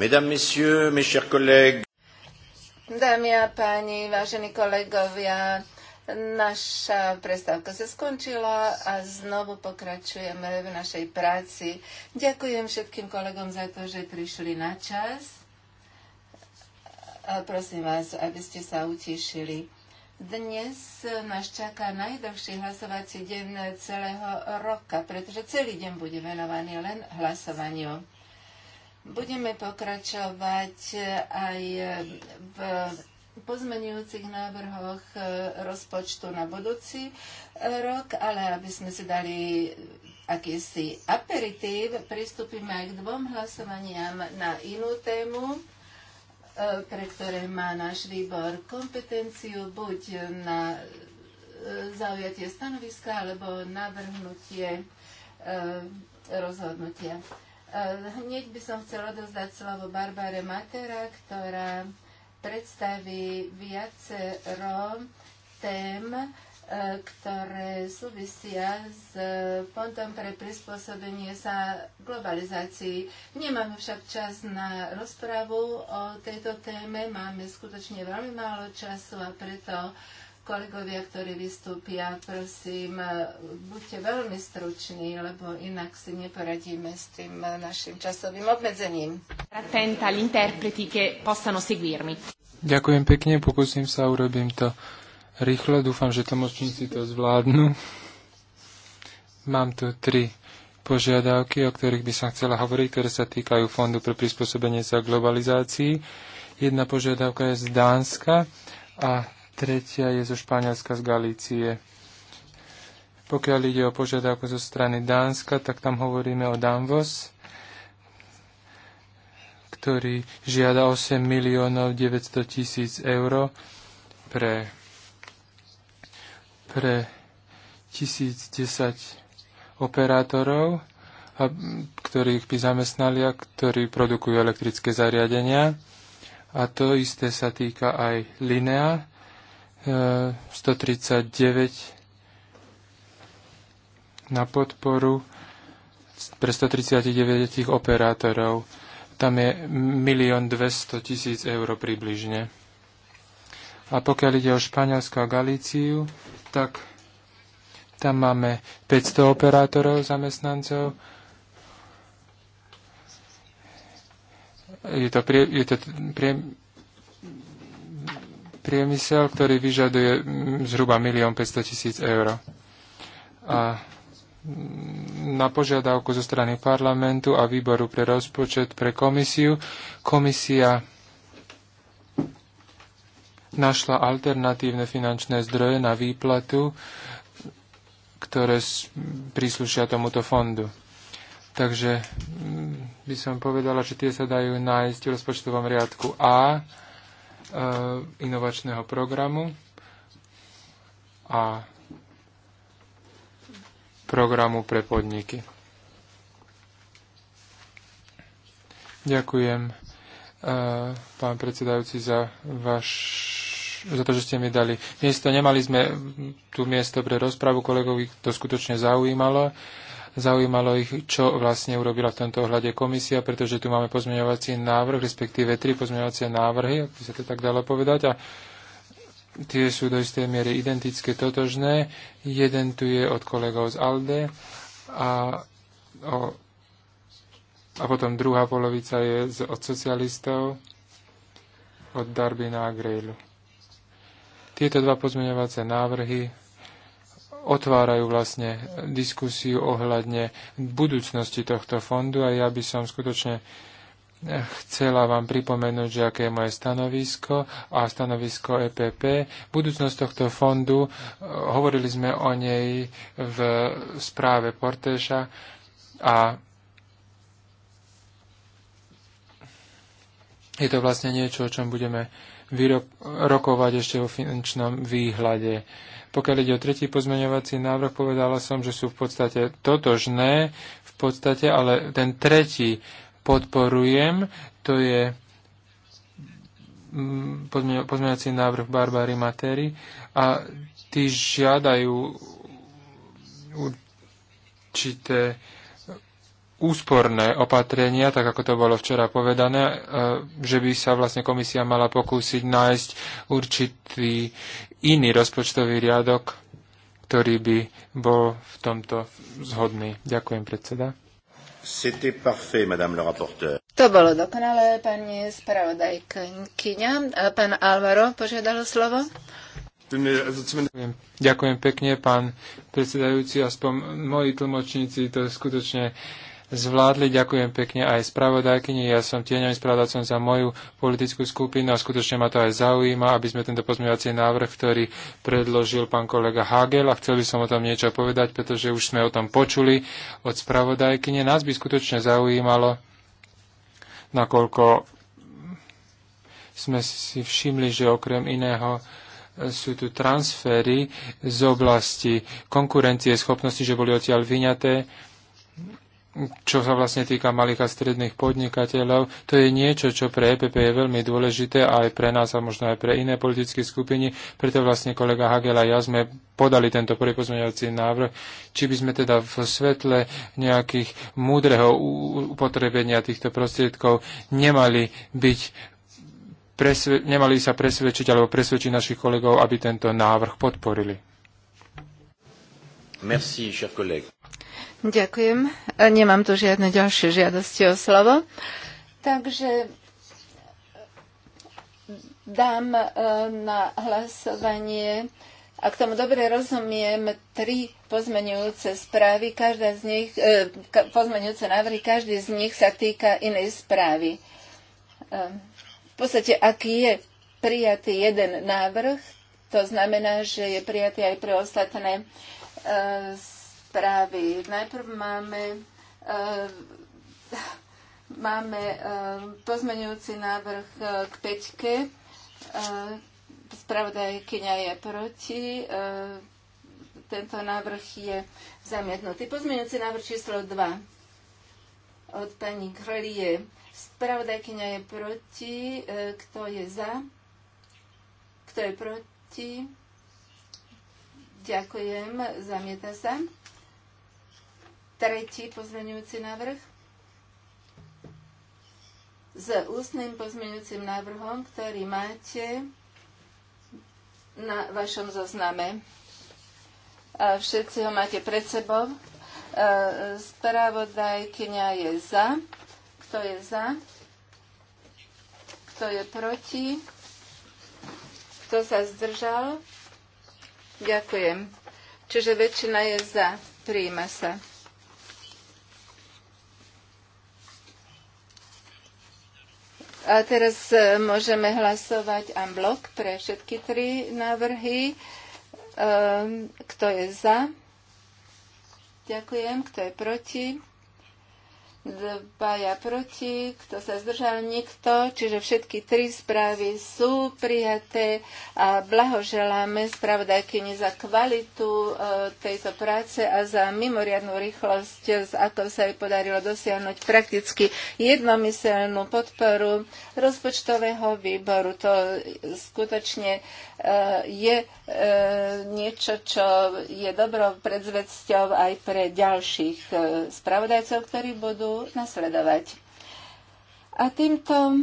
Mesdames, Messieurs, mes chers collègues. Dámy a páni, vážení kolegovia, naša prestávka sa skončila a znovu pokračujeme v našej práci. Ďakujem všetkým kolegom za to, že prišli na čas. A prosím vás, aby ste sa utišili. Dnes nás čaká najdlhší hlasovací deň celého roka, pretože celý deň bude venovaný len hlasovaniu. Budeme pokračovať aj v pozmenujúcich návrhoch e, rozpočtu na budúci e, rok, ale aby sme si dali akýsi aperitív, pristúpime aj k dvom hlasovaniam na inú tému, e, pre ktoré má náš výbor kompetenciu buď na zaujatie stanoviska alebo navrhnutie rozhodnutia. Eh, hneď by som chcela odozdať slovo Barbare Matera, ktorá predstaví viacero tém, eh, ktoré súvisia s eh, fondom pre prispôsobenie sa globalizácii. Nemáme však čas na rozpravu o tejto téme, máme skutočne veľmi málo času a preto Kolegovia, ktorí vystúpia, prosím, e, buďte veľmi struční, lebo inak si neporadíme s tým našim časovým obmedzením. Attenta interpreti che possano seguirmi. Ďakujem pekne, pokúsim sa, urobím to rýchlo, dúfam, že tlmočníci to zvládnu. Mám tu tri požiadavky, o ktorých by som chcela hovoriť, ktoré sa týkajú Fondu pre prispôsobenie sa globalizácii. Jedna požiadavka je z Dánska a tretia je zo Španielska z Galície. Pokiaľ ide o požiadavku zo strany Dánska, tak tam hovoríme o Danvos, ktorý žiada 8 miliónov 900 tisíc eur pre, pre 1010 operátorov, a, ktorých by zamestnali a ktorí produkujú elektrické zariadenia. A to isté sa týka aj Linea, 139 na podporu pre 139 operátorov. Tam je 1 200 tisíc eur približne. A pokiaľ ide o Španielsko a Galíciu, tak tam máme 500 operátorov, zamestnancov. Je to, prie, je to prie, priemysel, ktorý vyžaduje mm, zhruba 1 500 tisíc eur. A na požiadavku zo strany parlamentu a výboru pre rozpočet pre komisiu, komisia našla alternatívne finančné zdroje na výplatu, ktoré príslušia tomuto fondu. Takže mm, by som povedala, že tie sa dajú nájsť v rozpočtovom riadku A Eh, inovačného programu a programu pre podniky. Ďakujem, eh, pán predsedajúci, za vaš. za to, že ste mi dali miesto. Nemali sme tu miesto pre rozpravu kolegovi, to skutočne zaujímalo. Zaujímalo ich, čo vlastne urobila v tomto ohľade komisia, pretože tu máme pozmeňovací návrh, respektíve tri pozmeňovacie návrhy, ak by sa to tak dalo povedať. A tie sú do istej miery identické, totožné. Jeden tu je od kolegov z ALDE a, o, a potom druhá polovica je z, od socialistov od Darbina a Grejlu. Tieto dva pozmeňovacie návrhy otvárajú vlastne diskusiu ohľadne budúcnosti tohto fondu a ja by som skutočne chcela vám pripomenúť, že aké je moje stanovisko a stanovisko EPP. Budúcnosť tohto fondu, e, hovorili sme o nej v správe Portéša a je to vlastne niečo, o čom budeme vyrokovať ešte vo finančnom výhľade. Pokiaľ ide o tretí pozmeňovací návrh, povedala som, že sú v podstate totožné, v podstate, ale ten tretí podporujem, to je mm, pozmeňovací návrh Barbary Materi a tí žiadajú určité úsporné opatrenia, tak ako to bolo včera povedané, e, že by sa vlastne komisia mala pokúsiť nájsť určitý iný rozpočtový riadok, ktorý by bol v tomto zhodný. Ďakujem, predseda. Parfait, to bolo dokonalé, pani spravodajkyňa. Pán Alvaro požiadal slovo. Ďakujem pekne, pán predsedajúci. Aspoň moji tlmočníci to skutočne zvládli. Ďakujem pekne aj spravodajkyni. Ja som tieňovým spravodajcom za moju politickú skupinu a skutočne ma to aj zaujíma, aby sme tento pozmeňovací návrh, ktorý predložil pán kolega Hagel a chcel by som o tom niečo povedať, pretože už sme o tom počuli od spravodajkyne. Nás by skutočne zaujímalo, nakoľko sme si všimli, že okrem iného e, sú tu transfery z oblasti konkurencie schopnosti, že boli odtiaľ vyňaté čo sa vlastne týka malých a stredných podnikateľov, to je niečo, čo pre EPP je veľmi dôležité aj pre nás a možno aj pre iné politické skupiny. Preto vlastne kolega Hagel a ja sme podali tento prepozmeňovací návrh, či by sme teda v svetle nejakých múdreho upotrebenia týchto prostriedkov nemali byť presve, nemali sa presvedčiť alebo presvedčiť našich kolegov, aby tento návrh podporili. Merci, cher collègue. Ďakujem. Nemám tu žiadne ďalšie žiadosti o slovo. Takže dám e, na hlasovanie, ak tomu dobre rozumiem, tri pozmenujúce správy, každá z nich, e, pozmenujúce návrhy, každý z nich sa týka inej správy. E, v podstate, ak je prijatý jeden návrh, to znamená, že je prijatý aj pre ostatné správy. Najprv máme, eh, máme eh, pozmenujúci návrh eh, k peťke. Spravodajkyňa je proti. Tento návrh je zamietnutý. Pozmenujúci návrh číslo 2 od pani Krelie. Spravodajkyňa je proti. Kto je za? Kto je proti? Ďakujem. Zamieta sa. Tretí pozmeňujúci návrh s ústnym pozmeňujúcim návrhom, ktorý máte na vašom zozname. A všetci ho máte pred sebou. Spravodajkynia je za. Kto je za? Kto je proti? Kto sa zdržal? Ďakujem. Čiže väčšina je za. Príjima sa. A teraz e, môžeme hlasovať en blok pre všetky tri návrhy. Ehm, kto je za? Ďakujem. Kto je proti? dvaja proti, kto sa zdržal, nikto. Čiže všetky tri správy sú prijaté a blahoželáme spravodajkyni za kvalitu e, tejto práce a za mimoriadnú rýchlosť, s akou sa jej podarilo dosiahnuť prakticky jednomyselnú podporu rozpočtového výboru. To skutočne Eh, je eh, niečo, čo je dobrou predzvedzťou aj pre ďalších eh, spravodajcov, ktorí budú nasledovať. A týmto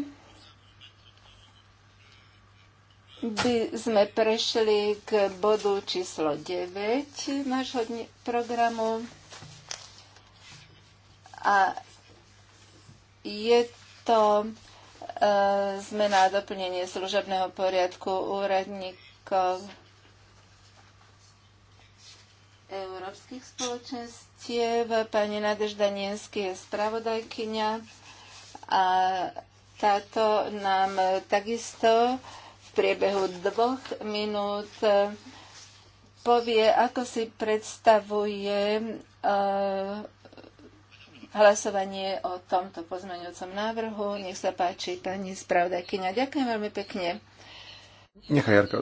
by sme prešli k bodu číslo 9 nášho programu. A je to zmena e, a doplnenie služobného poriadku úradníkov európskych spoločenstiev. Pani Nadežda Niensky je spravodajkynia a táto nám takisto v priebehu dvoch minút povie, ako si predstavuje e, hlasovanie o tomto pozmeňujúcom návrhu. Nech sa páči, pani spravodajkyňa. Ďakujem veľmi pekne. Nechaj, Jarko.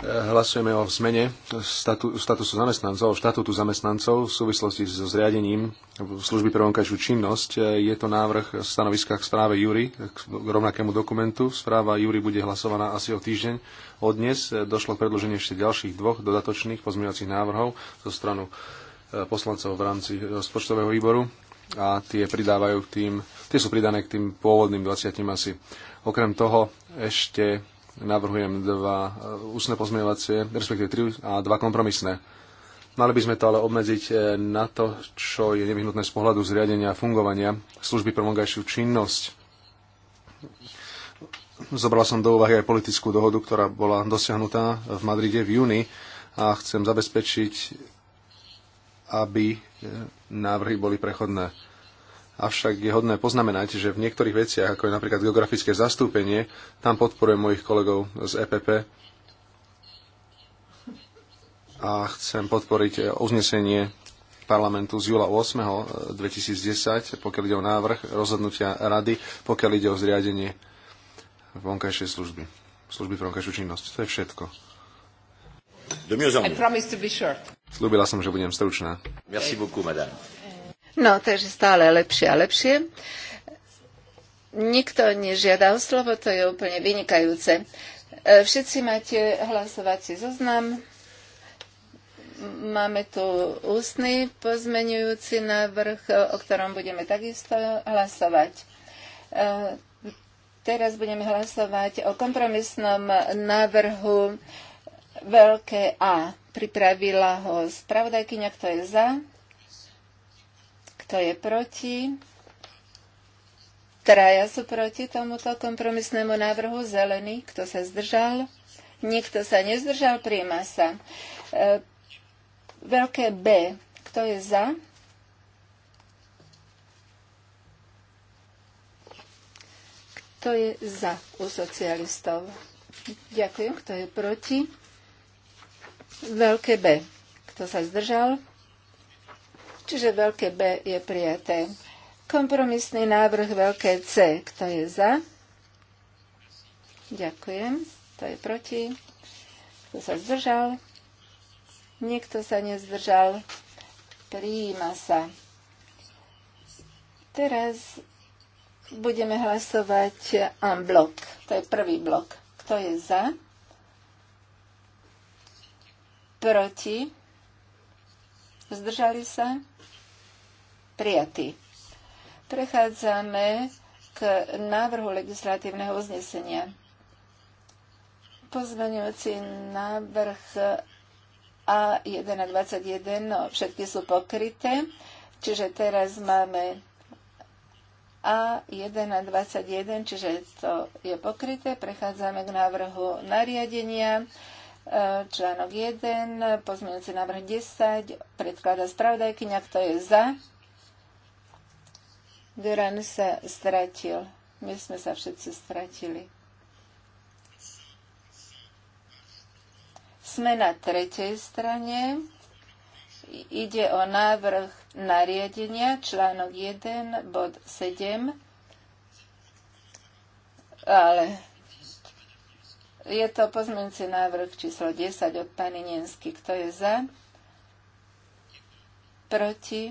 Hlasujeme o zmene statu, statusu zamestnancov, štatútu zamestnancov v súvislosti so zriadením služby pre vonkajšiu činnosť. Je to návrh v stanoviskách správe Júry k rovnakému dokumentu. Správa Júry bude hlasovaná asi o týždeň. Od dnes došlo k predloženiu ešte ďalších dvoch dodatočných pozmeňovacích návrhov zo stranu poslancov v rámci rozpočtového výboru a tie pridávajú k tým, tie sú pridané k tým pôvodným 20 asi. Okrem toho ešte navrhujem dva e, ústne pozmeňovacie, respektíve tri a dva kompromisné. Mali by sme to ale obmedziť e, na to, čo je nevyhnutné z pohľadu zriadenia a fungovania služby pre vonkajšiu činnosť. Zobral som do úvahy aj politickú dohodu, ktorá bola dosiahnutá v Madride v júni a chcem zabezpečiť aby e, návrhy boli prechodné. Avšak je hodné poznamenať, že v niektorých veciach, ako je napríklad geografické zastúpenie, tam podporujem mojich kolegov z EPP a chcem podporiť e, uznesenie parlamentu z júla 8. 2010, e, pokiaľ ide o návrh rozhodnutia rady, pokiaľ ide o zriadenie vonkajšej služby. Služby pre vonkajšiu činnosť. To je všetko. Do Slúbila som, že budem stručná. Merci beaucoup, madame. No, takže stále lepšie a lepšie. Nikto nežiada o slovo, to je úplne vynikajúce. E, všetci máte hlasovací zoznam. Máme tu ústny pozmenujúci návrh, o ktorom budeme takisto hlasovať. E, teraz budeme hlasovať o kompromisnom návrhu veľké A. Pripravila ho spravodajkyňa, kto je za, kto je proti. Traja sú proti tomuto kompromisnému návrhu. Zelený, kto sa zdržal. Nikto sa nezdržal, príjma sa. E, veľké B. Kto je za? Kto je za u socialistov? Ďakujem. Kto je proti? Veľké B. Kto sa zdržal? Čiže veľké B je prijaté. Kompromisný návrh veľké C. Kto je za? Ďakujem. Kto je proti? Kto sa zdržal? Nikto sa nezdržal. Prijíma sa. Teraz budeme hlasovať en blok. To je prvý blok. Kto je za? proti, zdržali sa, prijatý. Prechádzame k návrhu legislatívneho uznesenia. Pozmeňujúci návrh A1 a 21, no, všetky sú pokryté, čiže teraz máme A1 a 21, čiže to je pokryté. Prechádzame k návrhu nariadenia Článok 1, pozmeňujúci návrh 10, predkladá spravodajkyňa, kto je za. Duran sa stratil. My sme sa všetci stratili. Sme na tretej strane. Ide o návrh nariadenia, článok 1, bod 7. Ale je to pozmeňujúci návrh číslo 10 od pani Nensky. Kto je za? Proti?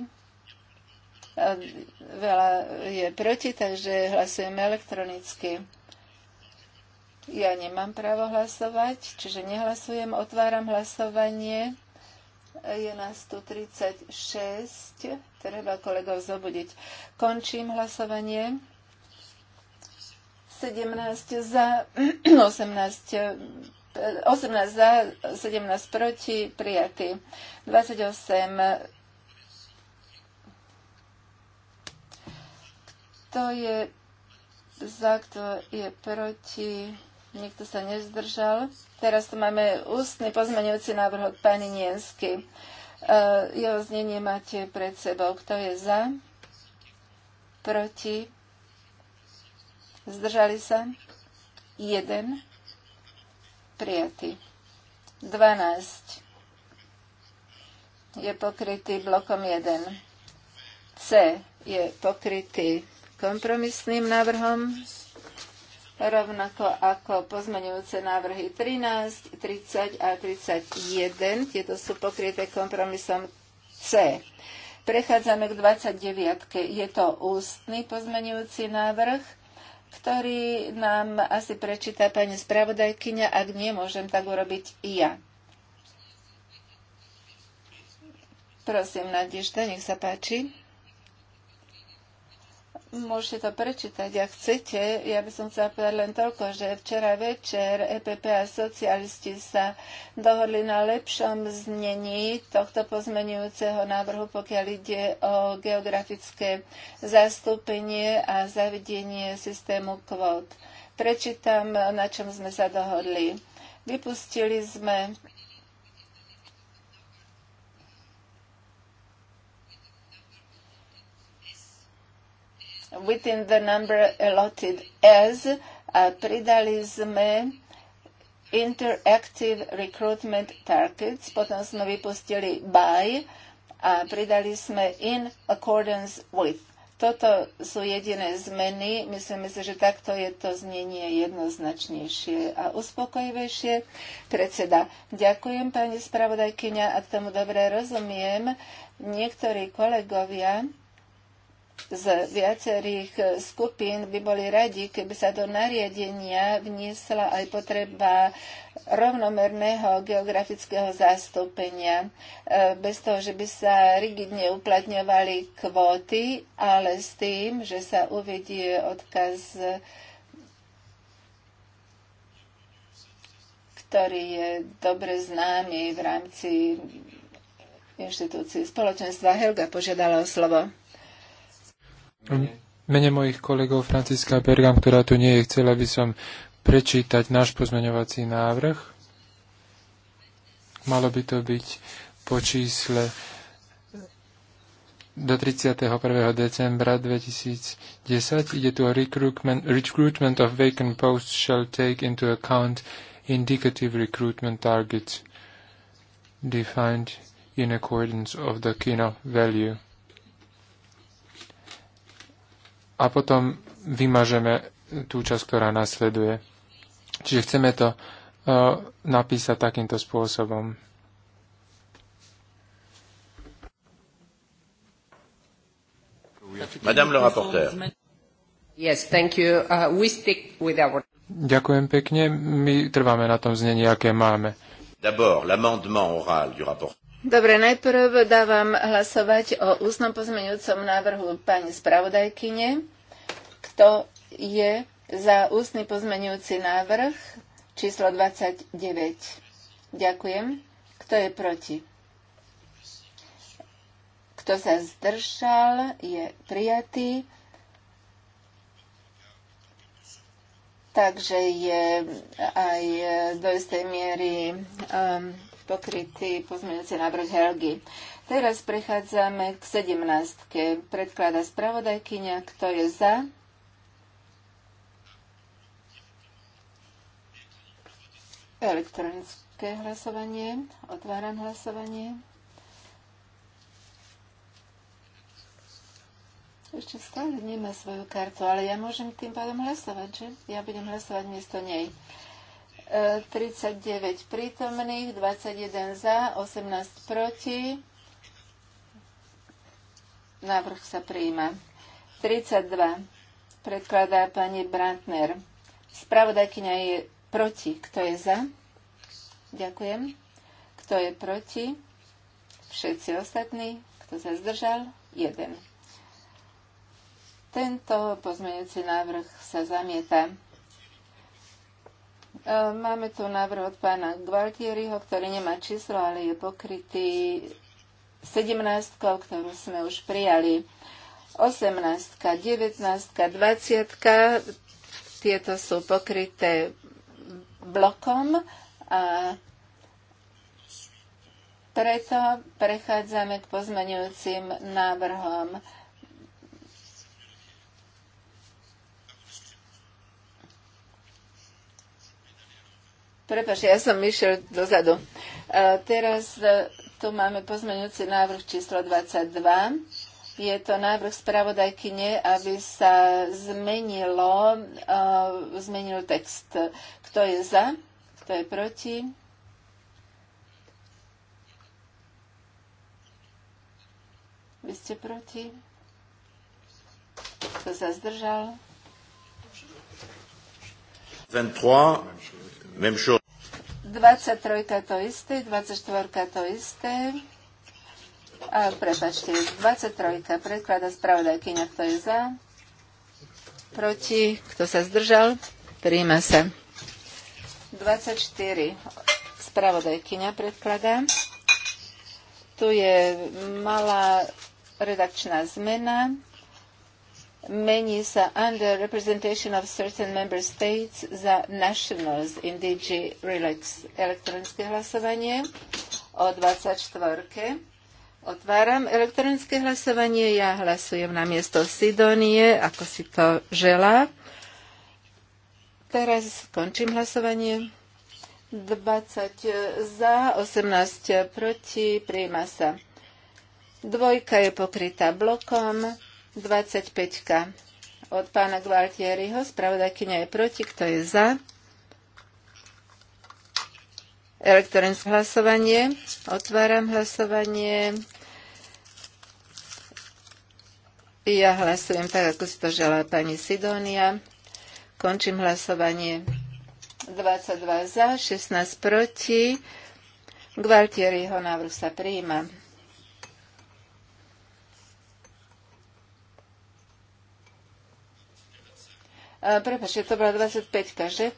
Veľa je proti, takže hlasujeme elektronicky. Ja nemám právo hlasovať, čiže nehlasujem. Otváram hlasovanie. Je nás tu 36. Treba kolegov zobudiť. Končím hlasovanie. 17 za, 18 18 eh, za, 17 proti, prijatý. 28. Kto je za, kto je proti, nikto sa nezdržal. Teraz tu máme ústny pozmeňujúci návrh od pani Niensky. Eh, jeho znenie máte pred sebou. Kto je za, proti, Zdržali sa? 1. Prijatý. 12. Je pokrytý blokom 1. C je pokrytý kompromisným návrhom, rovnako ako pozmeňujúce návrhy 13, 30 a 31. Tieto sú pokryté kompromisom C. Prechádzame k 29. Je to ústny pozmeňujúci návrh ktorý nám asi prečíta pani spravodajkyňa. Ak nie, môžem tak urobiť i ja. Prosím, Nadežda, nech sa páči. Môžete to prečítať, ak chcete. Ja by som chcela povedať len toľko, že včera večer EPP a socialisti sa dohodli na lepšom znení tohto pozmenujúceho návrhu, pokiaľ ide o geografické zastúpenie a zavedenie systému kvót. Prečítam, na čom sme sa dohodli. Vypustili sme within the number allotted as a pridali sme interactive recruitment targets, potom sme vypustili by a pridali sme in accordance with. Toto sú jediné zmeny. Myslíme si, že takto je to znenie jednoznačnejšie a uspokojivejšie. Predseda, ďakujem pani spravodajkyňa, a tomu dobre rozumiem. Niektorí kolegovia z viacerých eh, skupín by boli radi, keby sa do nariadenia vniesla aj potreba rovnomerného geografického zastúpenia, eh, bez toho, že by sa rigidne uplatňovali kvóty, ale s tým, že sa uvedie odkaz, ktorý je dobre známy v rámci inštitúcií spoločenstva. Helga požiadala o slovo mene mojich kolegov Franciska Bergam, ktorá tu nie je, chcela by som prečítať náš pozmeňovací návrh. Malo by to byť po čísle do 31. decembra 2010. Ide tu o recruitment, recruitment of vacant posts shall take into account indicative recruitment targets defined in accordance of the Kino value. a potom vymažeme tú časť, ktorá nasleduje. Čiže chceme to uh, napísať takýmto spôsobom. Madame le rapporteur. Yes, thank you. Uh, we stick with our... Ďakujem pekne. My trváme na tom znení, aké máme. D'abord, l'amendement oral du rapporteur. Dobre, najprv dávam hlasovať o ústnom pozmeňujúcom návrhu pani spravodajkyne. Kto je za ústny pozmeňujúci návrh číslo 29? Ďakujem. Kto je proti? Kto sa zdržal, je prijatý. Takže je aj do istej miery um, pokrytý pozmeňujúci návrh Helgy. Teraz prechádzame k 17. Predklada spravodajkyňa, kto je za. Elektronické hlasovanie. Otváram hlasovanie. Ešte stále nemá svoju kartu, ale ja môžem tým pádom hlasovať, že? Ja budem hlasovať miesto nej. 39 prítomných, 21 za, 18 proti. Návrh sa prijíma. 32 predkladá pani Brantner. Spravodajkyňa je proti. Kto je za? Ďakujem. Kto je proti? Všetci ostatní. Kto sa zdržal? Jeden. Tento pozmeňujúci návrh sa zamieta. E, máme tu návrh od pána Gvaltieriho, ktorý nemá číslo, ale je pokrytý 17, ktorú sme už prijali. 18, 19, 20, tieto sú pokryté blokom a preto prechádzame k pozmeňujúcim návrhom Prepač, ja som išiel dozadu. A e, teraz e, tu máme pozmeňujúci návrh číslo 22. Je to návrh spravodajkyne, aby sa zmenilo, uh, zmenil text. Kto je za? Kto je proti? Vy ste proti? Kto sa zdržal? 23, 23 to isté, 24 to isté. A prepačte, 23 predklada spravodajkyňa, kto je za. Proti, kto sa zdržal, príjme sa. 24 spravodajkyňa predkladá. Tu je malá redakčná zmena mení sa under representation of certain member states za nationals in DG Relax. Elektronické hlasovanie o 24. Otváram elektronické hlasovanie. Ja hlasujem na miesto Sidonie, ako si to želá. Teraz skončím hlasovanie. 20 za, 18 proti, príjma sa. Dvojka je pokrytá blokom. 25 od pána Gualtieriho. spravodajkyňa je proti. Kto je za? Elektronické hlasovanie. Otváram hlasovanie. Ja hlasujem tak, ako si to želá pani Sidónia. Končím hlasovanie. 22 za, 16 proti. Gualtieriho návrh sa prijíma. E, Prepačte, to bola 25, že?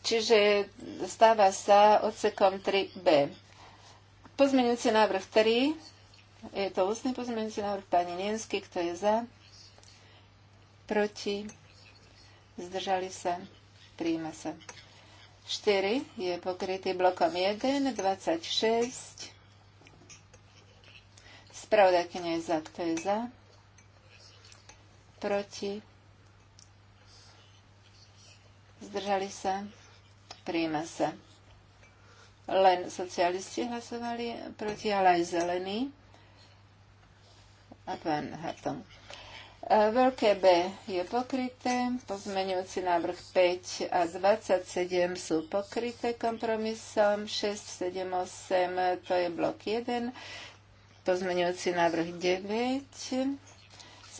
Čiže stáva sa odsekom 3b. Pozmeňujúci návrh 3, je to ústny pozmeňujúci návrh pani Niensky, kto je za, proti, zdržali sa, príjma sa. 4 je pokrytý blokom 1, 26. Spravodajkynia je za, kto je za, proti, Zdržali sa? Príjme sa. Len socialisti hlasovali proti, ale aj zelení. A pán Hartong. E, veľké B je pokryté, pozmeňujúci návrh 5 a 27 sú pokryté kompromisom, 6, 7, 8 to je blok 1, pozmeňujúci návrh 9,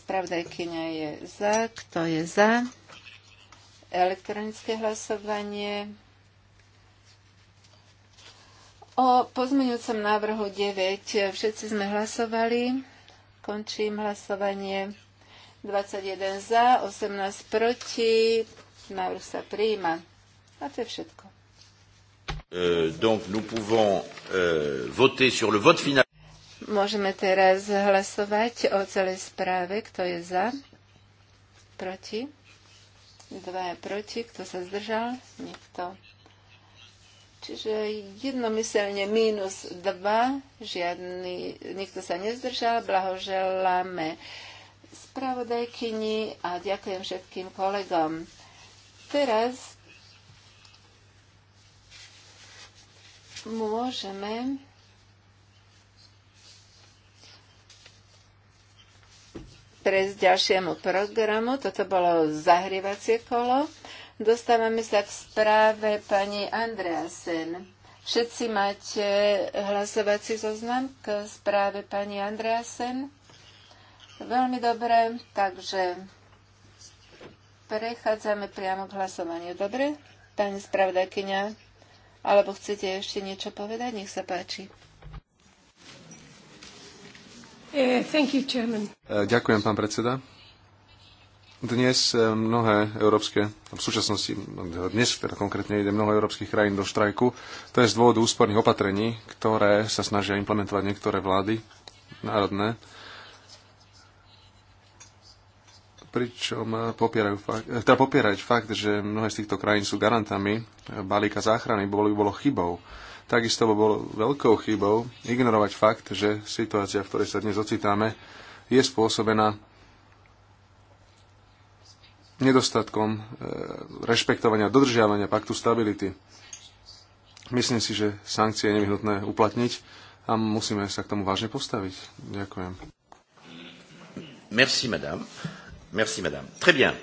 spravdajkynia je za, kto je za, elektronické hlasovanie. O pozmeňujúcom návrhu 9 všetci sme hlasovali. Končím hlasovanie. 21 za, 18 proti. Návrh sa prijíma. A to je všetko. Euh, euh, Môžeme teraz hlasovať o celej správe. Kto je za? Proti? dvaja proti, kto sa zdržal, nikto. Čiže jednomyselne minus dva, žiadny, nikto sa nezdržal, blahoželáme spravodajkyni a ďakujem všetkým kolegom. Teraz môžeme prejsť ďalšiemu programu. Toto bolo zahrievacie kolo. Dostávame sa k správe pani Andreasen. Všetci máte hlasovací zoznam k správe pani Andreasen? Veľmi dobre, takže prechádzame priamo k hlasovaniu. Dobre? Pani spravodajkyňa, alebo chcete ešte niečo povedať? Nech sa páči. Eh, eh, ďakujem, pán predseda. Dnes eh, mnohé európske, v súčasnosti, dnes teda konkrétne ide mnoho európskych krajín do štrajku. To je z dôvodu úsporných opatrení, ktoré sa snažia implementovať niektoré vlády národné, pričom popierajú fakt, teda popierať fakt, že mnohé z týchto krajín sú garantami balíka záchrany, bolo by bolo chybou Takisto by bolo veľkou chybou ignorovať fakt, že situácia, v ktorej sa dnes ocitáme, je spôsobená nedostatkom e, rešpektovania a dodržiavania paktu stability. Myslím si, že sankcie je nevyhnutné uplatniť a musíme sa k tomu vážne postaviť. Ďakujem. Merci, madame. Merci, madame. Très bien.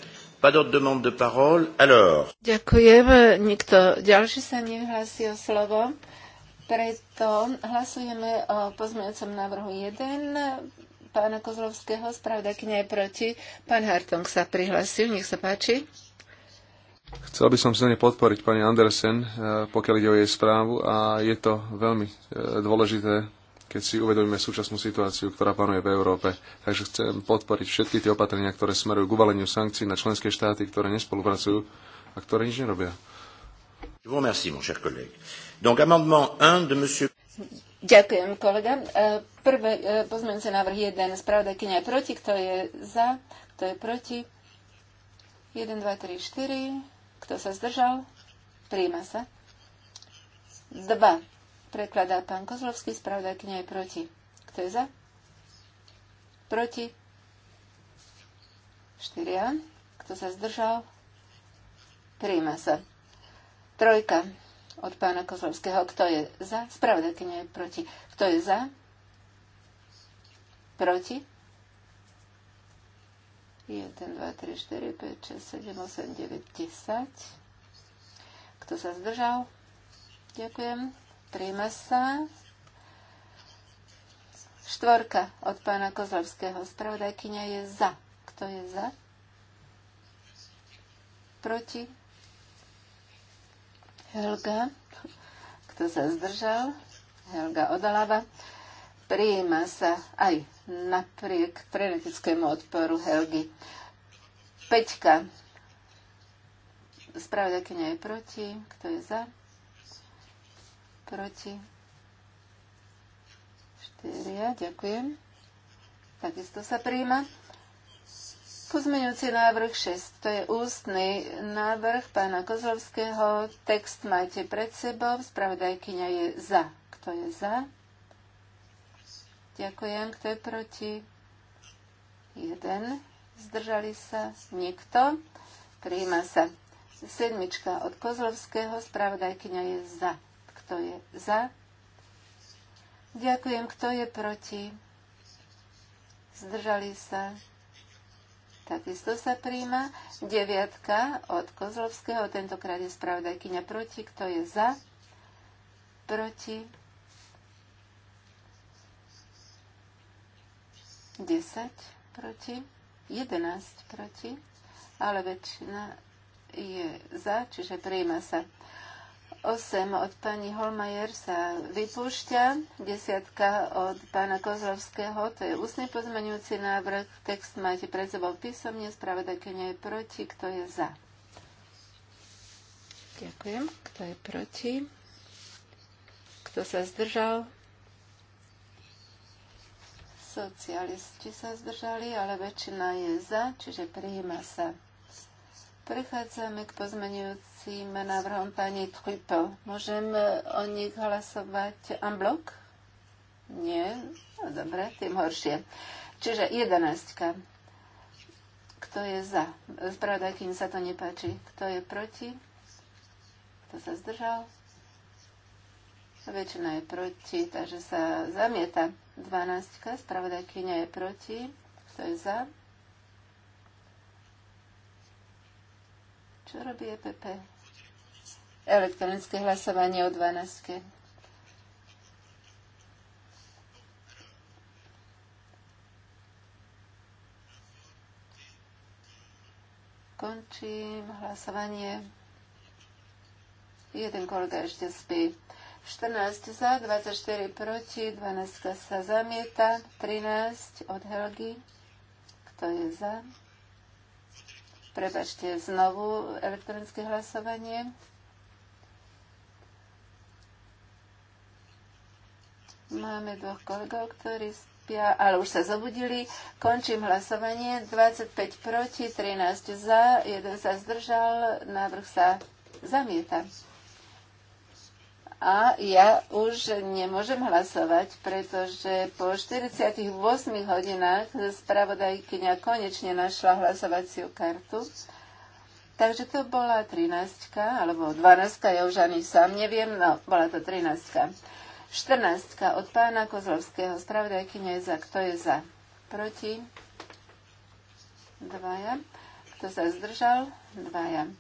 Pas d'autres demandes de parole. Alors. Ďakujem. Nikto ďalší sa nehlási o slovo. Preto hlasujeme o pozmeňujúcom návrhu 1 pána Kozlovského, Spravda spravodajkyňa je proti. Pán Hartong sa prihlasil, nech sa páči. Chcel by som silne podporiť pani Andersen, eh, pokiaľ ide o jej správu a je to veľmi eh, dôležité keď si uvedomíme súčasnú situáciu, ktorá panuje v Európe. Takže chcem podporiť všetky tie opatrenia, ktoré smerujú k uvaleniu sankcií na členské štáty, ktoré nespolupracujú a ktoré nič nerobia. Ďakujem, kolega. E, prvé e, pozmeňujúce návrh 1, spravodajkynia je proti, kto je za, kto je proti. 1, 2, 3, 4. Kto sa zdržal? Príjma sa. 2 Prekladá pán Kozlovský, spravodajkynia je proti. Kto je za? Proti. Štyria. Kto sa zdržal? Príjma sa. Trojka od pána Kozlovského. Kto je za? Spravodajkynia je proti. Kto je za? Proti. 1, 2, 3, 4, 5, 6, 7, 8, 9, 10. Kto sa zdržal? Ďakujem. Príjma sa. Štvorka od pána Kozlovského. Spravodajkyňa je za. Kto je za? Proti? Helga. Kto sa zdržal? Helga odalava. Prijíma sa aj napriek prenetickému odporu Helgy. Peťka. Spravodajkyňa je proti. Kto je za? proti 4, ďakujem. Takisto sa príjma. Pozmeňujúci návrh 6, to je ústny návrh pána Kozlovského. Text máte pred sebou, spravodajkyňa je za. Kto je za? Ďakujem. Kto je proti? Jeden. Zdržali sa? Nikto. Príjma sa. Sedmička od Kozlovského, spravodajkyňa je za. Kto je za? Ďakujem. Kto je proti? Zdržali sa. Takisto sa príjma. Deviatka od Kozlovského. Tentokrát je spravodajkyňa proti. Kto je za? Proti. 10 proti. 11 proti. Ale väčšina je za, čiže príjma sa. 8 od pani Holmajer sa vypúšťa, desiatka od pána Kozlovského, to je ústny pozmeňujúci návrh, text máte pred sebou písomne, nie je proti, kto je za. Ďakujem. Kto je proti? Kto sa zdržal? Socialisti sa zdržali, ale väčšina je za, čiže prijíma sa. Prechádzame k pozmeňujúcemu tým návrhom pani Trupo. Môžem eh, o nich hlasovať en blok? Nie? No dobre, tým horšie. Čiže jedenáctka. Kto je za? kým sa to nepáči. Kto je proti? Kto sa zdržal? Väčšina je proti, takže sa zamieta. Dvanáctka. Spravodajkyňa je proti. Kto je za? Čo robí EPP? Elektronické hlasovanie o 12. Končím hlasovanie. Jeden kolega ešte spí. 14 za, 24 proti, 12 sa zamieta, 13 od Helgy. Kto je za? Prebačte znovu elektronické hlasovanie. Máme dvoch kolegov, ktorí spia, ale už sa zobudili. Končím hlasovanie. 25 proti, 13 za, 1 sa zdržal, návrh sa zamieta. A ja už nemôžem hlasovať, pretože po 48 hodinách spravodajkyňa konečne našla hlasovaciu kartu. Takže to bola 13, alebo 12, ja už ani sám neviem, no bola to 13. 14 od pána Kozlovského. Spravodajkyňa je za. Kto je za? Proti? Dvaja. Kto sa zdržal? Dvaja.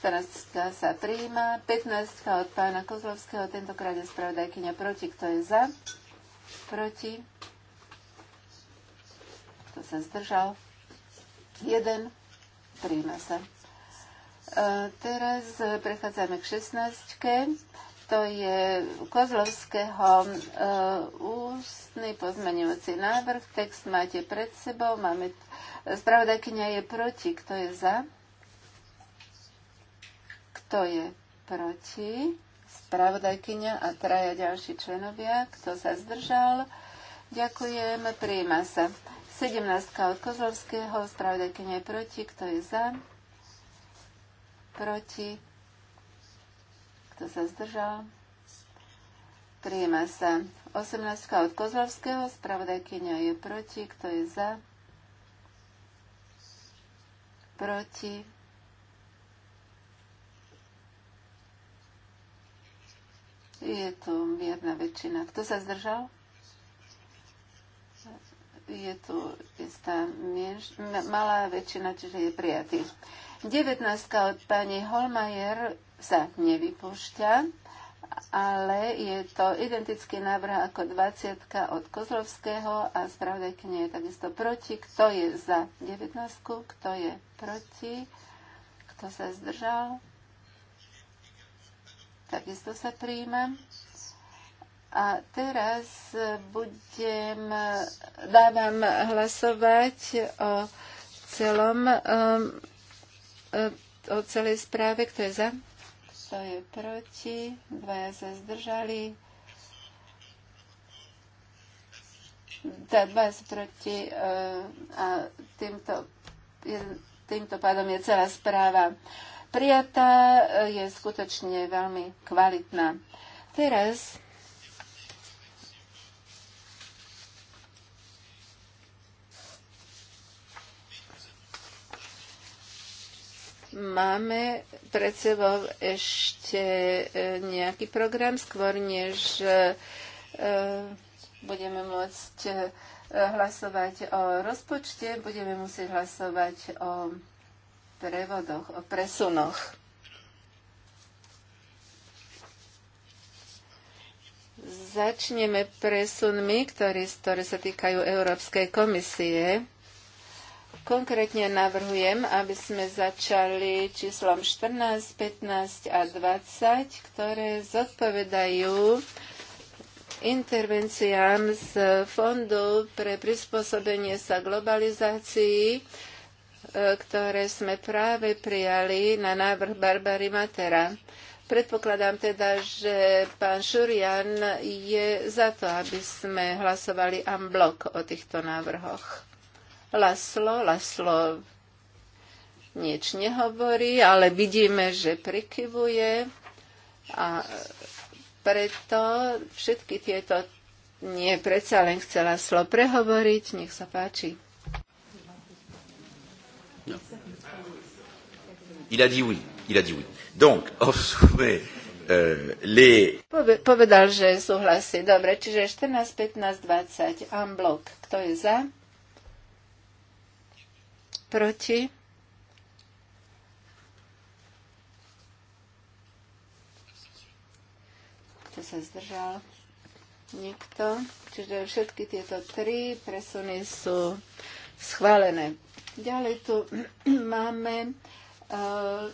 14 sa prijíma. 15 od pána Kozlovského. Tentokrát je spravodajkyňa proti. Kto je za? Proti? Kto sa zdržal? 1. Prijíma sa. E, teraz e, prechádzame k 16 to je Kozlovského eh, ústny pozmeňovací návrh. Text máte pred sebou. Máme Spravodajkynia je proti. Kto je za? Kto je proti? Spravodajkynia a traja ďalší členovia. Kto sa zdržal? Ďakujem. Prijíma sa. 17 od Kozlovského. Spravodajkynia je proti. Kto je za? Proti kto sa zdržal? Prijíma sa 18 od Kozlovského. Spravodajkynia je proti. Kto je za? Proti. Je tu mierna väčšina. Kto sa zdržal? je tu istá malá väčšina, čiže je prijatý. 19. od pani Holmajer sa nevypúšťa, ale je to identický návrh ako 20 od Kozlovského a spravodajkynie je takisto proti. Kto je za 19, kto je proti, kto sa zdržal, takisto sa príjme. A teraz budem, dávam hlasovať o celom, um, o celej správe, kto je za kto je proti, dvaja sa zdržali, dvaja sa proti eh, a týmto, týmto pádom je celá správa prijatá, eh, je skutočne veľmi kvalitná. Teraz Máme pred sebou ešte e, nejaký program, skôr než e, e, budeme môcť hlasovať o rozpočte, budeme musieť hlasovať o prevodoch, o presunoch. Začneme presunmi, ktoré, ktoré sa týkajú Európskej komisie. Konkrétne navrhujem, aby sme začali číslom 14, 15 a 20, ktoré zodpovedajú intervenciám z Fondu pre prispôsobenie sa globalizácii, e, ktoré sme práve prijali na návrh Barbary Matera. Predpokladám teda, že pán Šurian je za to, aby sme hlasovali en blok o týchto návrhoch. Laslo. Laslo nič nehovorí, ale vidíme, že prikyvuje a preto všetky tieto nie, predsa len chcela slo prehovoriť, nech sa páči. No. Il a dit oui, il a dit oui. Donc, en sommet, euh, les... Povedal, že súhlasí. Dobre, čiže 14, 15, 20, en bloc. Kto je za? proti, kto sa zdržal, nikto. Čiže všetky tieto tri presuny sú schválené. Ďalej tu máme uh,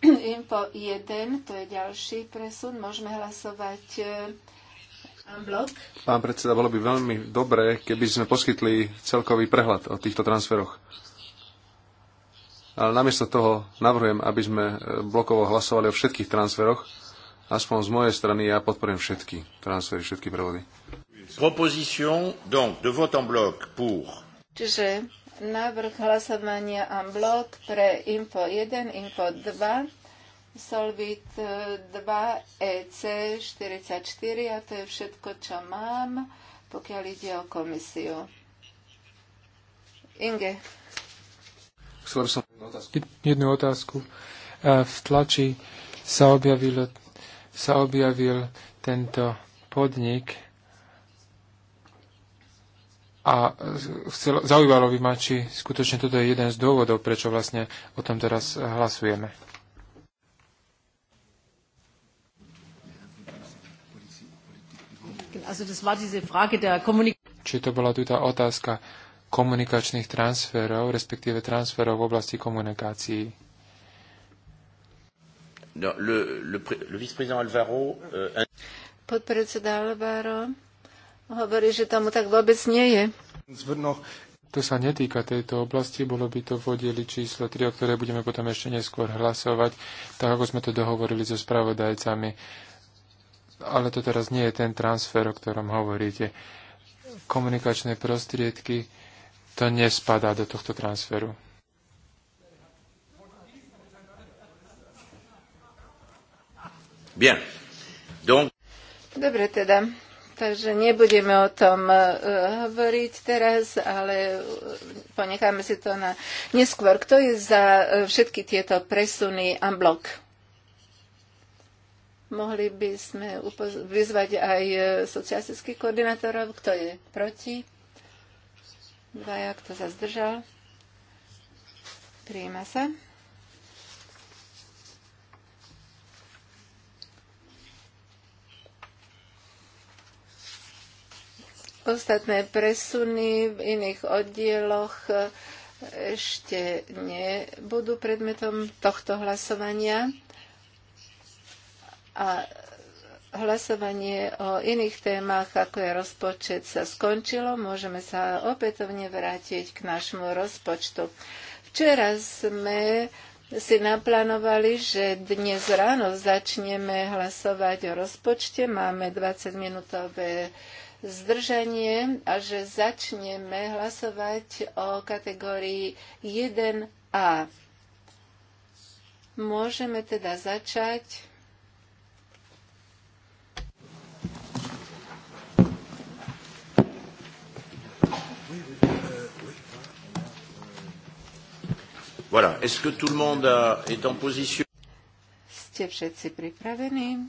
info 1, to je ďalší presun. Môžeme hlasovať uh, eh, blok. Pán predseda, bolo by veľmi dobré, keby sme poskytli celkový prehľad o týchto transferoch. Ale namiesto toho navrhujem, aby sme e, blokovo hlasovali o všetkých transferoch. Aspoň z mojej strany ja podporím všetky transfery, všetky prevody. Proposition, donc, de vote en bloc pour... Čiže návrh hlasovania en bloc pre Info 1, Info 2, Solvit 2, EC 44 a to je všetko, čo mám, pokiaľ ide o komisiu. Inge. Skôr som... Jednu otázku. E, v tlači sa, objavilo, sa objavil tento podnik a chcel, zaujímalo by ma, či skutočne toto je jeden z dôvodov, prečo vlastne o tom teraz hlasujeme. Čiže to bola tu tá otázka komunikačných transferov, respektíve transferov v oblasti komunikácií. No, le, le, le vice-président Alvaro... Euh, Podpredseda Alvaro hovorí, že tomu tak vôbec nie je. To sa netýka tejto oblasti, bolo by to v oddeli číslo 3, o ktoré budeme potom ešte neskôr hlasovať, tak ako sme to dohovorili so spravodajcami. Ale to teraz nie je ten transfer, o ktorom hovoríte. Komunikačné prostriedky to nespadá do tohto transferu. Bien. Donc... Dobre teda. Takže nebudeme o tom e, hovoriť teraz, ale e, ponecháme si to na neskôr. Kto je za e, všetky tieto presuny en bloc? Mohli by sme vyzvať aj socialistických koordinátorov, kto je proti? Dvaja, kto sa zdržal. Prijíma sa. Ostatné presuny v iných oddieloch ešte nebudú predmetom tohto hlasovania. A hlasovanie o iných témach, ako je rozpočet, sa skončilo. Môžeme sa opätovne vrátiť k našemu rozpočtu. Včera sme si naplánovali, že dnes ráno začneme hlasovať o rozpočte. Máme 20-minútové zdržanie a že začneme hlasovať o kategórii 1A. Môžeme teda začať Voilà. Est-ce que tout le monde a, est en position? Ste všetci pripravení?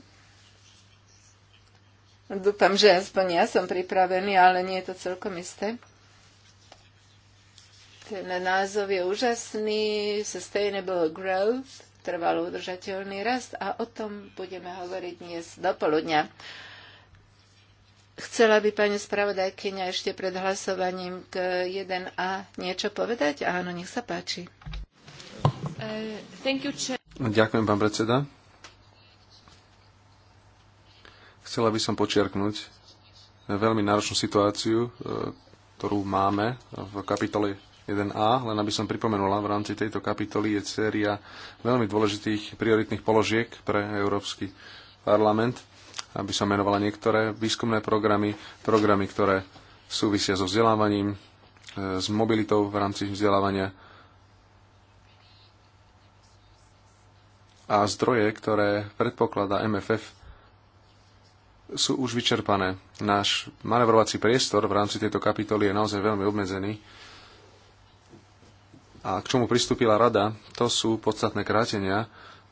Dúfam, že aspoň ja som pripravený, ale nie je to celkom isté. Ten názov je úžasný. Sustainable Growth, trvalo udržateľný rast a o tom budeme hovoriť dnes do poludňa. Chcela by pani spravodajkyňa ešte pred hlasovaním k 1A niečo povedať? Áno, nech sa páči. Ďakujem, pán predseda. Chcela by som počiarknúť veľmi náročnú situáciu, e, ktorú máme v kapitole 1a, len aby som pripomenula, v rámci tejto kapitoly je séria veľmi dôležitých prioritných položiek pre Európsky parlament, aby som menovala niektoré výskumné programy, programy, ktoré súvisia so vzdelávaním, e, s mobilitou v rámci vzdelávania, a zdroje, ktoré predpokladá MFF, sú už vyčerpané. Náš manevrovací priestor v rámci tejto kapitoly je naozaj veľmi obmedzený. A k čomu pristúpila rada, to sú podstatné krátenia,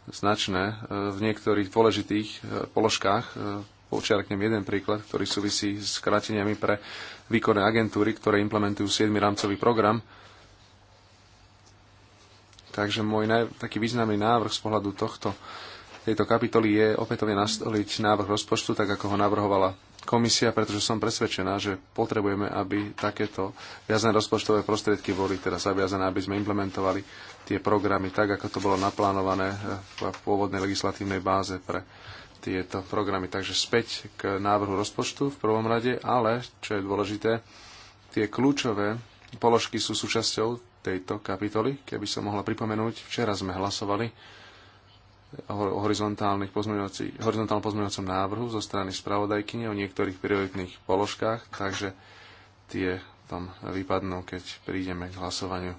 značné e, v niektorých dôležitých e, položkách. E, počiarknem jeden príklad, ktorý súvisí s kráteniami pre výkonné agentúry, ktoré implementujú 7. rámcový program Takže môj naj, taký významný návrh z pohľadu tohto, tejto kapitoly je opätovne nastoliť návrh rozpočtu, tak ako ho navrhovala komisia, pretože som presvedčená, že potrebujeme, aby takéto viazné rozpočtové prostriedky boli teda zaviazané, aby sme implementovali tie programy tak, ako to bolo naplánované v pôvodnej legislatívnej báze pre tieto programy. Takže späť k návrhu rozpočtu v prvom rade, ale čo je dôležité, tie kľúčové položky sú súčasťou tejto kapitoly. Keby som mohla pripomenúť, včera sme hlasovali o horizontálnych pozmeňovací, horizontálnom pozmeňovacom návrhu zo strany spravodajkyne o niektorých prioritných položkách, takže tie tam vypadnú, keď prídeme k hlasovaniu.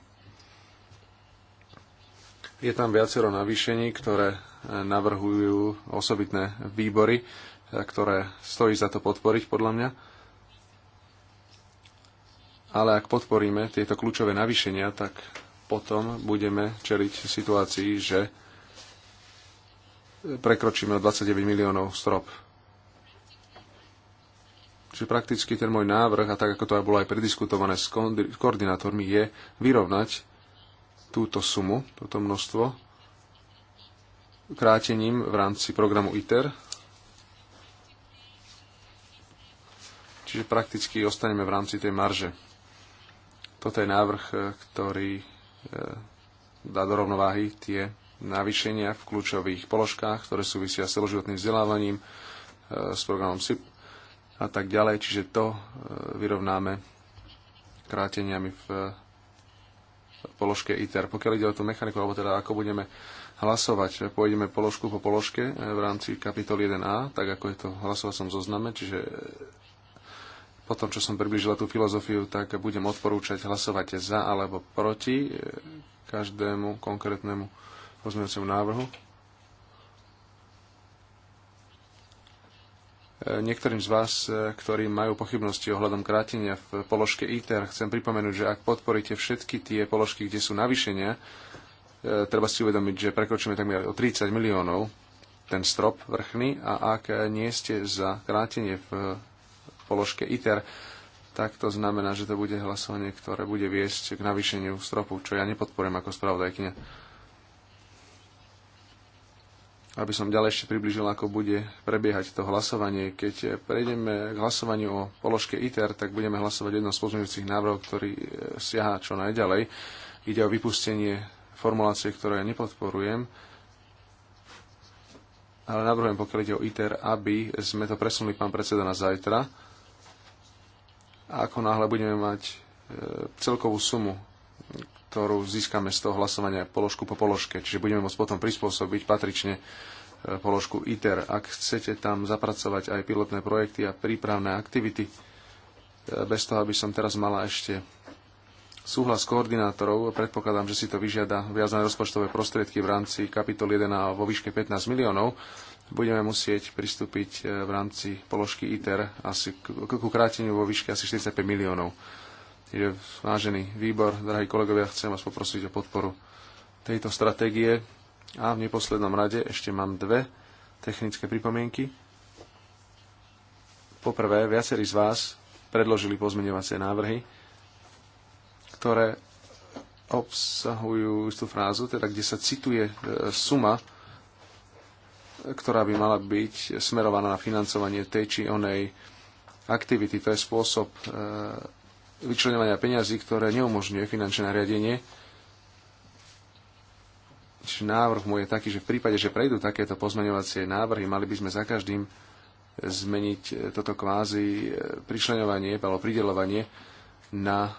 Je tam viacero navýšení, ktoré e, navrhujú osobitné výbory, e, ktoré stojí za to podporiť podľa mňa ale ak podporíme tieto kľúčové navýšenia, tak potom budeme čeliť situácii, že prekročíme o 29 miliónov strop. Čiže prakticky ten môj návrh, a tak ako to aj bolo aj prediskutované s koordinátormi, je vyrovnať túto sumu, toto množstvo, krátením v rámci programu ITER. Čiže prakticky ostaneme v rámci tej marže. Toto je návrh, e, ktorý e, dá do rovnováhy tie navýšenia v kľúčových položkách, ktoré súvisia s celoživotným vzdelávaním, e, s programom SIP a tak ďalej. Čiže to vyrovnáme kráteniami v položke ITER. Pokiaľ ide o tú mechaniku, alebo teda ako budeme hlasovať, pôjdeme položku po položke v rámci kapitoly 1a, tak ako je to v hlasovacom zozname, čiže po tom, čo som približila tú filozofiu, tak budem odporúčať hlasovať za alebo proti e, každému konkrétnemu pozmeňujúcemu návrhu. E, niektorým z vás, e, ktorí majú pochybnosti ohľadom krátenia v položke ITER, chcem pripomenúť, že ak podporíte všetky tie položky, kde sú navýšenia, treba si uvedomiť, že prekročíme takmer o 30 miliónov ten strop vrchný a ak nie ste za krátenie v položke ITER, tak to znamená, že to bude hlasovanie, ktoré bude viesť k navýšeniu stropu, čo ja nepodporujem ako spravodajkňa. Aby som ďalej ešte približil, ako bude prebiehať to hlasovanie. Keď prejdeme k hlasovaniu o položke ITER, tak budeme hlasovať jedno z pozmeňujúcich návrhov, ktorý e, siaha čo najďalej. Ide o vypustenie formulácie, ktoré ja nepodporujem ale navrhujem, pokiaľ ide o ITER, aby sme to presunuli, pán predseda, na zajtra ako náhle budeme mať e, celkovú sumu, ktorú získame z toho hlasovania položku po položke, čiže budeme môcť potom prispôsobiť patrične e, položku ITER. Ak chcete tam zapracovať aj pilotné projekty a prípravné aktivity, e, bez toho, aby som teraz mala ešte súhlas koordinátorov, predpokladám, že si to vyžiada viazané rozpočtové prostriedky v rámci kapitol 1 vo výške 15 miliónov, budeme musieť pristúpiť e, v rámci položky ITER asi ku kráteniu vo výške asi 45 miliónov. Čiže vážený výbor, drahí kolegovia, chcem vás poprosiť o podporu tejto stratégie. A v neposlednom rade ešte mám dve technické pripomienky. Poprvé, viacerí z vás predložili pozmeňovacie návrhy, ktoré obsahujú istú frázu, teda kde sa cituje e, suma ktorá by mala byť smerovaná na financovanie tej či onej aktivity. To je spôsob e, vyčlenovania peňazí, ktoré neumožňuje finančné nariadenie. Čiže návrh môj je taký, že v prípade, že prejdú takéto pozmeňovacie návrhy, mali by sme za každým zmeniť e, toto kvázi e, pričlenovanie alebo pridelovanie na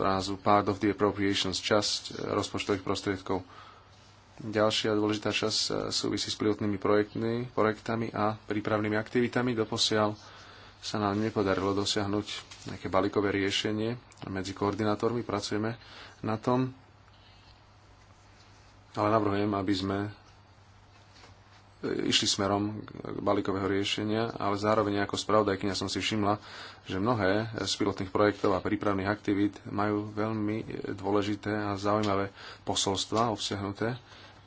frázu part of the appropriations, časť rozpočtových prostriedkov. Ďalšia dôležitá časť e, súvisí s pilotnými projektmi, projektami a prípravnými aktivitami. Doposiaľ sa nám nepodarilo dosiahnuť nejaké balíkové riešenie. Medzi koordinátormi pracujeme na tom, ale navrhujem, aby sme e, išli smerom balíkového riešenia, ale zároveň ako spravodajkynia som si všimla, že mnohé z pilotných projektov a prípravných aktivít majú veľmi e, dôležité a zaujímavé posolstva obsiahnuté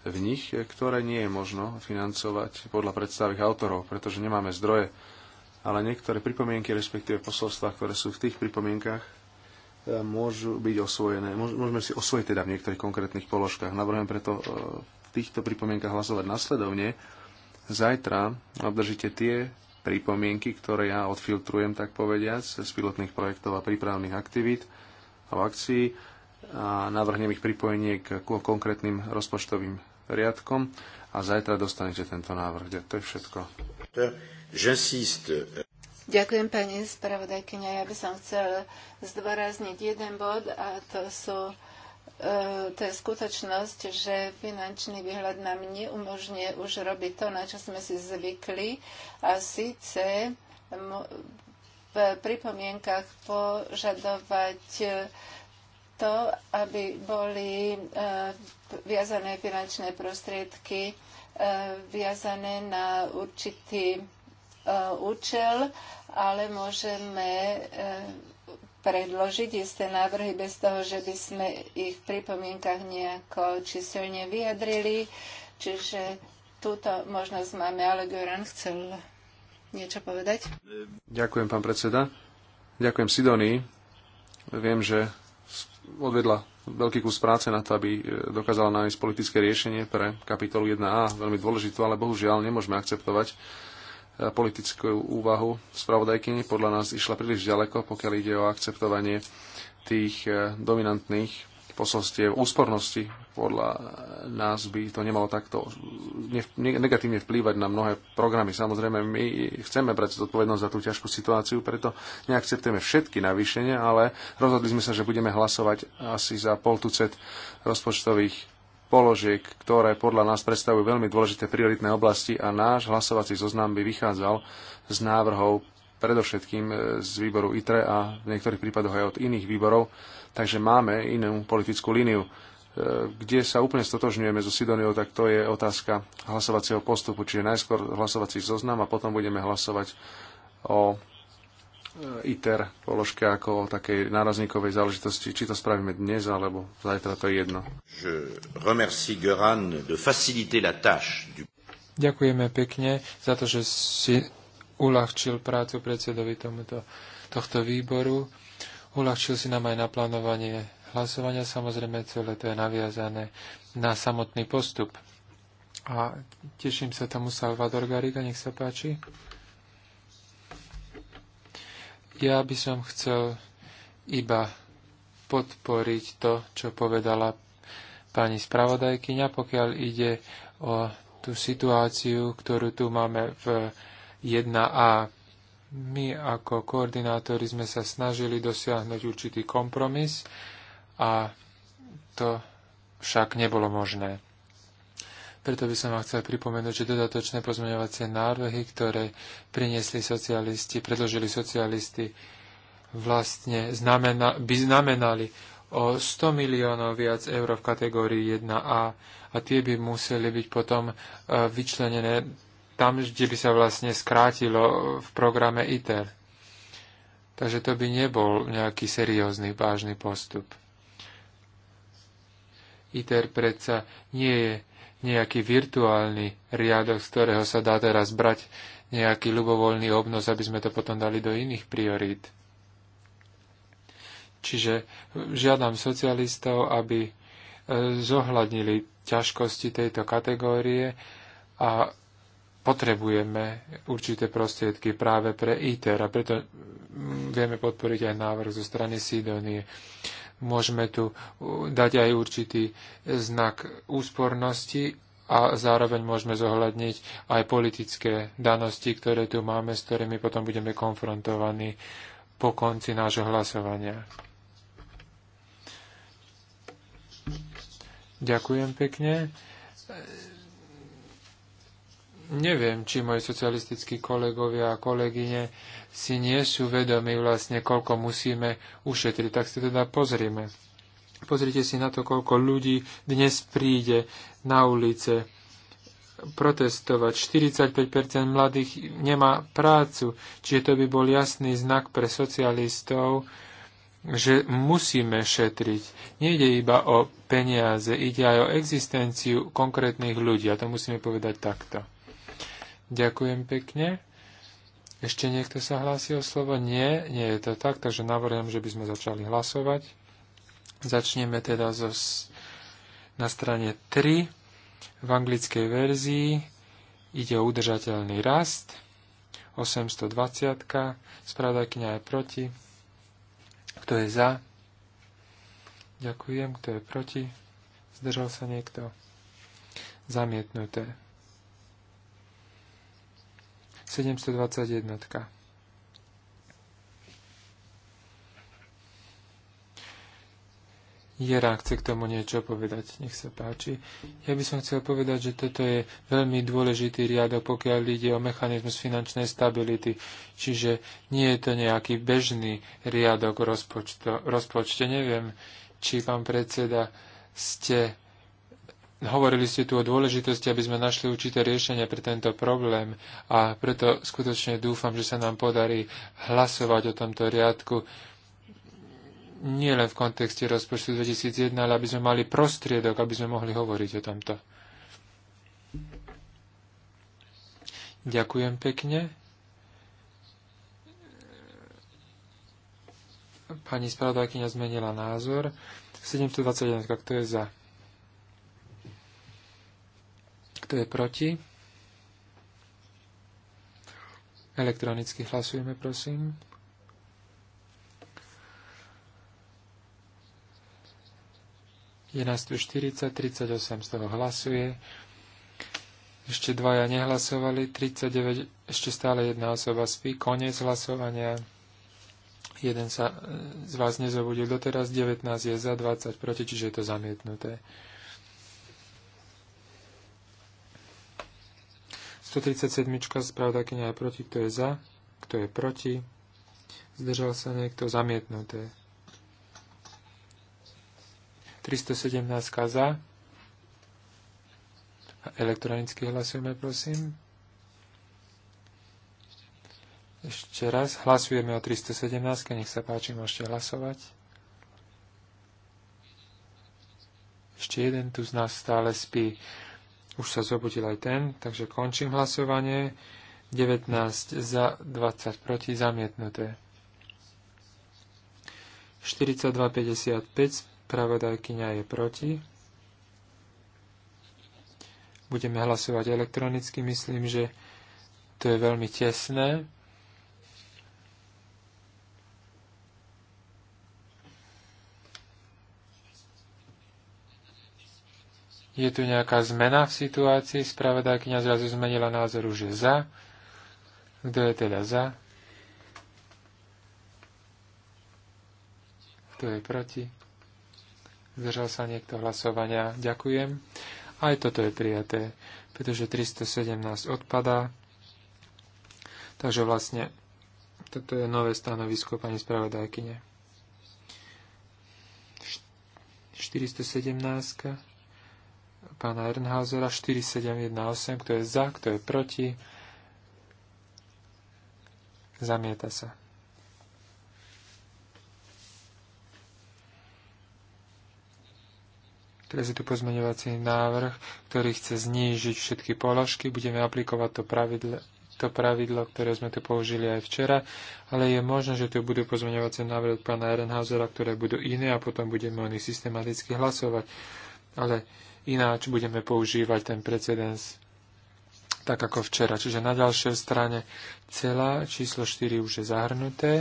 v nich, e, ktoré nie je možno financovať podľa predstavých autorov, pretože nemáme zdroje. Ale niektoré pripomienky, respektíve posolstva, ktoré sú v tých pripomienkach, e, môžu byť osvojené. Môžeme si osvojiť teda v niektorých konkrétnych položkách. Navrhujem preto e, v týchto pripomienkach hlasovať nasledovne. Zajtra obdržíte tie pripomienky, ktoré ja odfiltrujem, tak povediac, z pilotných projektov a prípravných aktivít a akcií a navrhnem ich pripojenie k konkrétnym rozpočtovým riadkom a zajtra dostanete tento návrh. To je všetko. Ďakujem pani spravodajkyňa. Ja by som chcel zdôrazniť jeden bod a to sú e, to je skutočnosť, že finančný výhľad nám neumožňuje už robiť to, na čo sme si zvykli a síce v pripomienkach požadovať to, aby boli eh, viazané finančné prostriedky eh, viazané na určitý eh, účel, ale môžeme predložiť isté návrhy bez toho, že by sme ich v pripomienkach nejako číselne vyjadrili. Čiže túto možnosť máme, ale Goran chcel niečo povedať. Ďakujem, pán predseda. Ďakujem Sidonii. Viem, že odvedla veľký kus práce na to, aby e, dokázala nájsť politické riešenie pre kapitolu 1a, veľmi dôležitú, ale bohužiaľ nemôžeme akceptovať e, politickú úvahu spravodajkyni. Podľa nás išla príliš ďaleko, pokiaľ ide o akceptovanie tých e, dominantných posolstiev úspornosti. Podľa nás by to nemalo takto negatívne vplývať na mnohé programy. Samozrejme, my chceme brať zodpovednosť za tú ťažkú situáciu, preto neakceptujeme všetky navýšenia, ale rozhodli sme sa, že budeme hlasovať asi za pol tucet rozpočtových položiek, ktoré podľa nás predstavujú veľmi dôležité prioritné oblasti a náš hlasovací zoznam by vychádzal z návrhov predovšetkým z výboru ITRE a v niektorých prípadoch aj od iných výborov, Takže máme inú politickú líniu. E, kde sa úplne stotožňujeme so Sidoniou, tak to je otázka hlasovacieho postupu, čiže najskôr hlasovací zoznam a potom budeme hlasovať o e, ITER položke ako o takej nárazníkovej záležitosti. Či to spravíme dnes, alebo zajtra, to je jedno. Ďakujeme pekne za to, že si uľahčil prácu predsedovi tomuto, tohto výboru. Uľahčil si nám aj naplánovanie hlasovania, samozrejme celé to je naviazané na samotný postup. A teším sa tomu Salvador Gariga, nech sa páči. Ja by som chcel iba podporiť to, čo povedala pani spravodajkyňa, pokiaľ ide o tú situáciu, ktorú tu máme v 1A my ako koordinátori sme sa snažili dosiahnuť určitý kompromis a to však nebolo možné. Preto by som vám chcel pripomenúť, že dodatočné pozmeňovacie návrhy, ktoré priniesli socialisti, predložili socialisti, vlastne znamena, by znamenali o 100 miliónov viac eur v kategórii 1A a tie by museli byť potom e, vyčlenené tam, kde by sa vlastne skrátilo v programe ITER. Takže to by nebol nejaký seriózny, vážny postup. ITER predsa nie je nejaký virtuálny riadok, z ktorého sa dá teraz brať nejaký ľubovoľný obnos, aby sme to potom dali do iných priorít. Čiže žiadam socialistov, aby e, zohľadnili ťažkosti tejto kategórie a potrebujeme určité prostriedky práve pre ITER a preto mm, vieme podporiť aj návrh zo strany Sidonie. Môžeme tu dať aj určitý znak úspornosti a zároveň môžeme zohľadniť aj politické danosti, ktoré tu máme, s ktorými potom budeme konfrontovaní po konci nášho hlasovania. Ďakujem pekne neviem, či moji socialistickí kolegovia a kolegyne si nie sú vedomi vlastne, koľko musíme ušetriť. Tak si teda pozrime. Pozrite si na to, koľko ľudí dnes príde na ulice protestovať. 45% mladých nemá prácu, čiže to by bol jasný znak pre socialistov, že musíme šetriť. Nejde iba o peniaze, ide aj o existenciu konkrétnych ľudí. A to musíme povedať takto. Ďakujem pekne. Ešte niekto sa hlási o slovo? Nie, nie je to tak, takže navrhujem, že by sme začali hlasovať. Začneme teda zo, na strane 3 v anglickej verzii. Ide o udržateľný rast. 820. kňa je proti. Kto je za? Ďakujem. Kto je proti? Zdržal sa niekto? Zamietnuté. 721. Jera chce k tomu niečo povedať, nech sa páči. Ja by som chcel povedať, že toto je veľmi dôležitý riadok, pokiaľ ide o mechanizmus finančnej stability. Čiže nie je to nejaký bežný riadok rozpočto, rozpočte. Neviem, či pán predseda ste Hovorili ste tu o dôležitosti, aby sme našli určité riešenie pre tento problém a preto skutočne dúfam, že sa nám podarí hlasovať o tomto riadku nielen v kontexte rozpočtu 2001, ale aby sme mali prostriedok, aby sme mohli hovoriť o tomto. Ďakujem pekne. Pani spravodajkynia zmenila názor. 721, kto je za? Kto je proti? Elektronicky hlasujeme, prosím. Je nás tu 40, 38 z toho hlasuje. Ešte dvaja nehlasovali, 39, ešte stále jedna osoba spí. Koniec hlasovania. Jeden sa e, z vás nezobudil doteraz, 19 je za, 20 proti, čiže je to zamietnuté. 137. spravodajkynia je proti, kto je za, kto je proti, zdržal sa niekto, zamietnuté. 317 za. Elektronicky hlasujeme, prosím. Ešte raz hlasujeme o 317, nech sa páči, môžete hlasovať. Ešte jeden tu z nás stále spí. Už sa zobudil aj ten, takže končím hlasovanie. 19 za, 20 proti, zamietnuté. 42,55, spravodajkyňa je proti. Budeme hlasovať elektronicky, myslím, že to je veľmi tesné. Je tu nejaká zmena v situácii? Spravodajkyňa zrazu zmenila názor, už je za. Kto je teda za? Kto je proti? Zdržal sa niekto hlasovania? Ďakujem. Aj toto je prijaté, pretože 317 odpadá. Takže vlastne toto je nové stanovisko pani spravodajkyne. 417 pána Ernhausera 4718, kto je za, kto je proti. Zamieta sa. Teraz je tu pozmeňovací návrh, ktorý chce znížiť všetky položky. Budeme aplikovať to pravidlo, to pravidlo, ktoré sme tu použili aj včera, ale je možné, že tu budú pozmeňovacie návrhy od pána Ehrenhausera, ktoré budú iné a potom budeme o nich systematicky hlasovať. Ale ináč budeme používať ten precedens tak ako včera. Čiže na ďalšej strane celá číslo 4 už je zahrnuté.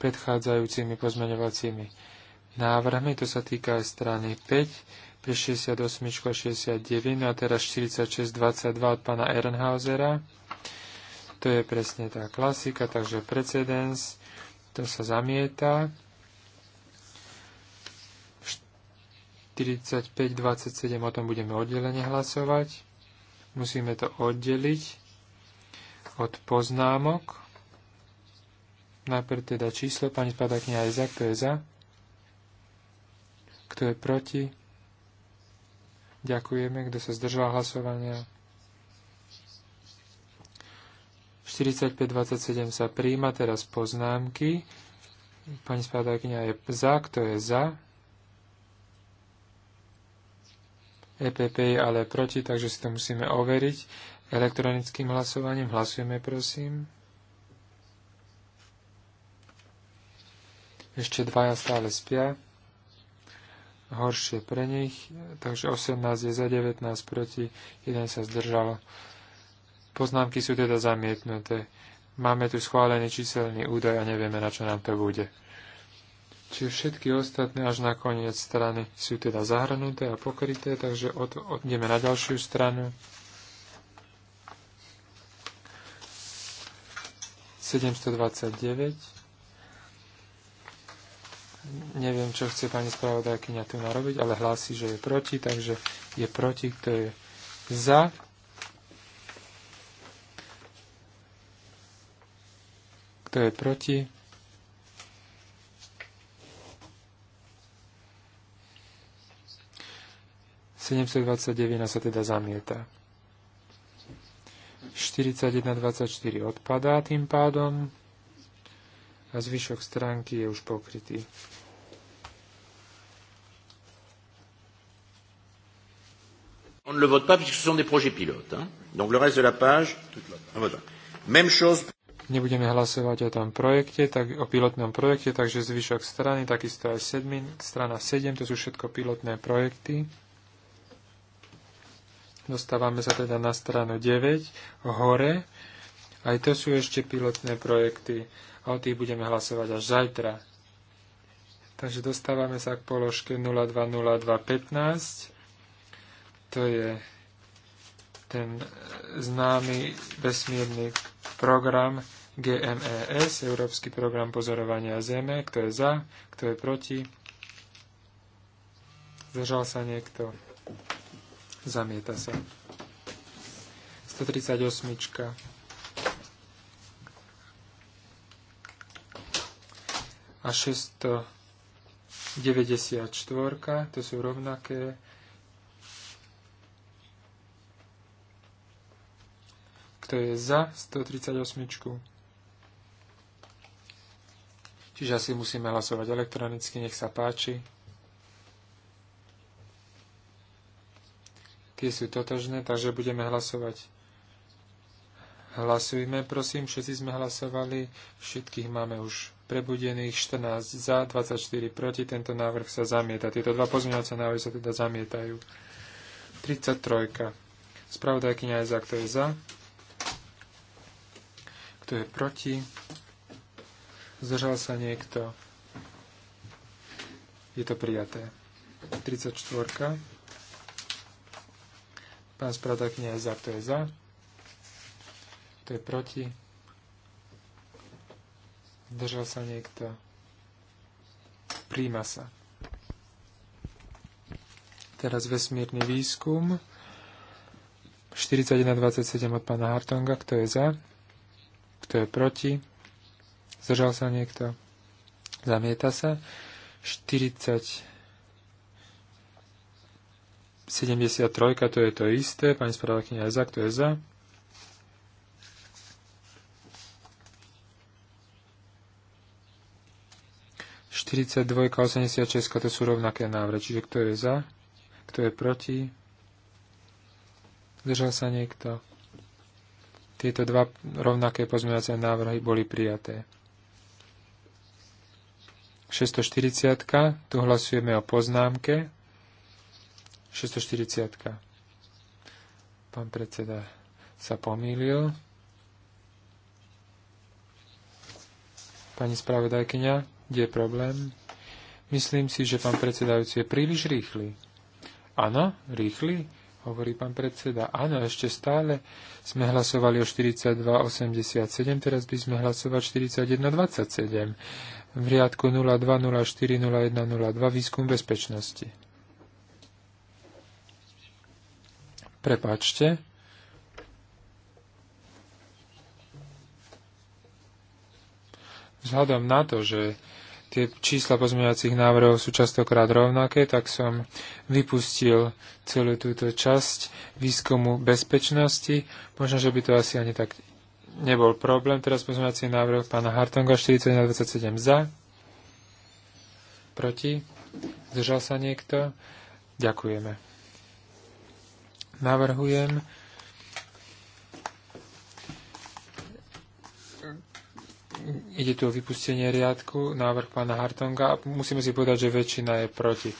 predchádzajúcimi pozmeňovacími návrhmi. To sa týka aj strany 5 pre 68 a 69 no a teraz 46.22 od pána Ehrenhausera. To je presne tá klasika, takže precedens to sa zamieta. 45, 27, o tom budeme oddelenie hlasovať. Musíme to oddeliť od poznámok. Najprv teda číslo, pani spadakňa je za, kto je za, kto je proti. Ďakujeme, kto sa zdržal hlasovania. 4527 sa príjma, teraz poznámky. Pani spravodajkynia je za, kto je za? EPP je ale proti, takže si to musíme overiť. Elektronickým hlasovaním hlasujeme, prosím. Ešte dvaja stále spia. Horšie pre nich. Takže 18 je za 19 proti, jeden sa zdržal. Poznámky sú teda zamietnuté. Máme tu schválený číselný údaj a nevieme, na čo nám to bude. Čiže všetky ostatné až na koniec strany sú teda zahrnuté a pokryté, takže od, odjdeme na ďalšiu stranu. 729. Neviem, čo chce pani spravodajkyňa tu narobiť, ale hlási, že je proti, takže je proti, kto je za. Kto je proti? Sedemstodvadsaťdeväť sa teda zamieta. 41.24 odpadá tým pádom a zvyšok stránky je už pokrytý. On ne le vote pas puisque ce sont des projets pilotes. Hein? Donc le reste de la page, on ah, vote. Même chose. Nebudeme hlasovať o tom projekte, tak, o pilotnom projekte, takže zvyšok strany, takisto aj sedmi, strana 7, to sú všetko pilotné projekty. Dostávame sa teda na stranu 9, hore. Aj to sú ešte pilotné projekty a o tých budeme hlasovať až zajtra. Takže dostávame sa k položke 020215. To je ten známy vesmírny program GMES, Európsky program pozorovania Zeme, kto je za, kto je proti. Zdržal sa niekto. Zamieta sa. 138. A 694, to sú rovnaké. Kto je za 138? Čiže asi musíme hlasovať elektronicky, nech sa páči. Tie sú totožné, takže budeme hlasovať. Hlasujme, prosím, všetci sme hlasovali, všetkých máme už prebudených 14 za, 24 proti. Tento návrh sa zamieta. Tieto dva pozmeňovacie návrhy sa teda zamietajú. 33. Spravodajkyňa je za, kto je za, kto je proti, Zdržal sa niekto? Je to prijaté. 34. Pán Spradak nie je za, kto je za. Kto je proti? Zdržal sa niekto? Príjma sa. Teraz vesmírny výskum. 41.27 od pána Hartonga. Kto je za? Kto je proti? Zdržal sa niekto? Zamieta sa. 40 73, to je to isté. Pani spravodajkynia je za, kto je za? Štyridsaťdvojka, 86, to sú rovnaké návrhy. Čiže kto je za? Kto je proti? Zdržal sa niekto? Tieto dva rovnaké pozmeňovacie návrhy boli prijaté. 640, tu hlasujeme o poznámke. 640. Pán predseda sa pomýlil. Pani spravodajkyňa, kde je problém? Myslím si, že pán predsedajúci je príliš rýchly. Áno, rýchly, hovorí pán predseda. Áno, ešte stále sme hlasovali o 42,87, teraz by sme hlasovali 41,27 v riadku 02040102 výskum bezpečnosti. Prepačte. Vzhľadom na to, že tie čísla pozmeňovacích návrhov sú častokrát rovnaké, tak som vypustil celú túto časť výskumu bezpečnosti. Možno, že by to asi ani tak nebol problém. Teraz pozmeňovací návrh pána Hartonga 4127 za. Proti. Zdržal sa niekto? Ďakujeme. Navrhujem. Ide tu o vypustenie riadku, návrh pána Hartonga a musíme si povedať, že väčšina je proti.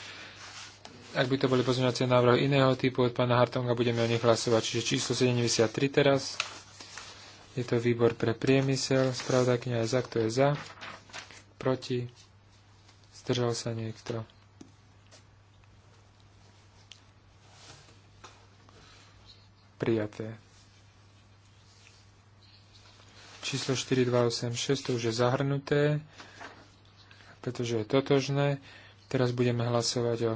Ak by to boli pozmeňovacie návrhy iného typu od pána Hartonga, budeme o nich hlasovať. Čiže číslo 73 teraz. Je to výbor pre priemysel. Spravodajkňa je za, kto je za. Proti. Zdržal sa niekto. Prijaté. Číslo 4286 to už je zahrnuté, pretože je totožné. Teraz budeme hlasovať o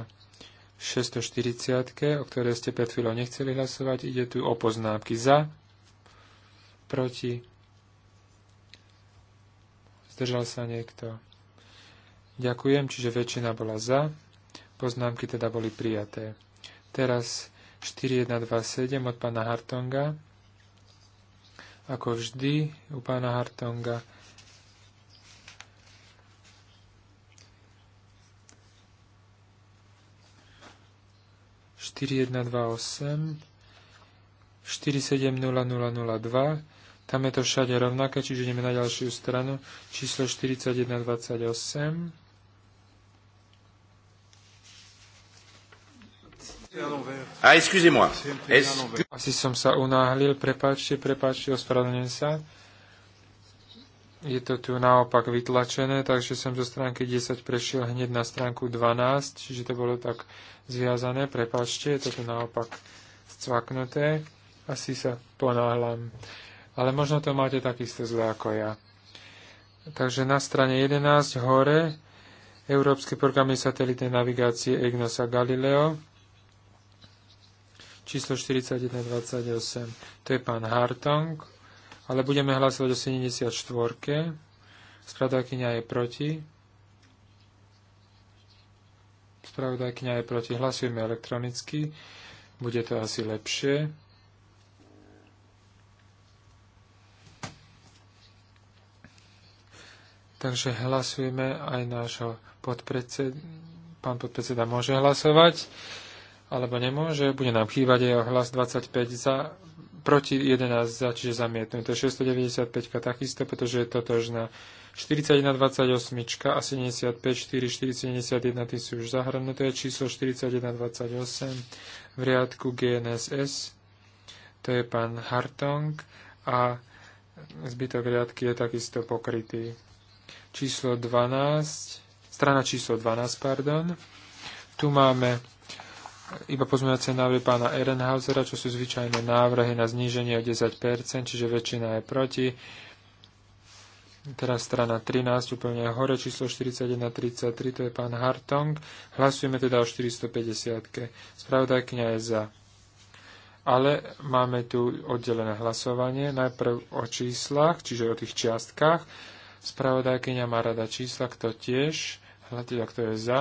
640, o ktorej ste pred chvíľou nechceli hlasovať. Ide tu o poznámky za, proti, zdržal sa niekto. Ďakujem, čiže väčšina bola za, poznámky teda boli prijaté. Teraz 4127 od pána Hartonga. Ako vždy u pána Hartonga Štyri jedna dva osem, štyri sedem nula nula nula dva, tam je to všade rovnaké, čiže ideme na ďalšiu stranu. Číslo 4128. A ah, excusez-moi. Asi som sa unáhlil, prepáčte, prepáčte, ospravedlňujem sa. Je to tu naopak vytlačené, takže som zo stránky 10 prešiel hneď na stránku 12, čiže to bolo tak zviazané, prepáčte, je to tu naopak zcvaknuté. Asi sa ponáhľam ale možno to máte takisto zle ako ja. Takže na strane 11 hore Európske programy satelitnej navigácie EGNOS a Galileo číslo 4128. To je pán Hartong, ale budeme hlasovať o 74. Spravodajkynia je proti. Spravodajkynia je proti. Hlasujeme elektronicky. Bude to asi lepšie. Takže hlasujeme aj nášho podpredseda. Pán podpredseda môže hlasovať, alebo nemôže. Bude nám chýbať jeho hlas 25 za, proti 11 za, čiže zamietnuté. 695 takisto, pretože je totožná. 41, 28 a 75, 4, 4, 71, tí sú už zahrnuté. Číslo 41, 28 v riadku GNSS, to je pán Hartong a zbytok riadky je takisto pokrytý číslo 12, strana číslo 12, pardon. Tu máme iba pozmeňovacie návrhy pána Ehrenhausera, čo sú zvyčajné návrhy na zníženie o 10%, čiže väčšina je proti. Teraz strana 13, úplne hore, číslo 4133, to je pán Hartong. Hlasujeme teda o 450. Spravodajkňa je za. Ale máme tu oddelené hlasovanie, najprv o číslach, čiže o tých čiastkách, Spravodajkyňa má rada čísla, kto tiež, hľadila, teda, kto je za,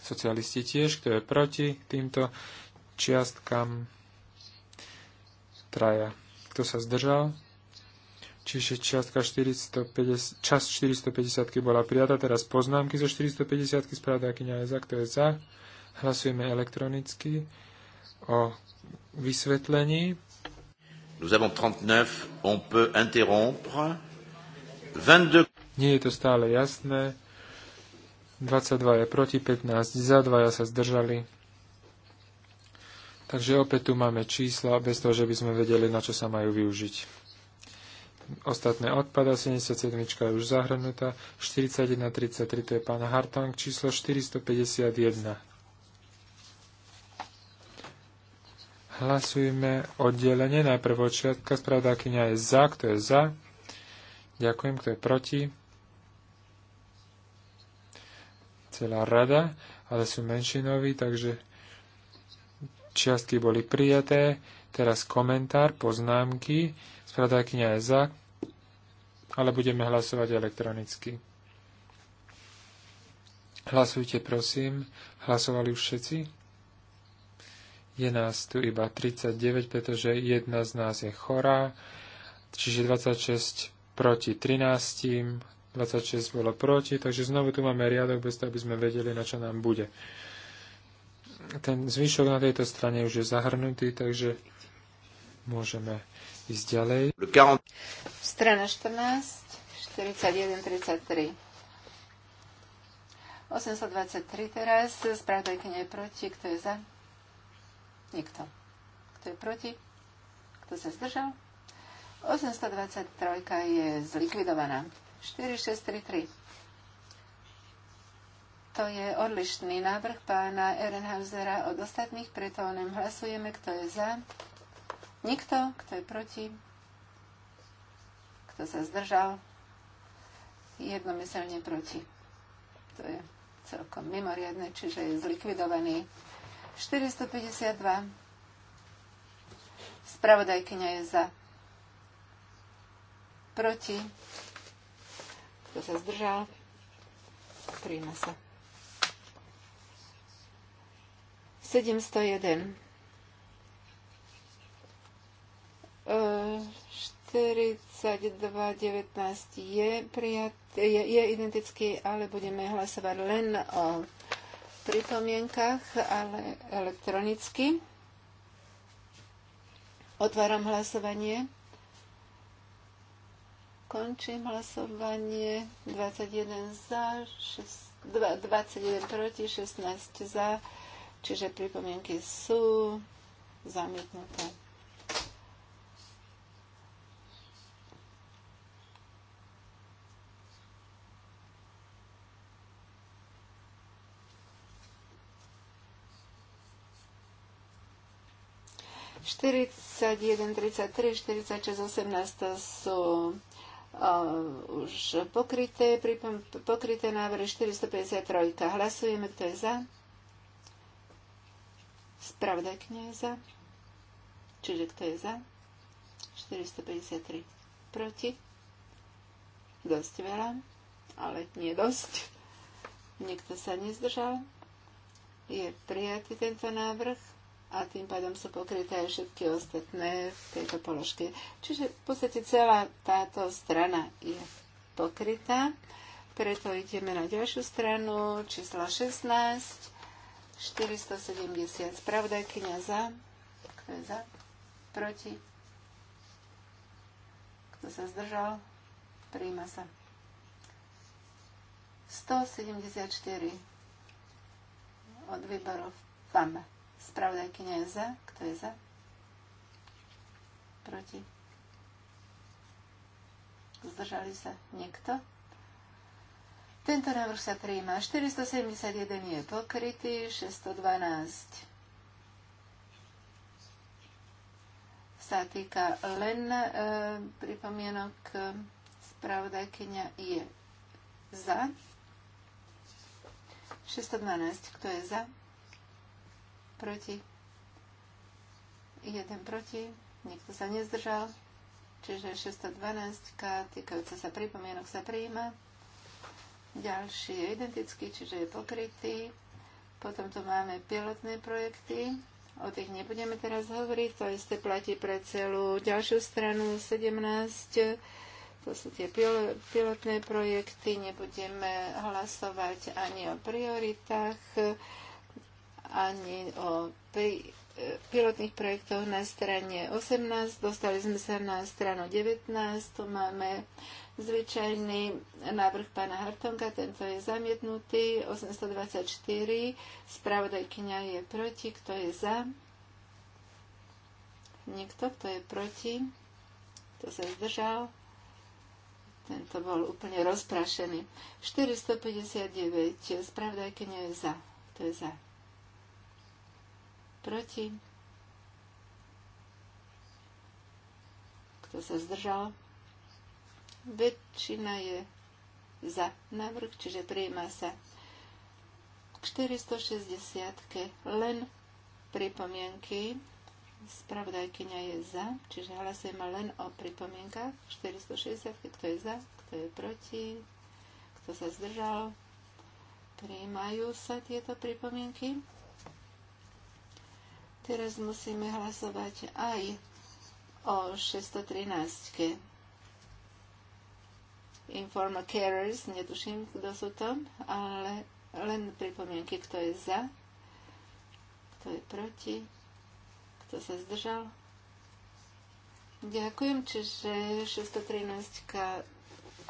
socialisti tiež, kto je proti týmto čiastkám traja. Kto sa zdržal? Čiže čiastka 450, čas 450 bola prijata, teraz poznámky zo 450 spravodajkyňa je za, kto je za. Hlasujeme elektronicky o vysvetlení. Nous avons 39, on peut interrompre. Nie je to stále jasné. 22 je proti, 15 za, 2 sa zdržali. Takže opäť tu máme čísla, bez toho, že by sme vedeli, na čo sa majú využiť. Ostatné odpada, 77 je už zahrnutá, 33, to je pán Hartong, číslo 451. Hlasujme oddelenie, najprv očiatka, spravodajkynia je za, kto je za, Ďakujem, kto je proti. Celá rada, ale sú menšinoví, takže čiastky boli prijaté. Teraz komentár, poznámky. Spravodajkynia je za, ale budeme hlasovať elektronicky. Hlasujte, prosím. Hlasovali už všetci? Je nás tu iba 39, pretože jedna z nás je chorá, čiže 26 proti 13, 26 bolo proti, takže znovu tu máme riadok bez toho, aby sme vedeli, na čo nám bude. Ten zvyšok na tejto strane už je zahrnutý, takže môžeme ísť ďalej. Strana 14, 41, 33. 823 teraz, spravodajkyňa je proti, kto je za? Nikto. Kto je proti? Kto sa zdržal? 823 je zlikvidovaná. 4633. To je odlišný návrh pána Ehrenhausera od ostatných, preto o ňom hlasujeme, kto je za. Nikto, kto je proti. Kto sa zdržal. Jednomyselne proti. To je celkom mimoriadne, čiže je zlikvidovaný. 452. Spravodajkyňa je za proti, kto sa zdržal, Príjme sa. 701. E, 42.19 je, prijat, je, je identický, ale budeme hlasovať len o pripomienkach, ale elektronicky. Otváram hlasovanie. Končím hlasovanie. 21 za, 6, 2, 21 proti, 16 za. Čiže pripomienky sú zamietnuté. Štyridsať jeden, tridsať tri, štyridsať šesť, osemnáct sú už pokryté, pripom, pokryté návrhy 453. Hlasujeme, kto je za. Spravda je za. Čiže kto je za? 453. Proti? Dosť veľa, ale nie dosť. Nikto sa nezdržal. Je prijatý tento návrh a tým pádom sú pokryté aj všetky ostatné v tejto položke. Čiže v podstate celá táto strana je pokrytá. Preto ideme na ďalšiu stranu, číslo 16, 470. Spravodajkyňa za. Kto je za? Proti? Kto sa zdržal? Príjma sa. 174 od výborov FAMA. Spravodajkyňa je za. Kto je za? Proti? Zdržali sa? Niekto? Tento návrh sa prijíma. 471 je pokrytý, 612 sa týka len e, pripomienok spravodajkynia je za. 612, kto je za? proti, jeden proti, nikto sa nezdržal, čiže 612 týkajúca sa pripomienok sa prijíma. Ďalší je identický, čiže je pokrytý. Potom tu máme pilotné projekty, o tých nebudeme teraz hovoriť, to isté platí pre celú ďalšiu stranu 17, to sú tie pilotné projekty, nebudeme hlasovať ani o prioritách ani o pri, e, pilotných projektoch na strane 18, dostali sme sa na stranu 19, tu máme zvyčajný návrh pána Hartonga, tento je zamietnutý, 824, kňa je proti, kto je za? Nikto, kto je proti? Kto sa zdržal? Tento bol úplne rozprašený. 459, spravodajkyňa je za, kto je za? Proti? Kto sa zdržal? Väčšina je za návrh, čiže prijíma sa k 460 len pripomienky. Spravodajkyňa je za, čiže hlasujeme len o pripomienkach 460, kto je za, kto je proti, kto sa zdržal. Prijímajú sa tieto pripomienky. Teraz musíme hlasovať aj o 613. -ke. Informa carers, netuším, kto sú to, ale len pripomienky, kto je za, kto je proti, kto sa zdržal. Ďakujem, čiže 613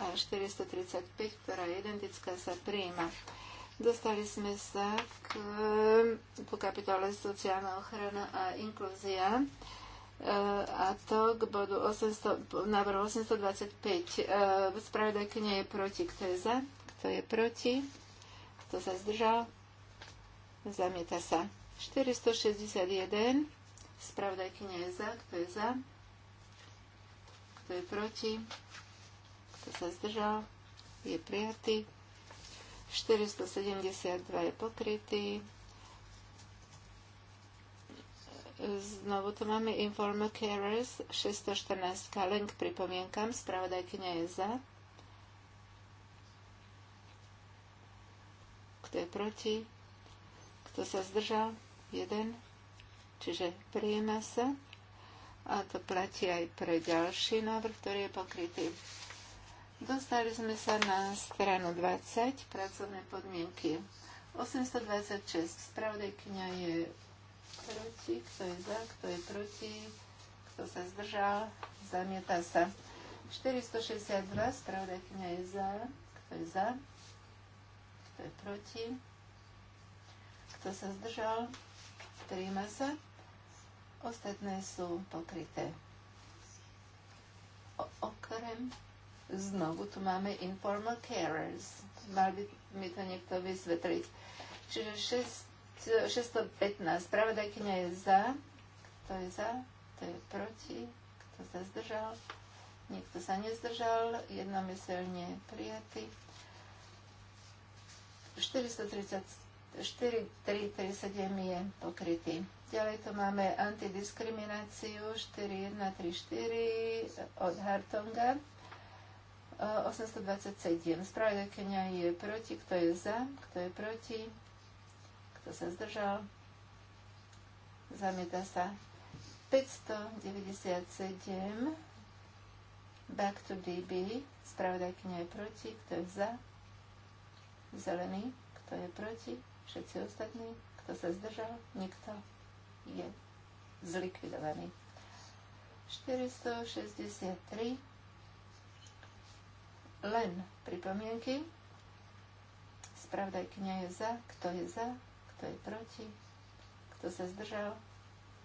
a 435, ktorá je identická, sa prijíma. Dostali sme sa k, eh, po kapitole sociálna ochrana a inklúzia eh, a to k bodu 800, návrhu 825. Eh, spravodajkynia je proti. Kto je za? Kto je proti? Kto sa zdržal? Zamieta sa. 461. knie je za. Kto je za? Kto je proti? Kto sa zdržal? Je prijatý. 472 je pokrytý. Znovu tu máme Informa Carers 614 len k pripomienkam. Spravodajkynia je za. Kto je proti? Kto sa zdržal? Jeden. Čiže prijíma sa. A to platí aj pre ďalší návrh, ktorý je pokrytý. Dostali sme sa na stranu 20, pracovné podmienky. 826. Spravodajkňa je proti, kto je za, kto je proti, kto sa zdržal, zamieta sa. 462. Spravodajkňa je za, kto je za, kto je proti, kto sa zdržal, príjma sa. Ostatné sú pokryté. O- okrem Znovu tu máme informal carers. Mal by mi to niekto vysvetliť. Čiže 6, 615. Pravodajkynia je za. Kto je za? Kto je proti? Kto sa zdržal? Nikto sa nezdržal. Jednomyselne prijatý. 430, 4337 je pokrytý. Ďalej tu máme antidiskrimináciu 4134 od Hartonga. 827. Spravodajkenia je proti. Kto je za? Kto je proti? Kto sa zdržal? Zamieta sa. 597. Back to DB. Spravodajkenia je proti. Kto je za? Zelený. Kto je proti? Všetci ostatní. Kto sa zdržal? Nikto. Je zlikvidovaný. 463 len pripomienky. kňa je za, kto je za, kto je proti, kto sa zdržal,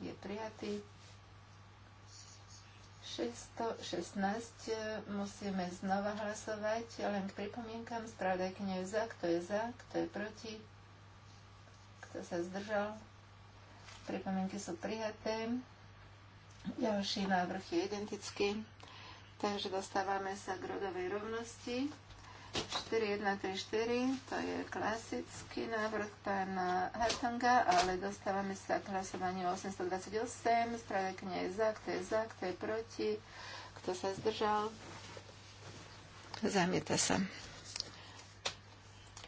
je prijatý. 616 e, musíme znova hlasovať, len k pripomienkam kňa je za, kto je za, kto je proti, kto sa zdržal. Pripomienky sú prijaté. Ďalší návrh je identický. Takže dostávame sa k rodovej rovnosti. 4, to je klasický návrh pána Hartanga, ale dostávame sa k hlasovaniu 828. Spravedlňa je za, kto je za, kto je proti, kto sa zdržal. Zamieta sa.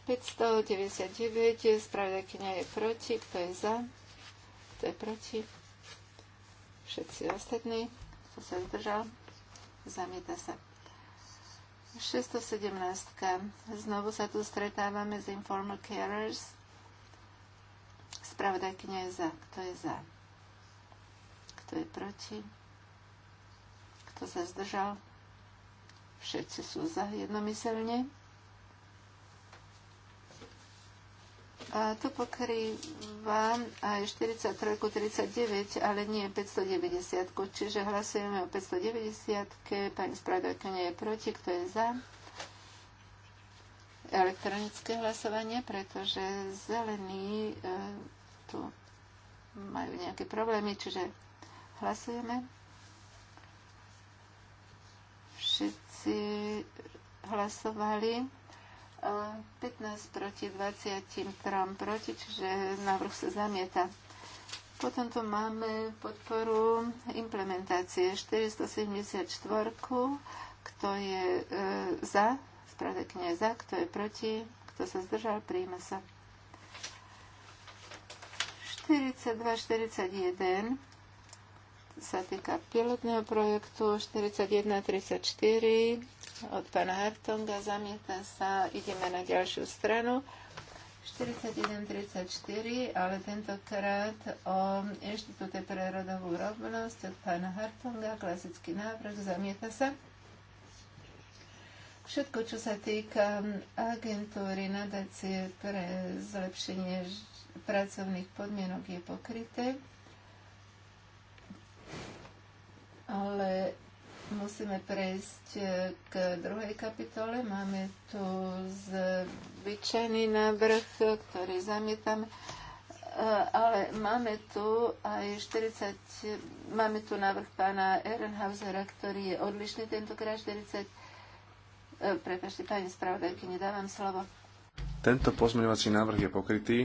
599, spravedlňa je proti, kto je za, kto je proti. Všetci ostatní, kto sa zdržal zamieta sa. 617. Znovu sa tu stretávame s informal carers. Spravodajkynia je za. Kto je za? Kto je proti? Kto sa zdržal? Všetci sú za jednomyselne. to pokrýva aj 43, 39, ale nie 590. Čiže hlasujeme o 590. Pani spravodajka nie je proti, kto je za? Elektronické hlasovanie, pretože zelení e, tu majú nejaké problémy, čiže hlasujeme. Všetci hlasovali. 15 proti 23 proti, čiže návrh sa zamieta. Potom tu máme podporu implementácie 474, kto je e, za, spravodajkynia je za, kto je proti, kto sa zdržal, príjme sa. 42-41 sa týka pilotného projektu, 41-34 od pána Hartonga, zamieta sa, ideme na ďalšiu stranu. 41.34, ale tentokrát o Inštitúte pre rodovú rovnosť od pána Hartonga, klasický návrh, zamieta sa. Všetko, čo sa týka agentúry nadácie pre zlepšenie pracovných podmienok je pokryté, ale Musíme prejsť e, k druhej kapitole. Máme tu zvyčajný návrh, ktorý zamietam, e, ale máme tu aj 40, máme tu návrh pána Ehrenhausera, ktorý je odlišný tentokrát 40. E, prepašte, pani spravodajky, nedávam slovo. Tento pozmeňovací návrh je pokrytý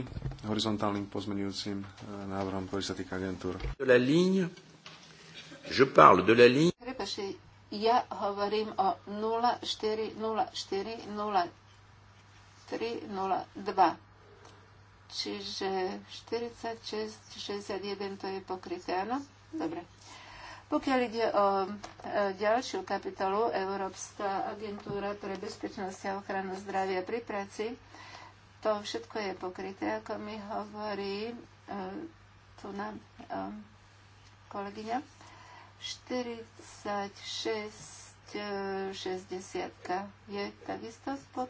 horizontálnym pozmeňujúcim návrhom, ktorý sa týka agentúr. De la ligne, je parle de la ligne Prepašte, ja hovorím o 0404 0302. Čiže 46, 61 to je pokryté, áno? Dobre. Pokiaľ ide o e, ďalšiu kapitolu, Európska agentúra pre bezpečnosť a ochranu zdravia pri práci, to všetko je pokryté, ako mi hovorí e, tu nám e, kolegyňa. 46 60 e, je takisto spod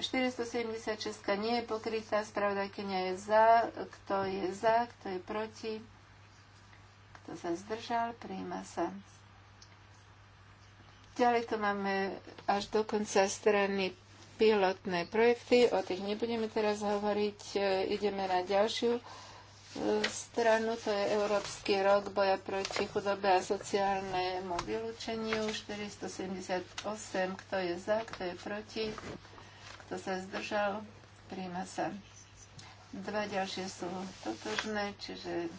476 nie je pokrytá, spravodajkynia je za, kto je za, kto je proti, kto sa zdržal, prijíma sa. Ďalej tu máme až do konca strany pilotné projekty, o tých nebudeme teraz hovoriť, e, ideme na ďalšiu stranu, to je Európsky rok boja proti chudobe a sociálnemu vylúčeniu 478. Kto je za, kto je proti, kto sa zdržal, príjma sa. Dva ďalšie sú totožné, čiže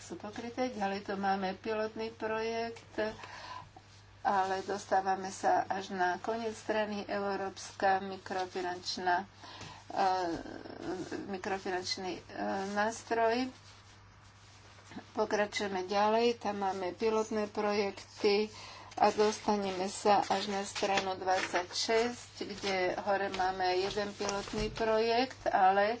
sú pokryté. Ďalej tu máme pilotný projekt, ale dostávame sa až na koniec strany Európska mikrofinančná E, mikrofinančný e, nástroj. Pokračujeme ďalej, tam máme pilotné projekty a dostaneme sa až na stranu 26, kde hore máme jeden pilotný projekt, ale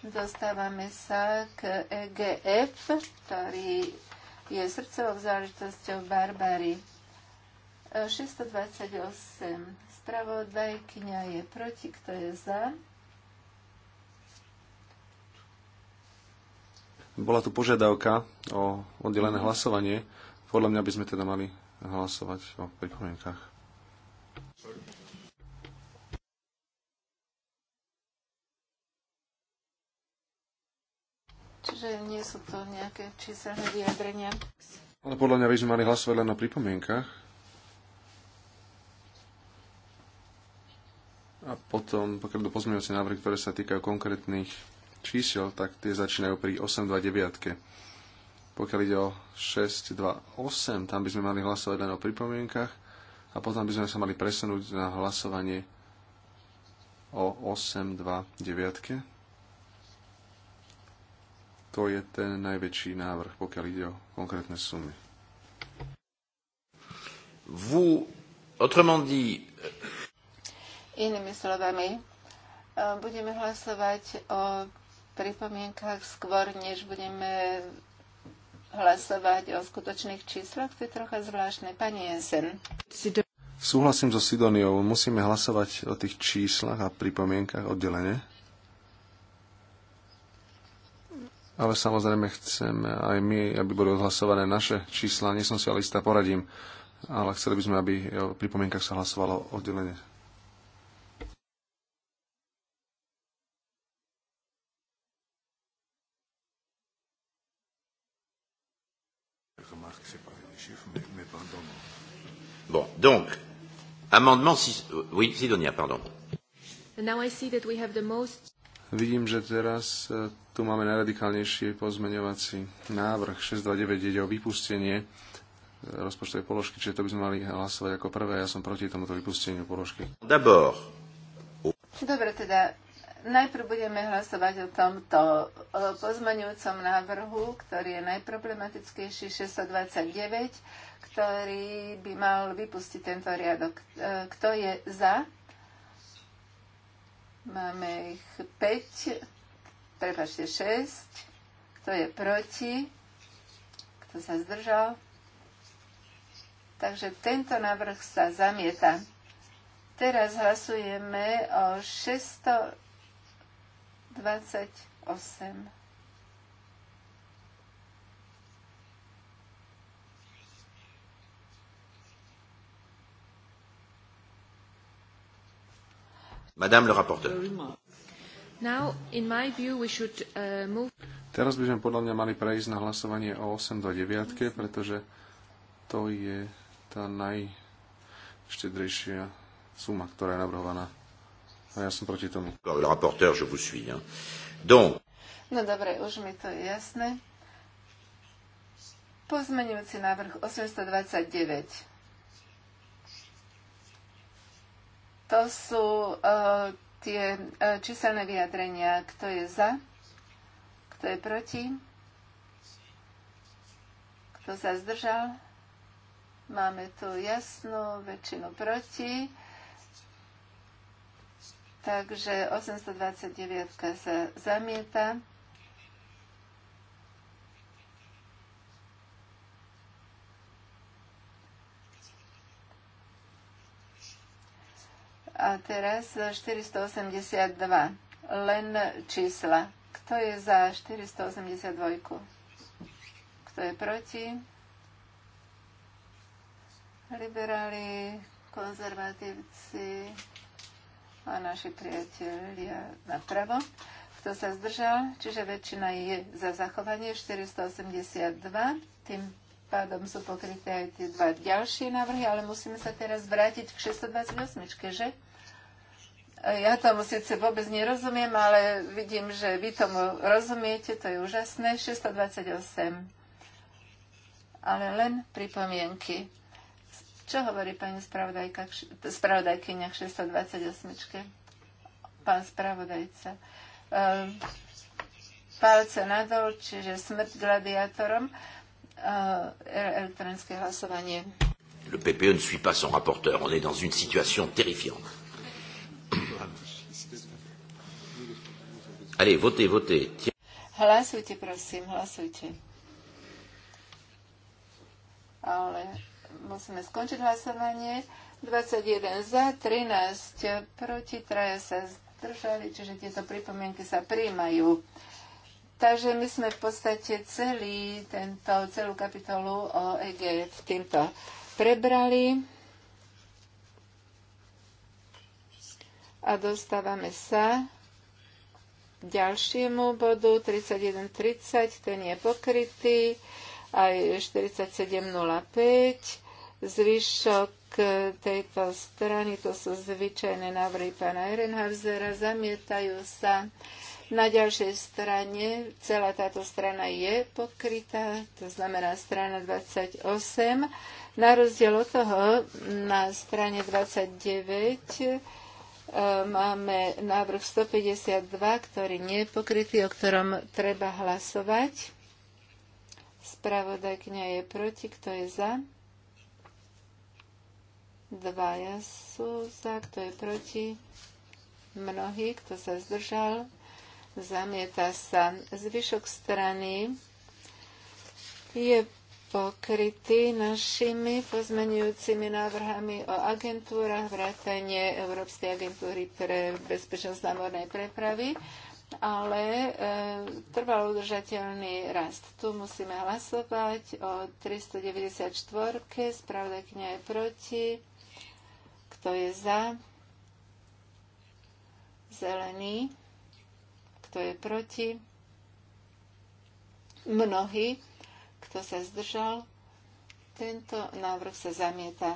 dostávame sa k EGF, ktorý je srdcovou záležitosťou Barbary. 628. E, Spravodajkňa je proti, kto je za? Bola tu požiadavka o oddelené hlasovanie. Podľa mňa by sme teda mali hlasovať o pripomienkach. Čiže nie sú to nejaké číselné vyjadrenia. Ale podľa mňa by sme mali hlasovať len o pripomienkach. A potom, pokiaľ do pozmeňovacie návrhy, ktoré sa týkajú konkrétnych čísel, tak tie začínajú pri 829. Pokiaľ ide o 628, tam by sme mali hlasovať len o pripomienkach a potom by sme sa mali presunúť na hlasovanie o 829. To je ten najväčší návrh, pokiaľ ide o konkrétne sumy. Vous, dit... Inými slovami, eh, budeme hlasovať o pripomienkach skôr, než budeme hlasovať o skutočných číslach. To je trocha zvláštne. Pani Jensen. Súhlasím so Sidoniou. Musíme hlasovať o tých číslach a pripomienkach oddelenie. Ale samozrejme chceme aj my, aby boli odhlasované naše čísla. Nie som si ale istá, poradím. Ale chceli by sme, aby o pripomienkach sa hlasovalo oddelenie. Donc, amendement... Euh, oui, Sidonia, pardon. most... Vidím, že teraz e, tu máme najradikálnejší pozmeňovací návrh 629, ide o vypustenie e, rozpočtovej položky, čiže to by sme mali hlasovať ako prvé. Ja som proti tomuto vypusteniu položky. Dobre, teda Najprv budeme hlasovať o tomto pozmaňujúcom návrhu, ktorý je najproblematickejší 629, ktorý by mal vypustiť tento riadok. E, kto je za? Máme ich 5, prepačte 6. Kto je proti? Kto sa zdržal? Takže tento návrh sa zamieta. Teraz hlasujeme o 600 28. Madame le rapporteur. Now, in my view, we should, uh, move... Teraz by sme podľa mňa mali prejsť na hlasovanie o 8 do 9, pretože to je tá najštedrejšia suma, ktorá je navrhovaná. A ja som proti tomu. Le rapporteur, je vous suis. Hein. Donc... No dobre, už mi to je jasné. Pozmenujúci návrh 829. To sú uh, tie uh, číselné vyjadrenia, kto je za, kto je proti, kto sa zdržal. Máme tu jasnú väčšinu proti. Takže 829 sa zamieta. A teraz 482. Len čísla. Kto je za 482? Kto je proti? Liberáli, konzervatívci, a naši priatelia napravo. Kto sa zdržal, čiže väčšina je za zachovanie 482. Tým pádom sú pokryté aj tie dva ďalšie návrhy, ale musíme sa teraz vrátiť k 628, že? Ja tomu síce vôbec nerozumiem, ale vidím, že vy tomu rozumiete, to je úžasné. 628. Ale len pripomienky. Čo hovorí pani spravodajkyňa k 628? Pán spravodajca. Ehm, palce nadol, čiže smrť gladiátorom. Ehm, elektronické hlasovanie. Le PPE ne suit pas son rapporteur. On est dans une situation terrifiante. Allez, votez, votez. Hlasujte, prosím, hlasujte. Ale Musíme skončiť hlasovanie. 21 za, 13 proti, traja sa zdržali, čiže tieto pripomienky sa príjmajú. Takže my sme v podstate celý tento, celú kapitolu o EGF týmto prebrali. A dostávame sa k ďalšiemu bodu 31.30, ten je pokrytý aj 4705. Zvyšok eh, tejto strany, to sú zvyčajné návrhy pána Ehrenhausera, zamietajú sa. Na ďalšej strane celá táto strana je pokrytá, to znamená strana 28. Na rozdiel od toho, na strane 29 eh, máme návrh 152, ktorý nie je pokrytý, o ktorom treba hlasovať. Spravodajkňa je proti, kto je za? Dvaja sú za, kto je proti? Mnohí, kto sa zdržal? Zamieta sa. Zvyšok strany je pokrytý našimi pozmenujúcimi návrhami o agentúrach, vrátanie Európskej agentúry pre bezpečnosť námornej prepravy ale e, trvalo udržateľný rast. Tu musíme hlasovať o 394. Spravodajkňa je proti. Kto je za? Zelený. Kto je proti? Mnohí. Kto sa zdržal? Tento návrh sa zamieta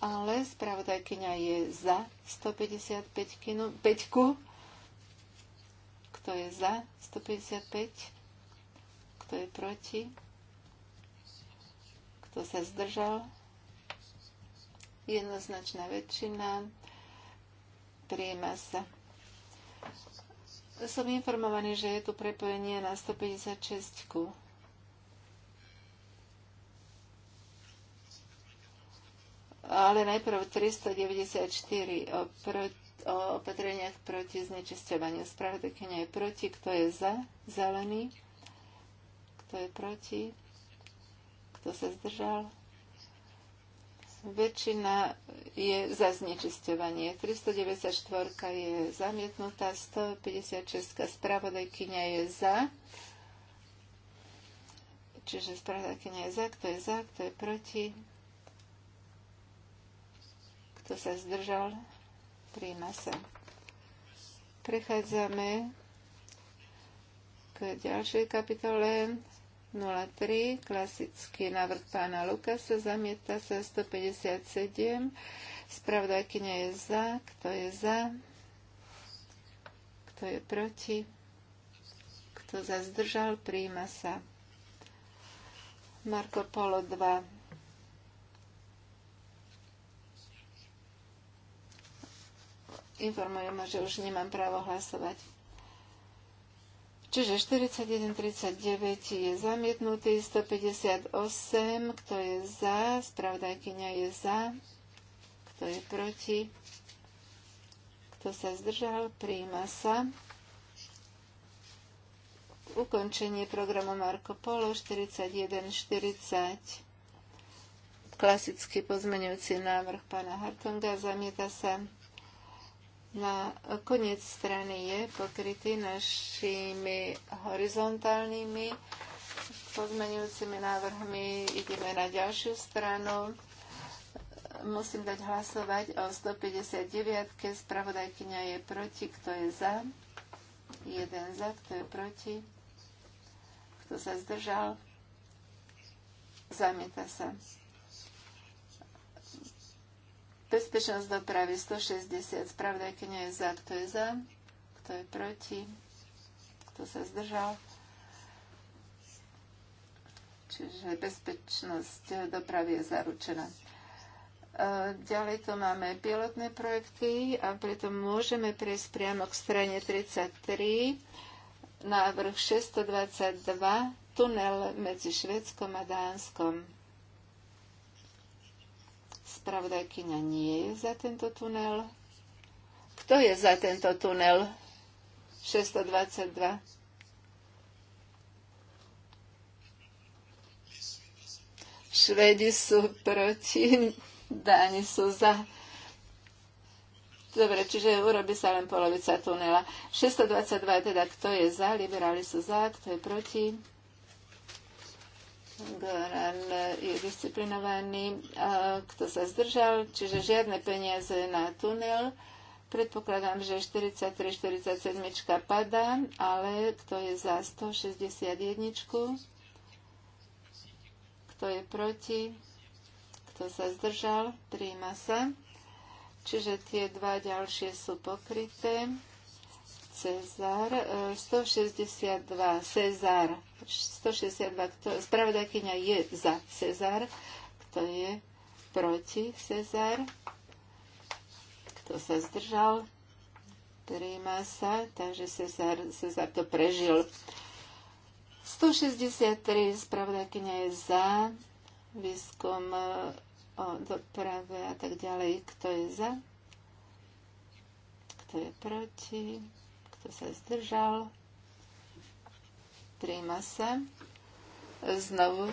ale spravodajkyňa je za 155 kinu, 5 kto je za 155? Kto je proti? Kto sa zdržal? Jednoznačná väčšina. Prijíma sa. Som informovaný, že je tu prepojenie na 156. -ku. ale najprv 394 oproti o opatreniach proti znečisťovaniu. Spravodajkynia je proti. Kto je za? Zelený. Kto je proti? Kto sa zdržal? Väčšina je za znečisťovanie. 394 je zamietnutá, 156 spravodajkynia je za. Čiže spravodajkynia je za, kto je za, kto je proti, kto sa zdržal príjma sa. Prechádzame k ďalšej kapitole 03, klasický návrh pána Lukasa, zamieta sa 157, nie je za, kto je za, kto je proti, kto zazdržal? príjma sa. Marko Polo 2 informujú ma, že už nemám právo hlasovať. Čiže 41.39 je zamietnutý, 158, kto je za, spravdajkyňa je za, kto je proti, kto sa zdržal, príjma sa. Ukončenie programu Marco Polo 41.40 klasický pozmenujúci návrh pána Hartonga, zamieta sa na koniec strany je pokrytý našimi horizontálnymi pozmenujúcimi návrhmi. Ideme na ďalšiu stranu. Musím dať hlasovať o 159. Spravodajkynia je proti. Kto je za? Jeden za. Kto je proti? Kto sa zdržal? Zamieta sa. Bezpečnosť dopravy 160. nie je za. Kto je za? Kto je proti? Kto sa zdržal? Čiže bezpečnosť dopravy je zaručená. E, ďalej tu máme pilotné projekty a preto môžeme prejsť priamo k strane 33, návrh 622, tunel medzi Švedskom a Dánskom. Spravodajkyňa nie je za tento tunel. Kto je za tento tunel? 622. Švedi sú proti, Dáni sú za. Dobre, čiže urobí sa len polovica tunela. 622 teda, kto je za, liberáli sú za, kto je proti. Goran je disciplinovaný, kto sa zdržal, čiže žiadne peniaze na tunel. Predpokladám, že 43-47 padá, ale kto je za 161? Kto je proti? Kto sa zdržal? Príjma sa. Čiže tie dva ďalšie sú pokryté. Cezar, 162 e, Cezar, 162, kto, spravodajkyňa je za Cezar, kto je proti Cezar, kto sa zdržal, príjma sa, takže Cezar, Cezar to prežil. 163 spravodajkyňa je za výskum e, o doprave a tak ďalej. Kto je za? Kto je proti? Kto sa zdržal? Príjma sa. Znovu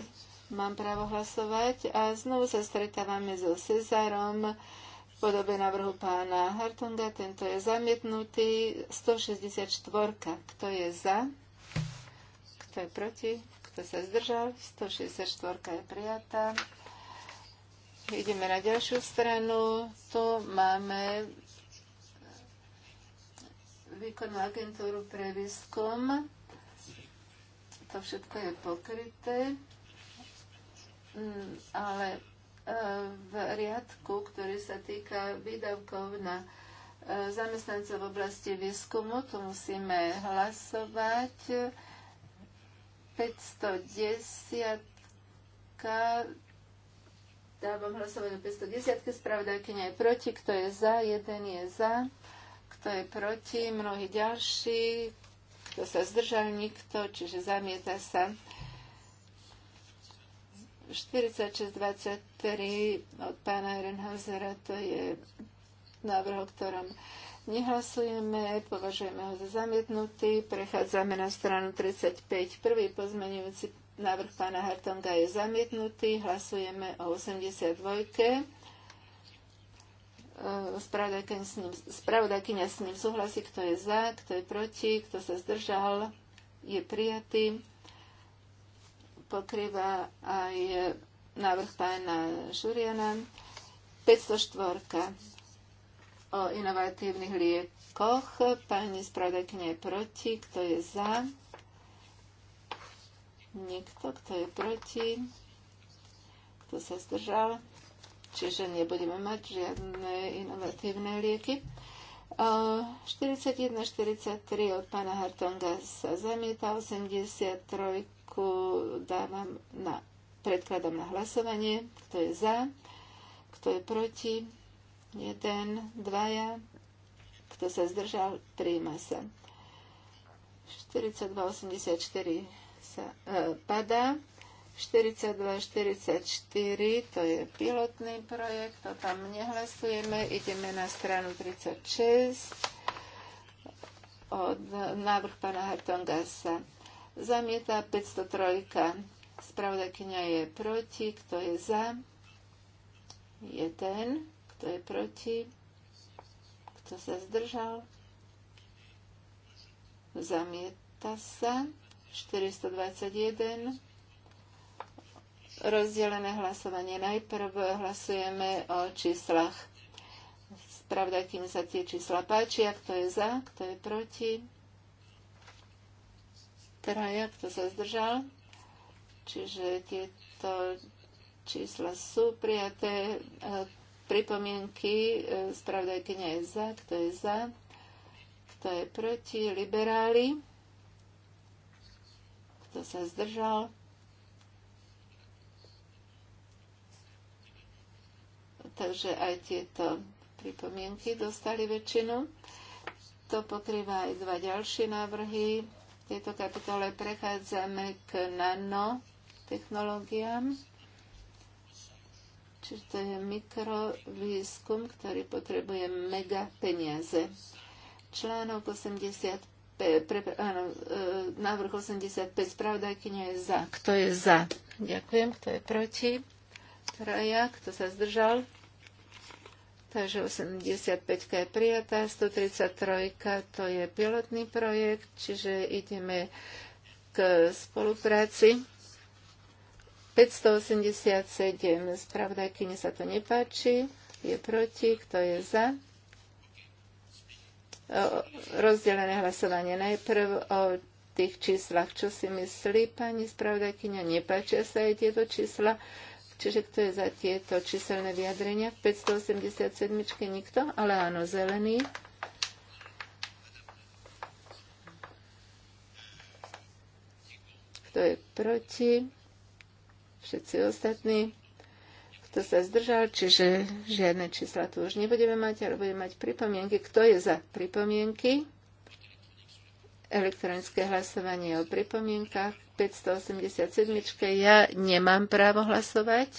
mám právo hlasovať a znovu sa stretávame so Cezárom v podobe návrhu pána Hartunga. Tento je zamietnutý. 164. Kto je za? Kto je proti? Kto sa zdržal? 164 je prijatá. Ideme na ďalšiu stranu. Tu máme výkonnú agentúru pre výskum. To všetko je pokryté, mm, ale e, v riadku, ktorý sa týka výdavkov na e, zamestnancov v oblasti výskumu, tu musíme hlasovať. 510 dávam hlasovanie 510 spravodajkyňa je proti, kto je za, jeden je za kto je proti, mnohí ďalší, kto sa zdržal, nikto, čiže zamieta sa. 4623 od pána Ehrenhausera, to je návrh, o ktorom nehlasujeme, považujeme ho za zamietnutý. Prechádzame na stranu 35. Prvý pozmenujúci návrh pána Hartonga je zamietnutý. Hlasujeme o 82. Spravodajkyňa s, ním, spravodajkyňa s ním súhlasí, kto je za, kto je proti, kto sa zdržal, je prijatý. Pokrýva aj návrh pána Šuriana. 504 o inovatívnych liekoch. Pani spravodajkyňa je proti, kto je za. Nikto, kto je proti, kto sa zdržal čiže nebudeme mať žiadne inovatívne lieky. 41-43 od pána Hartonga sa zamieta, 83 dávam na, predkladám na hlasovanie, kto je za, kto je proti, jeden, dvaja, kto sa zdržal, príjma sa. 42-84 sa e, padá. 42-44, to je pilotný projekt, to tam nehlasujeme, ideme na stranu 36 od návrh pana Hartongasa. Zamieta 503. Spravodajkynia je proti, kto je za? Jeden, kto je proti? Kto sa zdržal? Zamieta sa. 421 rozdelené hlasovanie. Najprv hlasujeme o číslach. Pravda, kým sa tie čísla páčia, kto je za, kto je proti. Traja, kto sa zdržal. Čiže tieto čísla sú prijaté. E, pripomienky, e, spravodajkynia je za, kto je za, kto je proti, liberáli, kto sa zdržal, takže aj tieto pripomienky dostali väčšinu. To pokrýva aj dva ďalšie návrhy. V tejto kapitole prechádzame k nanotechnológiám, čiže to je mikrovýskum, ktorý potrebuje mega peniaze. Článok 85 pre, áno, e, návrh 85 nie je za. Kto je za? Ďakujem. Kto je proti? Traja. Kto sa zdržal? Takže 85 je prijatá, 133 to je pilotný projekt, čiže ideme k spolupráci. 587 spravodajkyne sa to nepáči, je proti, kto je za? O, rozdelené hlasovanie najprv o tých číslach. Čo si myslí pani spravodajkyňa? Nepáčia sa aj tieto čísla? Čiže kto je za tieto číselné vyjadrenia? 587. Nikto? Ale áno, zelený. Kto je proti? Všetci ostatní. Kto sa zdržal, čiže žiadne čísla tu už nebudeme mať, ale budeme mať pripomienky. Kto je za pripomienky? Elektronické hlasovanie o pripomienkach 587. Ja nemám právo hlasovať.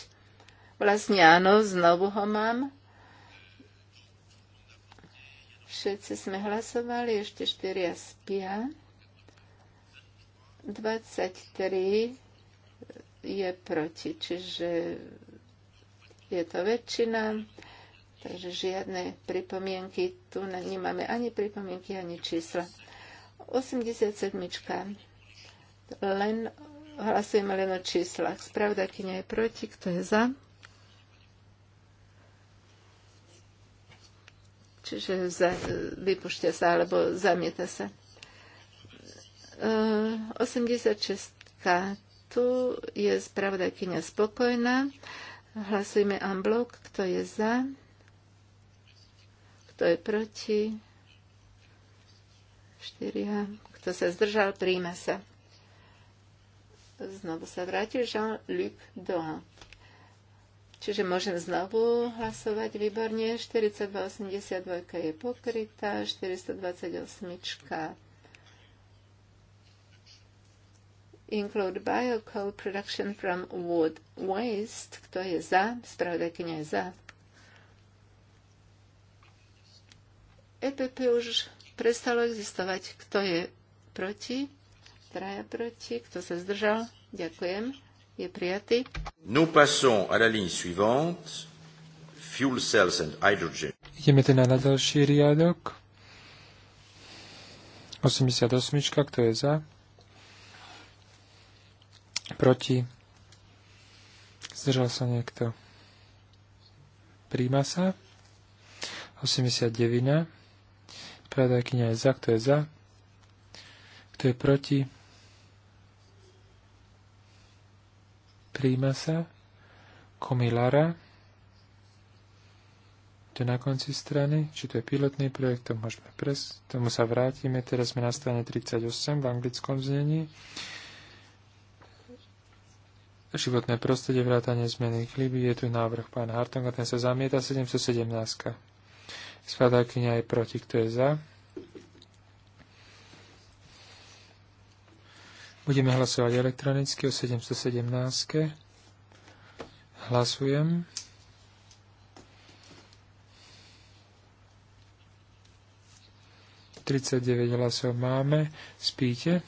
Vlastne áno, znovu ho mám. Všetci sme hlasovali, ešte 4 spia. 23 je proti, čiže je to väčšina. Takže žiadne pripomienky, tu nemáme ani pripomienky, ani čísla. 87 len hlasujeme len o číslach. nie je proti, kto je za? Čiže za, vypušťa sa alebo zamieta sa. 86. E, tu je spravodajkynia spokojná. Hlasujeme en blok, kto je za, kto je proti, 4, kto sa zdržal, príjma sa. Znovu sa vrátil Jean-Luc Doha. Čiže môžem znovu hlasovať výborne. 4282 je pokrytá, 428 include biocoal production from wood waste. Kto je za? Spravodajkynia je za. EPP už prestalo existovať. Kto je proti? traja proti, kto sa zdržal? Ďakujem, je prijatý. Nous passons à la ligne suivante. Fuel cells and hydrogen. Ideme teda na ďalší riadok. 88, kto je za? Proti? Zdržal sa niekto? Príjma sa? 89. Pravdajkynia je za, kto je za? Kto je proti? Trímasa, Komilara. To na konci strany. Či to je pilotný projekt, to môžeme pres. Tomu sa vrátime. Teraz sme na strane 38 v anglickom znení. Životné prostredie, vrátanie zmeny klíby. Je tu návrh pána Hartonga, ten sa zamieta 717. kniha je proti, kto je za. Budeme hlasovať elektronicky o 717. Hlasujem. 39 hlasov máme. Spíte.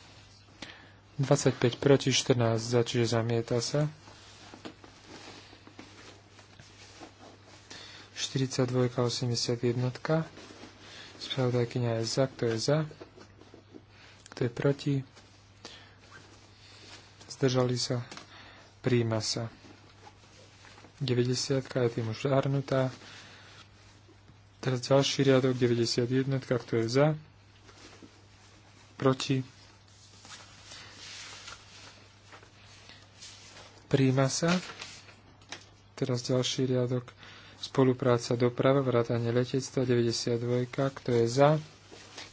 25 proti, 14 za, čiže zamieta sa. 42, 81. Spravodajkynia je za, kto je za, kto je proti, zdržali sa, príjma sa. 90 je tým už zahrnutá. Teraz ďalší riadok, 91, kto je za, proti, príjma sa. Teraz ďalší riadok, spolupráca doprava, vrátanie letectva, 92, kto je za,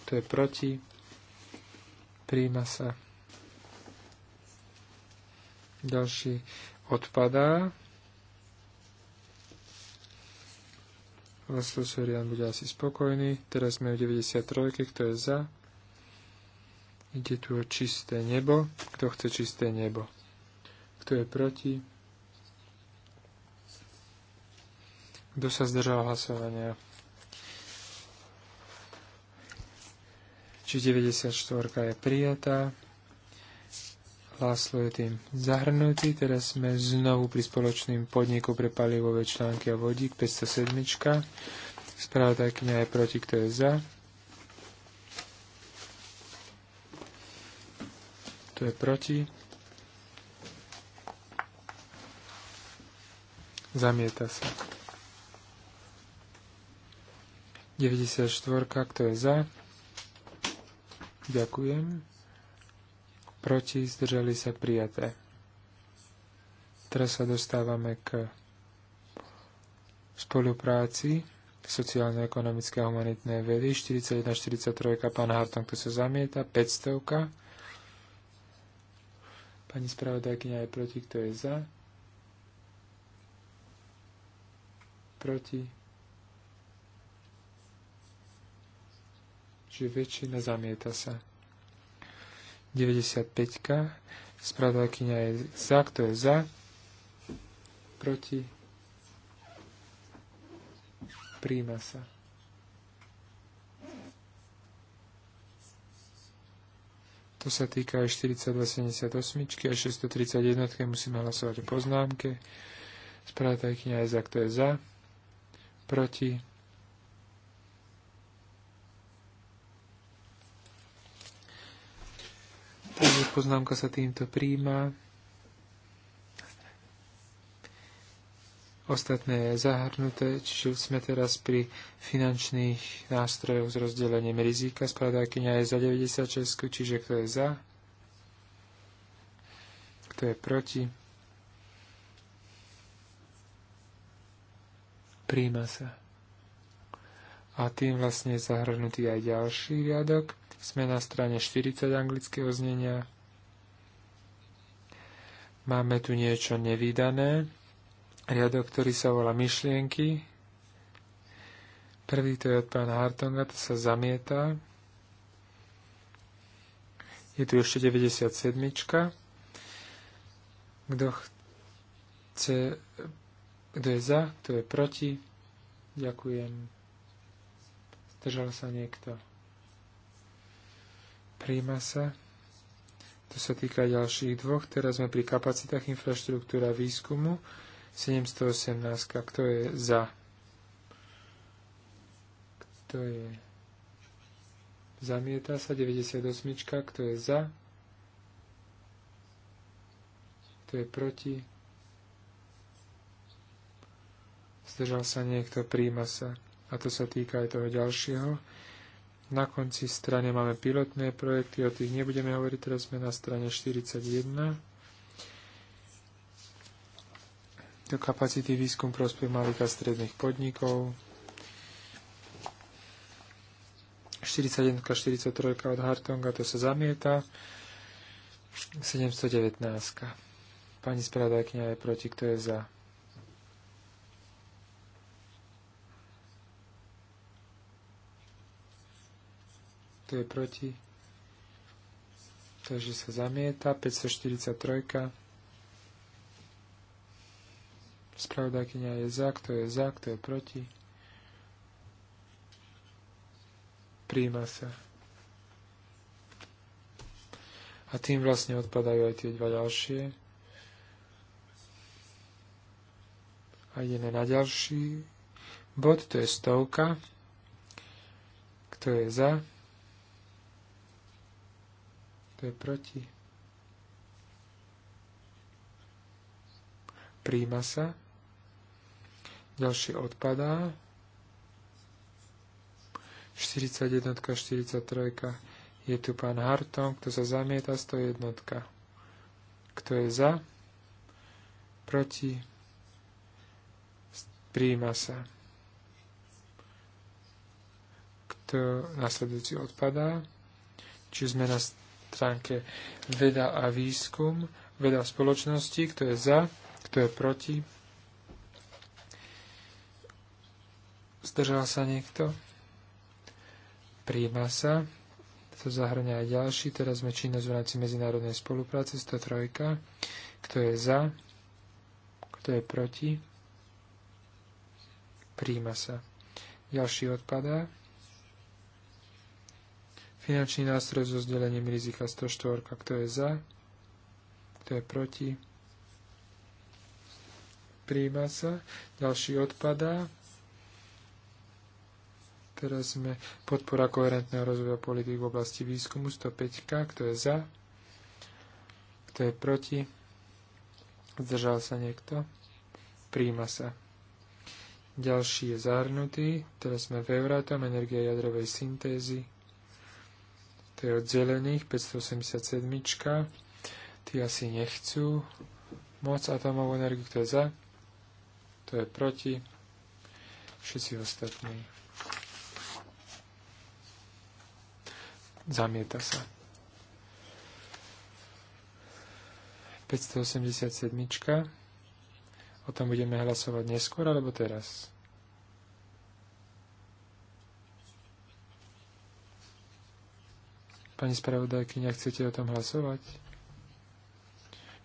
kto je proti, príjma sa. Ďalší odpadá. Laslo Sorian bude asi spokojný. Teraz sme v 93, kto je za. Ide tu o čisté nebo. Kto chce čisté nebo? Kto je proti? Kto sa zdržal hlasovania? Či 94 je prijatá? Láslo tým zahrnutý. Teraz sme znovu pri spoločným podniku pre palivové články a vodík 507. Spravodajkynia je proti, kto je za. Kto je proti? Zamieta sa. 94. Kto je za? Ďakujem proti, zdržali sa prijaté. Teraz sa dostávame k spolupráci sociálne-ekonomické a humanitné vedy. 41-43, pán Harton, kto sa zamieta, 500. Pani spravodajkynia je proti, kto je za. Proti. Čiže väčšina zamieta sa. 95. Spravodajkyňa je za, kto je za, proti, príjma sa. To sa týka aj 4278 a 631, musíme hlasovať o poznámke. Spravodajkyňa je za, kto je za, proti, Takže poznámka sa týmto príjma. Ostatné je zahrnuté, čiže sme teraz pri finančných nástrojoch s rozdelením rizika. Spradákyňa je za 96, čiže kto je za? Kto je proti? Príjma sa. A tým vlastne je zahrnutý aj ďalší riadok. Sme na strane 40 anglického znenia. Máme tu niečo nevydané. Riadok, ktorý sa volá myšlienky. Prvý to je od pána Hartonga, to sa zamieta. Je tu ešte 97. Kto chce, kto je za, kto je proti. Ďakujem. Zdržal sa niekto. Príjma sa. To sa týka ďalších dvoch. Teraz sme pri kapacitách infraštruktúra výskumu. 718. Kto je za? Kto je? Zamieta sa 98. Kto je za? Kto je proti? Zdržal sa niekto, príjma sa. A to sa týka aj toho ďalšieho. Na konci strane máme pilotné projekty, o tých nebudeme hovoriť, teraz sme na strane 41. Do kapacity výskum prospech malých a stredných podnikov. 41, 43 od Hartonga, to sa zamieta. 719. Pani spravodajkňa je proti, kto je za? kto je proti. Takže sa zamieta. 543. Spravodajkynia je za, kto je za, kto je proti. Príjma sa. A tým vlastne odpadajú aj tie dva ďalšie. A ideme na ďalší bod, to je stovka. Kto je za? To je proti? Príjma sa. Ďalšie odpadá. 41, 43. Je tu pán Harton, kto sa zamieta, 101. Kto je za? Proti? Príjma sa. Kto nasledujúci odpadá? Či sme na stránke veda a výskum, veda spoločnosti, kto je za, kto je proti. Zdržal sa niekto? Príjma sa. To zahrňa aj ďalší. Teraz sme činnosť v rámci medzinárodnej spolupráce 103. Kto je za? Kto je proti? Príjma sa. Ďalší odpadá. Finančný nástroj so zdelením rizika 104. Kto je za? Kto je proti? Príjma sa. Ďalší odpadá. Teraz sme podpora koherentného rozvoja politik v oblasti výskumu 105. Kto je za? Kto je proti? Zdržal sa niekto? Príjma sa. Ďalší je zahrnutý. Teraz sme v Euratom, energia jadrovej syntézy. To je od zelených, 587. Tí asi nechcú moc atomovú energiu, kto je za, kto je proti, všetci ostatní. Zamieta sa. 587. O tom budeme hlasovať neskôr alebo teraz? Pani spravodajkyňa, chcete o tom hlasovať?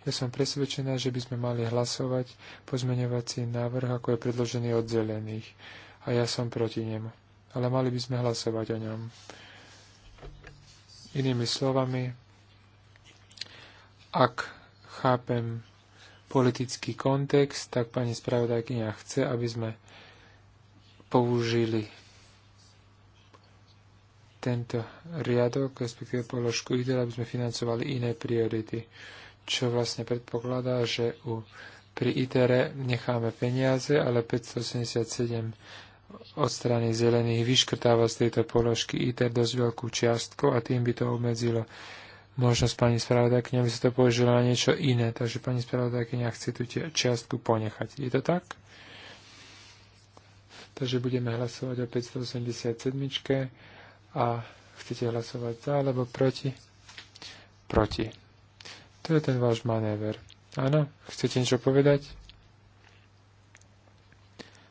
Ja som presvedčená, že by sme mali hlasovať pozmeňovací návrh, ako je predložený od zelených. A ja som proti nemu. Ale mali by sme hlasovať o ňom. Inými slovami, ak chápem politický kontext, tak pani spravodajkynia chce, aby sme použili tento riadok, respektíve položku IDEL, aby sme financovali iné priority, čo vlastne predpokladá, že u, pri ITERE necháme peniaze, ale 587 od strany zelených vyškrtáva z tejto položky ITER dosť veľkú čiastku a tým by to obmedzilo možnosť pani spravodajkyňa, aby sa to použilo na niečo iné. Takže pani spravodajkyňa chce tú čiastku ponechať. Je to tak? Takže budeme hlasovať o 587. A chcete hlasovať za alebo proti? Proti. To je ten váš manéver. Áno, chcete niečo povedať?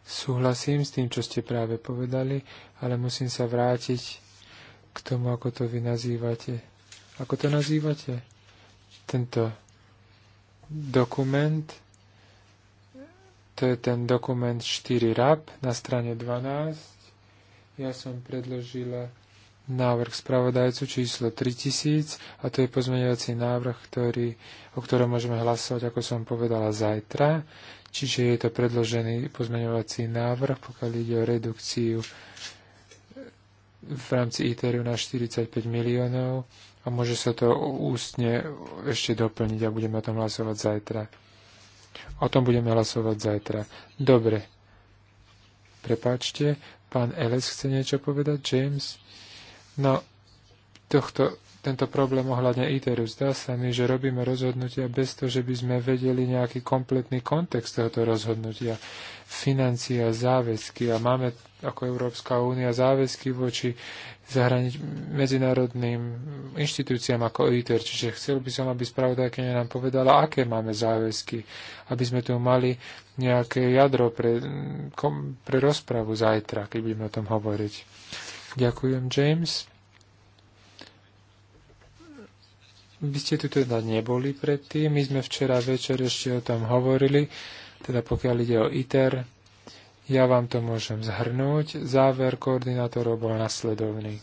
Súhlasím s tým, čo ste práve povedali, ale musím sa vrátiť k tomu, ako to vy nazývate. Ako to nazývate? Tento dokument, to je ten dokument 4 RAP na strane 12. Ja som predložila návrh spravodajcu číslo 3000 a to je pozmeňovací návrh, ktorý, o ktorom môžeme hlasovať, ako som povedala, zajtra. Čiže je to predložený pozmeňovací návrh, pokiaľ ide o redukciu v rámci ITERu na 45 miliónov a môže sa to ústne ešte doplniť a budeme o tom hlasovať zajtra. O tom budeme hlasovať zajtra. Dobre. Prepáčte, pán Ellis chce niečo povedať, James? No, tohto, tento problém ohľadne ITERu. Zdá sa mi, že robíme rozhodnutia bez toho, že by sme vedeli nejaký kompletný kontext tohoto rozhodnutia. Financia, záväzky a máme ako Európska únia záväzky voči zahranič- medzinárodným inštitúciám ako ITER. Čiže chcel by som, aby spravodajkenia nám povedala, aké máme záväzky, aby sme tu mali nejaké jadro pre, kom, pre rozpravu zajtra, keď budeme o tom hovoriť. Ďakujem, James. Vy ste tu teda neboli predtým, my sme včera večer ešte o tom hovorili, teda pokiaľ ide o ITER, ja vám to môžem zhrnúť. Záver koordinátorov bol nasledovný.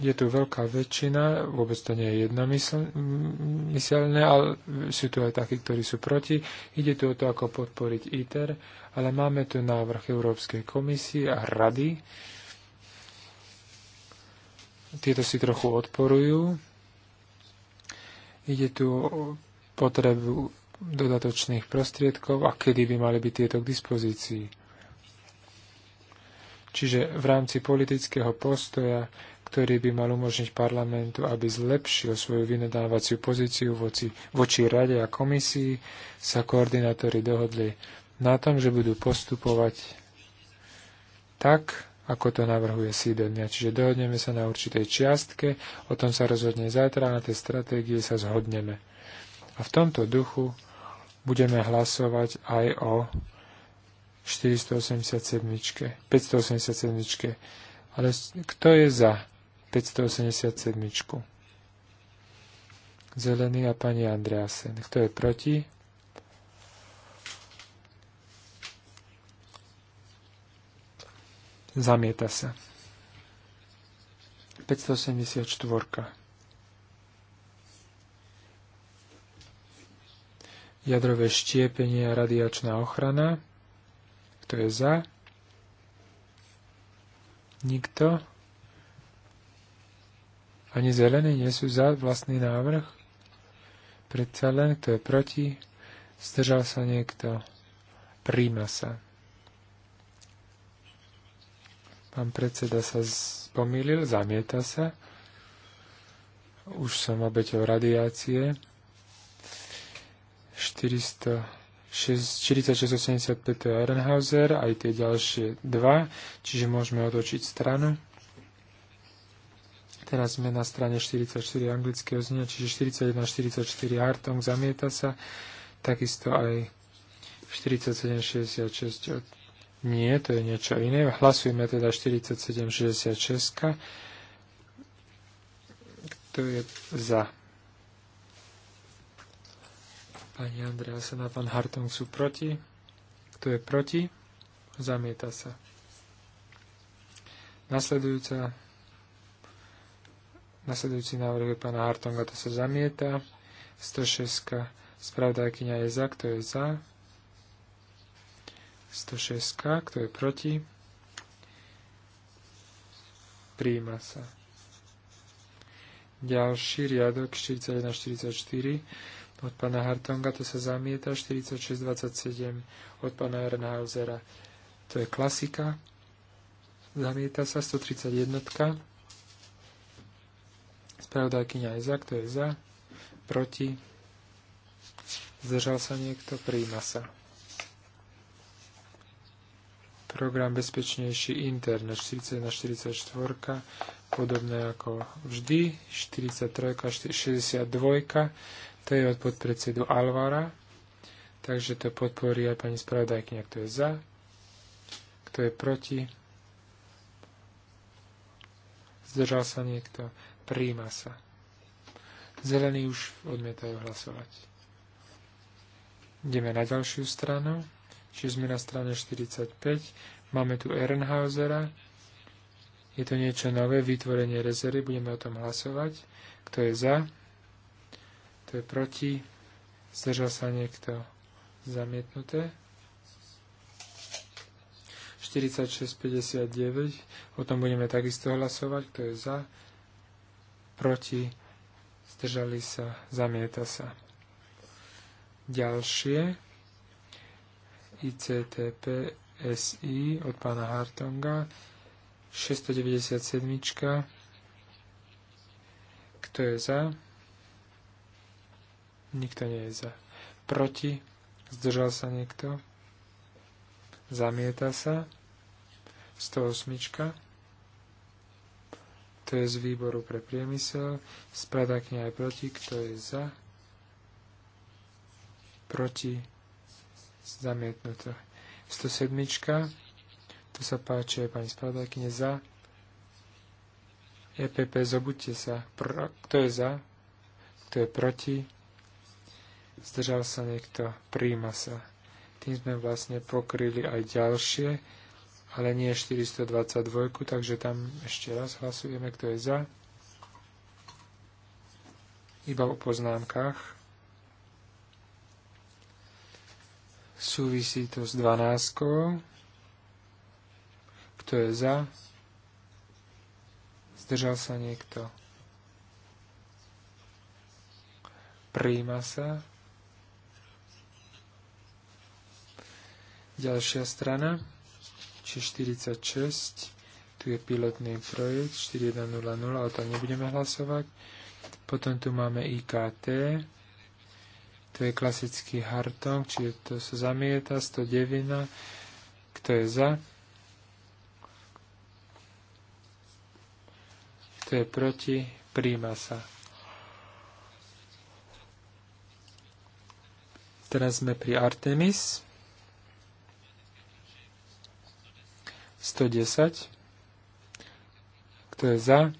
je tu veľká väčšina, vôbec to nie je jednomyselné, ale sú tu aj takí, ktorí sú proti. Ide tu o to, ako podporiť ITER, ale máme tu návrh Európskej komisie a rady, tieto si trochu odporujú. Ide tu o potrebu dodatočných prostriedkov a kedy by mali byť tieto k dispozícii. Čiže v rámci politického postoja, ktorý by mal umožniť parlamentu, aby zlepšil svoju vynedávaciu pozíciu voci, voči rade a komisii, sa koordinátori dohodli na tom, že budú postupovať tak, ako to navrhuje Sidonia. Čiže dohodneme sa na určitej čiastke, o tom sa rozhodne zajtra a na tej stratégie sa zhodneme. A v tomto duchu budeme hlasovať aj o 487, 587. Ale kto je za 587? Zelený a pani Andreasen. Kto je proti? Zamieta sa. 584. Jadrové štiepenie a radiačná ochrana. Kto je za? Nikto? Ani zelení nie sú za vlastný návrh? Predsa len, kto je proti? Zdržal sa niekto? Príjma sa. Pán predseda sa pomýlil, zamieta sa. Už som obeťou radiácie. 400 4685 Ehrenhauser, aj tie ďalšie dva, čiže môžeme otočiť stranu. Teraz sme na strane 44 anglického znenia, čiže 4144 Hartong zamieta sa, takisto aj 4766 od nie, to je niečo iné. Hlasujme teda 47,66. Kto je za? Pani sa na pán Hartong sú proti. Kto je proti? Zamieta sa. Nasledujúca Nasledujúci návrh je pána Hartonga, to sa zamieta. 106. Spravdajkyňa je za, kto je za? 106, kto je proti, príjima sa. Ďalší riadok 41-44 od pána Hartonga, to sa zamieta, 46-27 od pána Ernhausera, to je klasika, zamieta sa 131. Spravodajkyňa je za, kto je za, proti, zdržal sa niekto, príjima sa program Bezpečnejší internet 41 44, podobné ako vždy, 43 62, to je od podpredsedu Alvara, takže to podporí aj pani spravodajkňa, kto je za, kto je proti, zdržal sa niekto, príjma sa. Zelení už odmietajú hlasovať. Ideme na ďalšiu stranu čiže sme na strane 45. Máme tu Ehrenhausera. Je to niečo nové, vytvorenie rezervy, budeme o tom hlasovať. Kto je za? Kto je proti? Zdržal sa niekto? Zamietnuté. 46.59. O tom budeme takisto hlasovať. Kto je za? Proti? Zdržali sa? Zamieta sa. Ďalšie ICTPSI SI od pána Hartonga, 697. Kto je za? Nikto nie je za. Proti? Zdržal sa niekto? Zamieta sa? 108. To je z výboru pre priemysel. Spada kňa aj proti. Kto je za? Proti? zamietnuté. 107. Tu sa páči aj pani spravodajkyne za. EPP, zobudte sa. Pr- kto je za? Kto je proti? Zdržal sa niekto? Príjma sa. Tým sme vlastne pokryli aj ďalšie, ale nie 422, takže tam ešte raz hlasujeme, kto je za. Iba o poznámkach. Súvisí to s dvanáctkou. Kto je za? Zdržal sa niekto? Príjma sa. Ďalšia strana, či 46, tu je pilotný projekt 4100, o tom nebudeme hlasovať. Potom tu máme IKT, to je klasický hartong, čiže to sa zamieta, 109. Kto je za? Kto je proti? Príjma sa. Teraz sme pri Artemis. 110. Kto je za?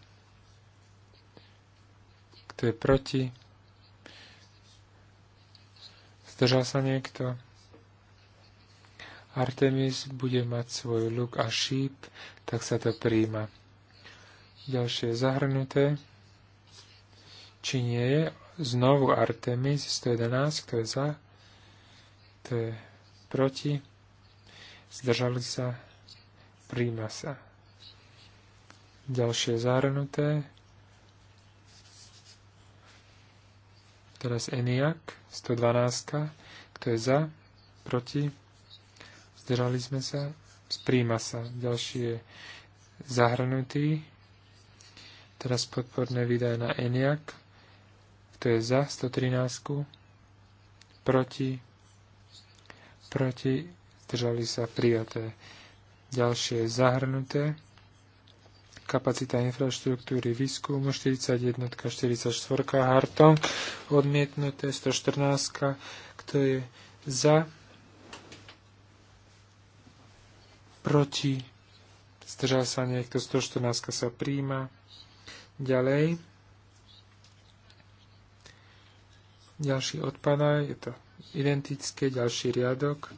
Kto je proti? Zdržal sa niekto? Artemis bude mať svoj luk a šíp, tak sa to príjma. Ďalšie zahrnuté. Či nie je? Znovu Artemis 111, kto je za? To je proti. Zdržali sa. Príjma sa. Ďalšie zahrnuté. Teraz Eniak, 112. Kto je za? Proti? Zdržali sme sa? spríma sa. Ďalší je zahrnutý. Teraz podporné výdaje na Eniak Kto je za 113? Proti? Proti? Zdržali sa prijaté. Ďalšie je zahrnuté kapacita infraštruktúry výskumu 41, 44, Hartong, odmietnuté 114, kto je za, proti, zdržal sa niekto, 114 sa príjma. Ďalej, ďalší odpadá, je to identické, ďalší riadok.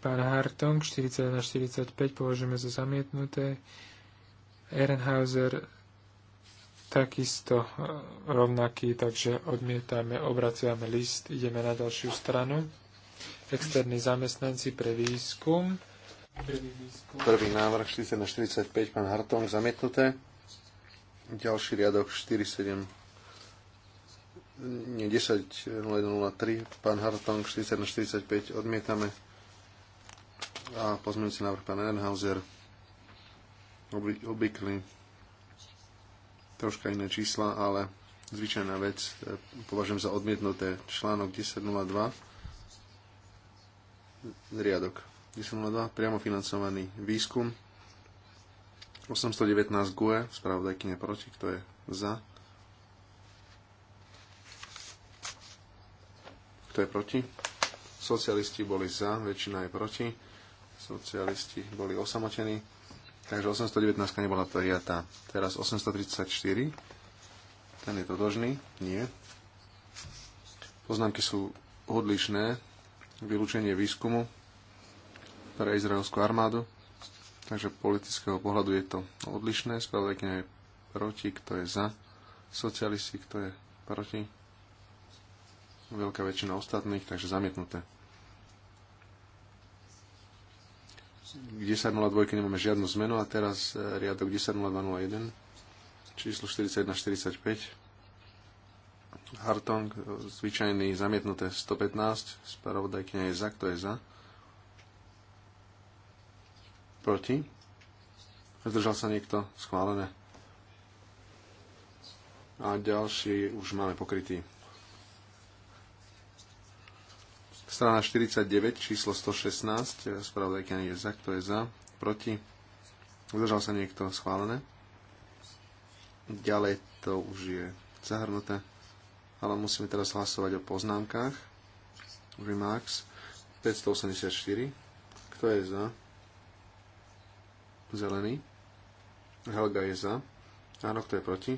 Pán Hartong, 41-45, považujeme za zamietnuté. Ehrenhauser takisto e, rovnaký, takže odmietame, obraciame list, ideme na ďalšiu stranu. Externí zamestnanci pre výskum. Prvý, návrh 40 na 45, pán Hartong, zamietnuté. Ďalší riadok 47 nie 10, len pán Hartong 40 na 45, odmietame. A pozmeňujúci návrh pán Ehrenhauser, obvykli troška iné čísla, ale zvyčajná vec, e, považujem za odmietnuté článok 1002, riadok 1002, priamo financovaný výskum, 819 GUE, spravodajkyne proti, kto je za, kto je proti, socialisti boli za, väčšina je proti, socialisti boli osamotení, Takže 819 nebola prijatá. Teraz 834. Ten je totožný? Nie. Poznámky sú odlišné. Vylúčenie výskumu pre izraelskú armádu. Takže politického pohľadu je to odlišné. Spravodajkyňa je proti, kto je za. Socialisti, kto je proti. Veľká väčšina ostatných, takže zamietnuté. 10.02 nemáme žiadnu zmenu a teraz e, riadok 10.02.01 číslo 41.45 Hartong, e, zvyčajný zamietnuté 115, spravodajkňa je za, kto je za? Proti? Zdržal sa niekto? Schválené. A ďalší už máme pokrytý. Strana 49, číslo 116, e, spravodajka nie je za, kto je za, proti. Udržal sa niekto schválené. Ďalej to už je zahrnuté, ale musíme teraz hlasovať o poznámkach. Remarks 584. Kto je za? Zelený. Helga je za. Áno, kto je proti?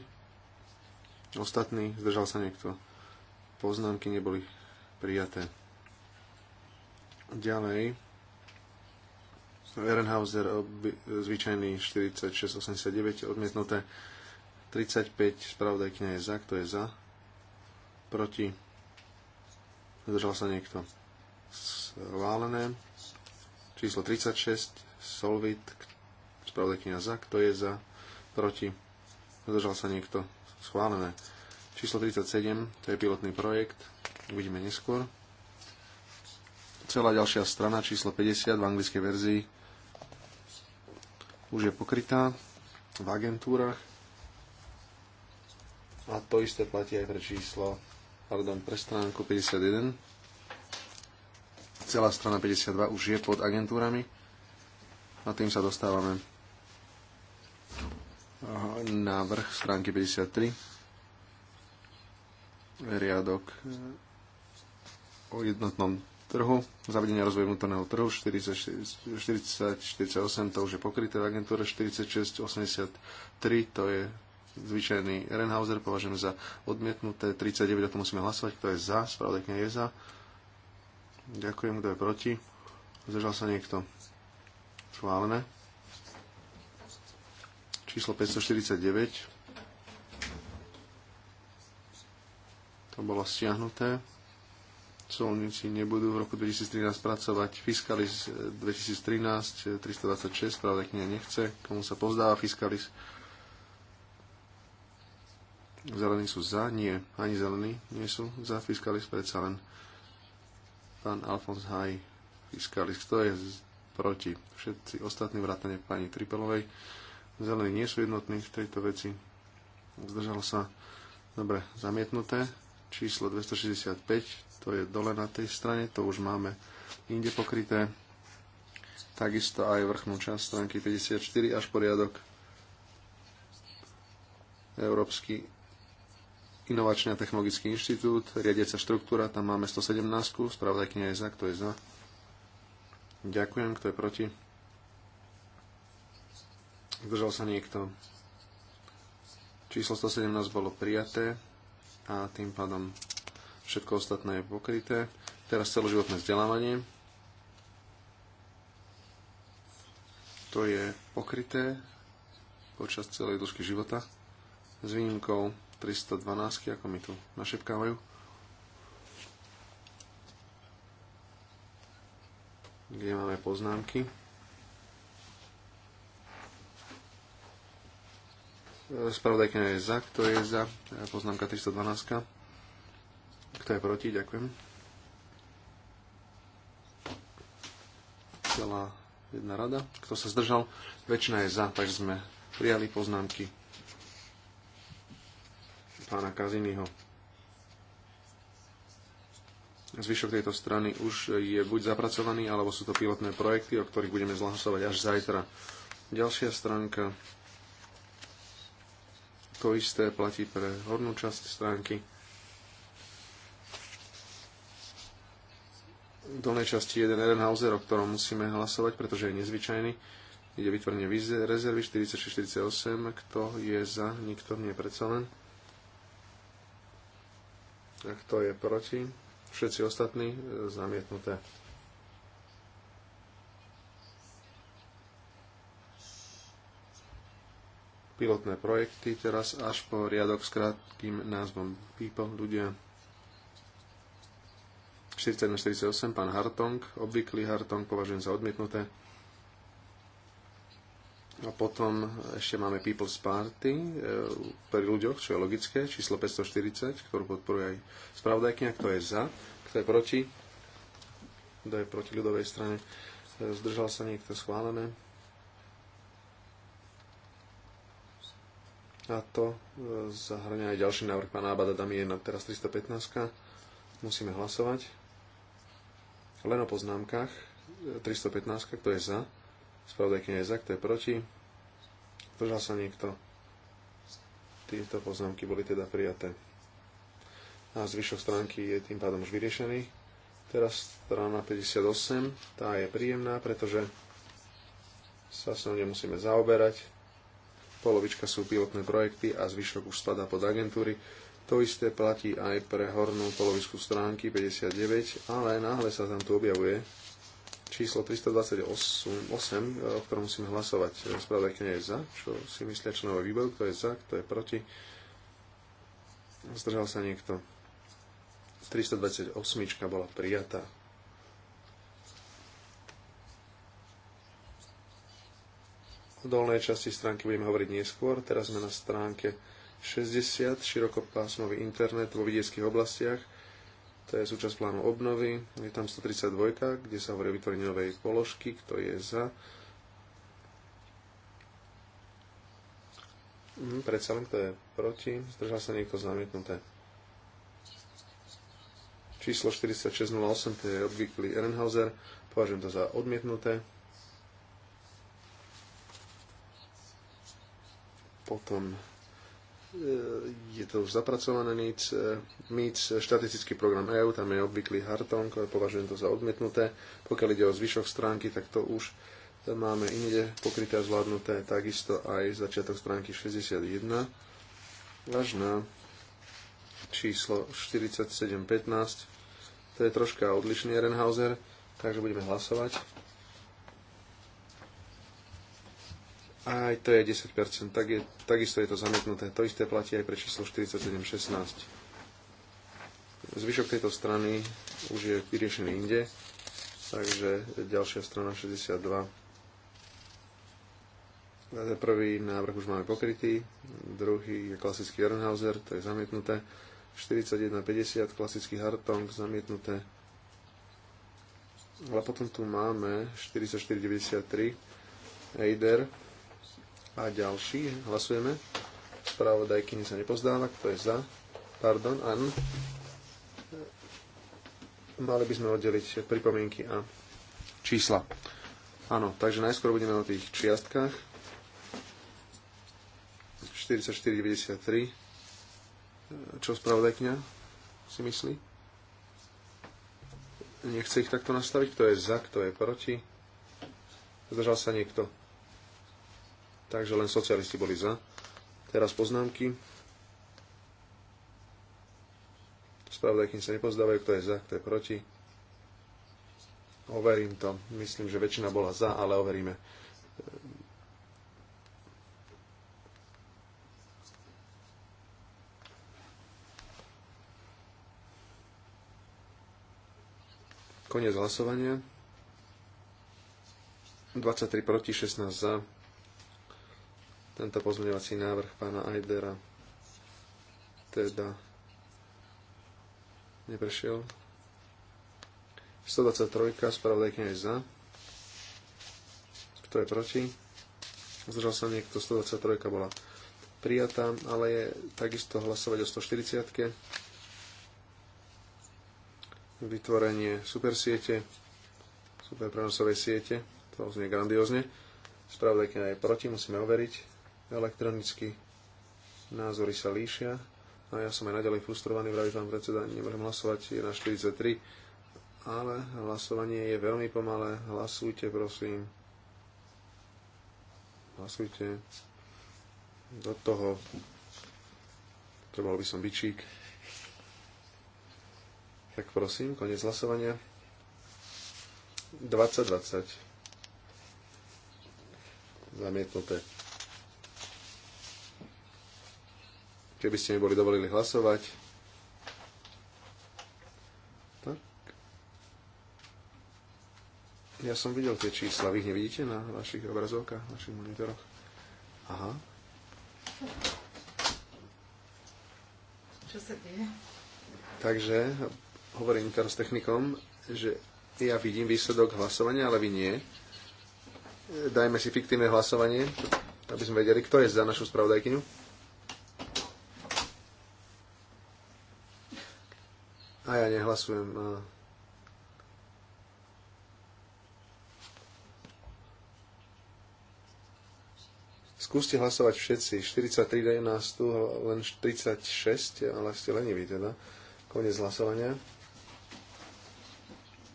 Ostatný, zdržal sa niekto. Poznámky neboli prijaté. Ďalej. Ehrenhauser zvyčajný 46,89 odmietnuté 35 spravodajkňa je za, kto je za proti zdržal sa niekto schválené číslo 36 Solvit spravodajkňa za, kto je za proti zdržal sa niekto schválené číslo 37 to je pilotný projekt uvidíme neskôr Celá ďalšia strana, číslo 50 v anglickej verzii, už je pokrytá v agentúrach. A to isté platí aj pre číslo, pardon, pre stránku 51. Celá strana 52 už je pod agentúrami. A tým sa dostávame na vrch stránky 53. Riadok o jednotnom trhu, zavedenie rozvoja vnútorného trhu 40, 48, to už je pokryté v agentúre 46, 83, to je zvyčajný Renhauser, považujem za odmietnuté, 39, o tom musíme hlasovať, kto je za, spravodajkňa je za. Ďakujem, kto je proti. Zdržal sa niekto. Chválené. Číslo 549. To bolo stiahnuté colníci nebudú v roku 2013 pracovať. Fiskalis 2013 326, pravda kniha nechce, komu sa pozdáva Fiskalis. Zelení sú za, nie, ani zelení nie sú za Fiskalis, predsa len pán Alfons Haj Fiskalis, kto je proti. Všetci ostatní vrátane pani Tripelovej. Zelení nie sú jednotní v tejto veci. Zdržalo sa dobre zamietnuté. Číslo 265, to je dole na tej strane, to už máme inde pokryté. Takisto aj vrchnú časť stránky 54 až poriadok Európsky inovačný a technologický inštitút, riadiaca štruktúra, tam máme 117, spravodajkňa je za, kto je za. Ďakujem, kto je proti. Zdržal sa niekto. Číslo 117 bolo prijaté a tým pádom Všetko ostatné je pokryté. Teraz celoživotné vzdelávanie. To je pokryté počas celej dĺžky života s výnimkou 312, ako mi tu našepkávajú. Kde máme poznámky. Spravodajka je za, kto je za, poznámka 312. Kto je proti? Ďakujem. Celá jedna rada. Kto sa zdržal? Väčšina je za, takže sme prijali poznámky pána Kaziniho. Zvyšok tejto strany už je buď zapracovaný, alebo sú to pilotné projekty, o ktorých budeme zlahosovať až zajtra. Ďalšia stránka. To isté platí pre hornú časť stránky. dolnej časti 1 Ehrenhauser, o ktorom musíme hlasovať, pretože je nezvyčajný. Ide vytvorenie rezervy 46-48. Kto je za? Nikto nie predsa len. A kto je proti? Všetci ostatní e, zamietnuté. pilotné projekty, teraz až po riadok s krátkým názvom People, ľudia. 41-48, pán Hartong, obvyklý Hartong, považujem za odmietnuté. A potom ešte máme People's Party e, pri ľuďoch, čo je logické, číslo 540, ktorú podporuje aj spravodajkňa, kto je za, kto je proti, kto je proti ľudovej strane. E, zdržal sa niekto schválené. A to e, zahrňa aj ďalší návrh pána Abada Damiena, teraz 315. Musíme hlasovať. Len o poznámkach. 315, e, kto je za? Spravodajkynia je za, kto je proti? Zdržal sa niekto? Tieto poznámky boli teda prijaté. A zvyšok stránky je tým pádom už vyriešený. Teraz strana 58, tá je príjemná, pretože sa s ňou nemusíme zaoberať. Polovička sú pilotné projekty a zvyšok už spadá pod agentúry. To isté platí aj pre hornú polovisku stránky 59, ale náhle sa tam tu objavuje číslo 328, eh, o ktorom musíme hlasovať. Spravodajkňa je za, čo si myslia členové výboru, kto je za, kto je proti. Zdržal sa niekto. 328 bola prijatá. V dolnej časti stránky budeme hovoriť neskôr. Teraz sme na stránke 60, širokopásmový internet vo vidieckých oblastiach, to je súčasť plánu obnovy. Je tam 132, kde sa hovorí o vytvorení novej položky, kto je za. Hm, predsa len, kto je proti. Zdržal sa niekto zamietnuté. Číslo 4608, to je obvyklý Ehrenhauser. Považujem to za odmietnuté. Potom E, je to už zapracované NIC, MIC, štatistický program EU, tam je obvyklý Hartong, považujem to za odmietnuté. Pokiaľ ide o zvyšok stránky, tak to už máme inde pokryté a zvládnuté, takisto aj začiatok stránky 61 až na číslo 4715. To je troška odlišný Ehrenhauser, takže budeme hlasovať. Aj to je 10%, tak je, takisto je to zamietnuté. To isté platí aj pre číslo 4716. Zvyšok tejto strany už je vyriešený inde, takže ďalšia strana 62 e, Prvý návrh už máme pokrytý, druhý je klasický Ehrenhauser, to je zamietnuté. 41,50, klasický Hartong, zamietnuté. Ale potom tu máme 44,93, Eider, a ďalší. Hlasujeme. Spravodajkyni sa nepozdáva, kto je za. Pardon, an. Mali by sme oddeliť pripomienky a čísla. Áno, takže najskôr budeme o tých čiastkách. 44,93. Čo spravodajkňa si myslí? Nechce ich takto nastaviť? Kto je za, kto je proti? Zdržal sa niekto? takže len socialisti boli za. Teraz poznámky. kým sa nepozdávajú, kto je za, kto je proti. Overím to. Myslím, že väčšina bola za, ale overíme. Koniec hlasovania. 23 proti, 16 za tento pozmeňovací návrh pána Ajdera teda neprešiel. 123, spravodajkňa je za. Kto je proti? Zdržal sa niekto, 123 bola prijatá, ale je takisto hlasovať o 140. super Vytvorenie supersiete, superprenosovej siete, to znie grandiózne. Spravodajkňa je proti, musíme overiť elektronicky. Názory sa líšia. A no ja som aj naďalej frustrovaný, vraví pán predseda, nebudem hlasovať, je na 43. Ale hlasovanie je veľmi pomalé. Hlasujte, prosím. Hlasujte. Do toho. Trebal by som byčík. Tak prosím, koniec hlasovania. 2020. 20. Zamietnuté. keby ste mi boli dovolili hlasovať. Tak. Ja som videl tie čísla, vy ich nevidíte na vašich obrazovkách, na vašich monitoroch? Aha. Čo sa deje? Takže, hovorím teraz technikom, že ja vidím výsledok hlasovania, ale vy nie. Dajme si fiktívne hlasovanie, aby sme vedeli, kto je za našu spravodajkyňu. A ja nehlasujem. Eh. Skúste hlasovať všetci. 43 je nás tu, len 36, ale ste leniví teda. Konec hlasovania.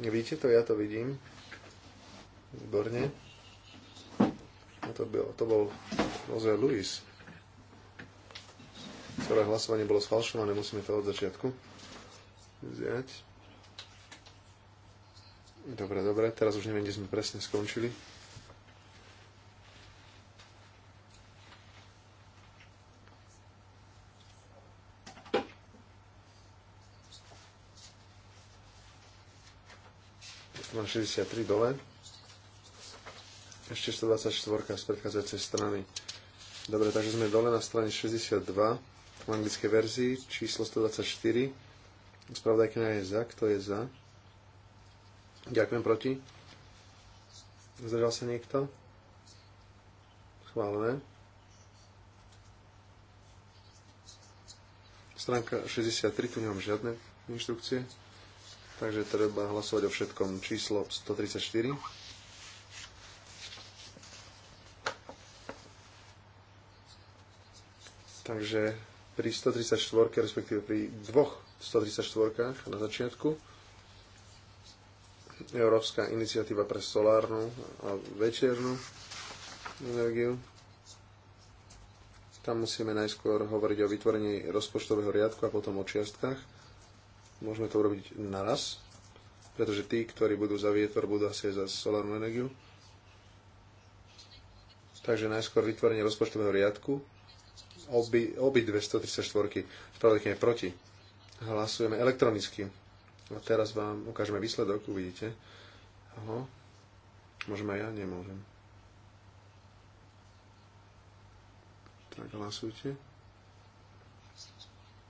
Vidíte to? Ja to vidím. Výborne. A to, bol, to bol Jose Luis. Celé hlasovanie bolo sfalšované, musíme to od začiatku vziať. Dobre, dobre, teraz už neviem, kde sme presne skončili. Mám 63 dole. Ešte 124 z predchádzajúcej strany. Dobre, takže sme dole na strane 62 v anglickej verzii, číslo 124 Spravodajkina je za. Kto je za? Ďakujem proti. Zdržal sa niekto? Schválené. Stránka 63, tu nemám žiadne inštrukcie. Takže treba hlasovať o všetkom číslo 134. Takže pri 134, respektíve pri dvoch 134 na začiatku. Európska iniciatíva pre solárnu a večernú energiu. Tam musíme najskôr hovoriť o vytvorení rozpočtového riadku a potom o čiastkách. Môžeme to urobiť naraz, pretože tí, ktorí budú za vietor, budú asi za solárnu energiu. Takže najskôr vytvorenie rozpočtového riadku. Obi, obi 234 Spravodajkne je proti Hlasujeme elektronicky. A teraz vám ukážeme výsledok, uvidíte. Aho. Môžem aj ja? Nemôžem. Tak hlasujte.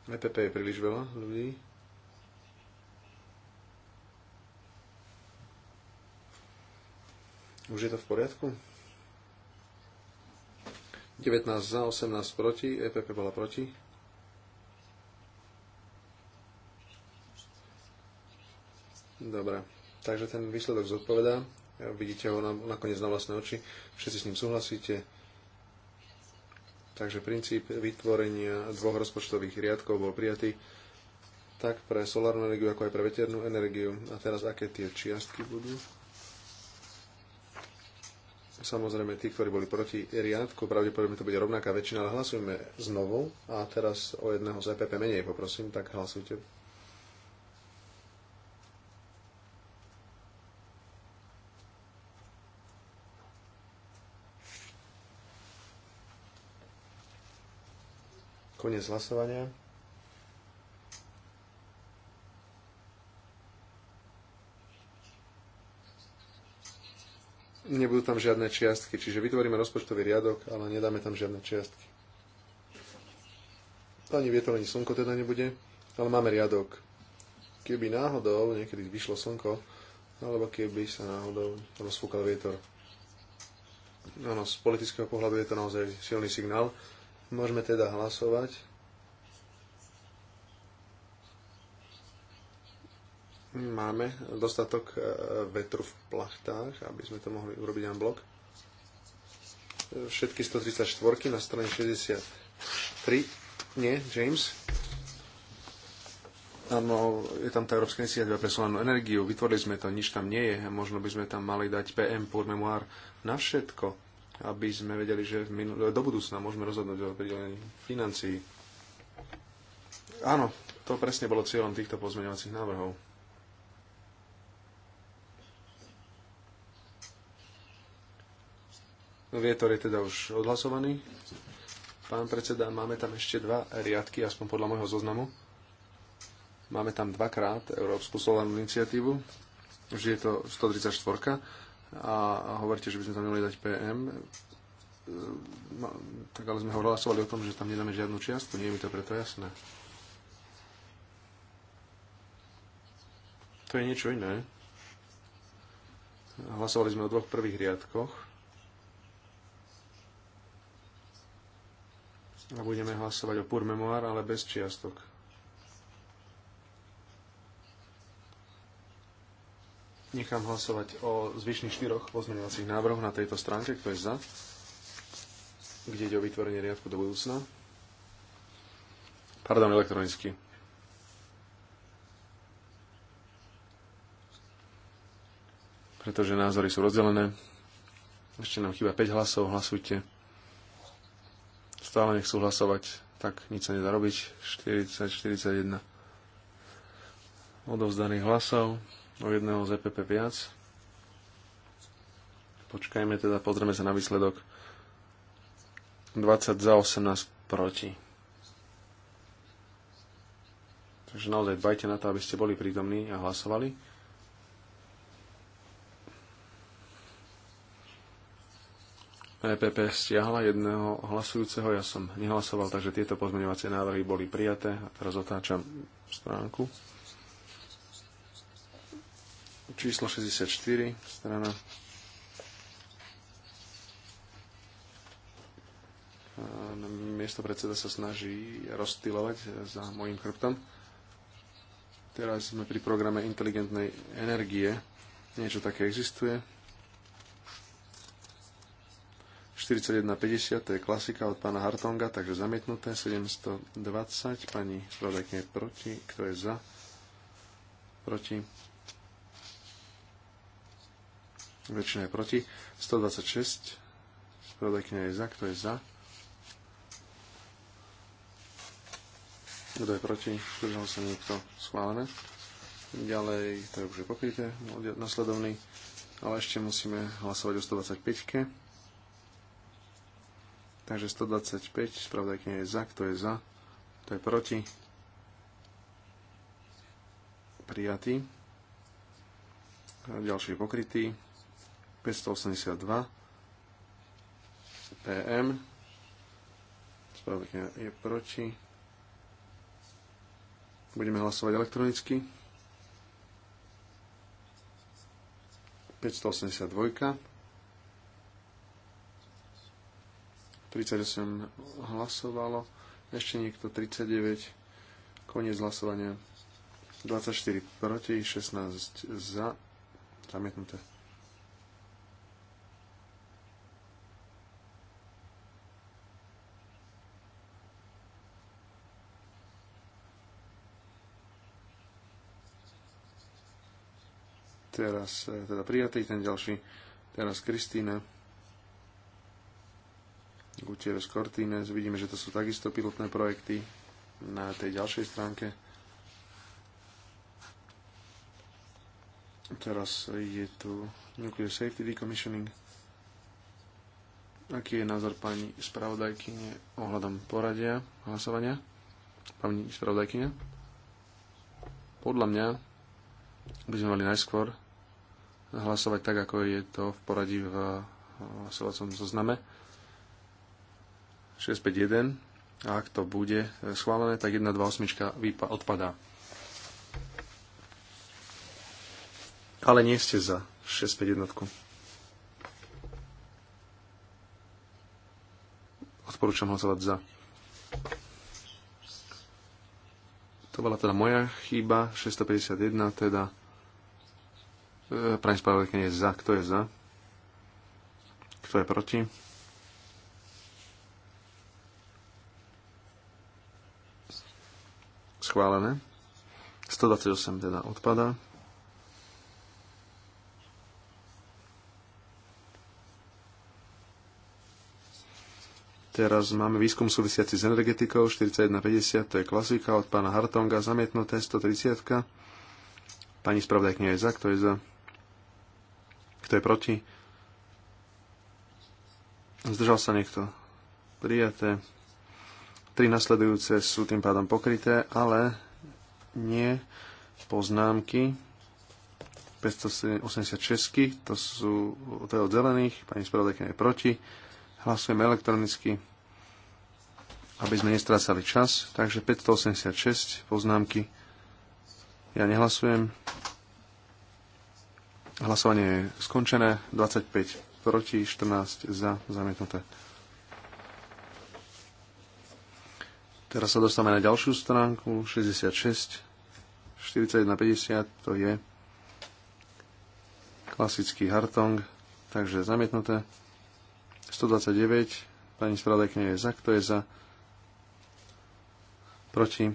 EPP je príliš veľa ľudí. Už je to v poriadku? 19 za, 18 proti, EPP bola proti. Dobre, takže ten výsledok zodpovedá. Vidíte ho nakoniec na vlastné oči. Všetci s ním súhlasíte. Takže princíp vytvorenia dvoch rozpočtových riadkov bol prijatý tak pre solárnu energiu, ako aj pre veternú energiu. A teraz aké tie čiastky budú? Samozrejme, tí, ktorí boli proti riadku, pravdepodobne to bude rovnaká väčšina, ale hlasujme znovu. A teraz o jedného z EPP menej poprosím, tak hlasujte Koniec hlasovania. Nebudú tam žiadne čiastky, čiže vytvoríme rozpočtový riadok, ale nedáme tam žiadne čiastky. Ani vietor, ani slnko teda nebude, ale máme riadok. Keby náhodou niekedy vyšlo slnko, alebo keby sa náhodou rozfúkal vietor. z politického pohľadu je to naozaj silný signál. Môžeme teda hlasovať. Máme dostatok e, vetru v plachtách, aby sme to mohli urobiť en blok. Všetky 134 na strane 63. Nie, James. Áno, je tam tá Európska iniciatíva pre solárnu energiu, vytvorili sme to, nič tam nie je, možno by sme tam mali dať PM pour memoir na všetko aby sme vedeli, že do budúcna môžeme rozhodnúť o pridelení financií. Áno, to presne bolo cieľom týchto pozmeňovacích návrhov. Vietor je teda už odhlasovaný. Pán predseda, máme tam ešte dva riadky, aspoň podľa môjho zoznamu. Máme tam dvakrát Európsku solárnu iniciatívu. Vždy je to 134 a hovoríte, že by sme tam nemali dať PM, tak ale sme hlasovali o tom, že tam nedáme žiadnu čiastku, nie je mi to preto jasné. To je niečo iné. Hlasovali sme o dvoch prvých riadkoch. A budeme hlasovať o pur memoár, ale bez čiastok. Nechám hlasovať o zvyšných štyroch pozmeňovacích návrhoch na tejto stránke, kto je za, kde ide o vytvorenie riadku do budúcna. Pardon, elektronicky. Pretože názory sú rozdelené. Ešte nám chýba 5 hlasov, hlasujte. Stále nechcú hlasovať, tak nič sa nedá robiť. 40, 41 odovzdaných hlasov o jedného z EPP viac. Počkajme teda, pozrieme sa na výsledok. 20 za 18 proti. Takže naozaj dbajte na to, aby ste boli prítomní a hlasovali. EPP stiahla jedného hlasujúceho, ja som nehlasoval, takže tieto pozmeňovacie návrhy boli prijaté. A teraz otáčam stránku. Číslo 64, strana. Miesto predseda sa snaží rozstylovať za mojim chrbtom. Teraz sme pri programe inteligentnej energie. Niečo také existuje. 41.50, to je klasika od pána Hartonga, takže zamietnuté. 720, pani spravodajkne proti, kto je za? Proti väčšina je proti. 126, spravodajkynia je za, kto je za? Kto je proti? Zdržal sa niekto? Schválené. Ďalej, to je už je pokryté, nasledovný. Ale ešte musíme hlasovať o 125. -ke. Takže 125, spravodajkynia je za, kto je za? Kto je proti? Prijatý. A ďalší je pokrytý. 582 PM. Spravodajka je proti. Budeme hlasovať elektronicky. 582. 38 hlasovalo. Ešte niekto 39. Koniec hlasovania. 24 proti, 16 za. Zamietnuté. teraz eh, teda prijatý, ten ďalší teraz Kristýna. Gutierrez Cortines. Vidíme, že to sú takisto pilotné projekty na tej ďalšej stránke. Teraz je tu Nuclear Safety Decommissioning. Aký je názor pani spravodajkyne ohľadom poradia hlasovania? Pani spravodajkyne? Podľa mňa by sme mali najskôr hlasovať tak, ako je to v poradí v eh, hlasovacom zozname. 651. A ak to bude eh, schválené, tak 128 odpadá. Ale nie ste za 651. Odporúčam hlasovať za. To bola teda moja chyba, 651, teda E, Prajem spravodajkyne za. Kto je za? Kto je proti? Schválené. 128 teda odpada. Teraz máme výskum súvisiaci s energetikou 4150, to je klasika od pána Hartonga, zamietnuté 130. Pani spravodajkňa je za, kto je za? Kto je proti? Zdržal sa niekto? Prijaté. Tri nasledujúce sú tým pádom pokryté, ale nie poznámky 586, to sú to je od zelených, pani spravodajka je proti. Hlasujeme elektronicky, aby sme nestrácali čas. Takže 586 poznámky. Ja nehlasujem. Hlasovanie je skončené. 25 proti, 14 za, zamietnuté. Teraz sa dostávame na ďalšiu stránku, 66, 41 50, to je klasický Hartong, takže zamietnuté. 129, pani nie je za, kto je za, proti,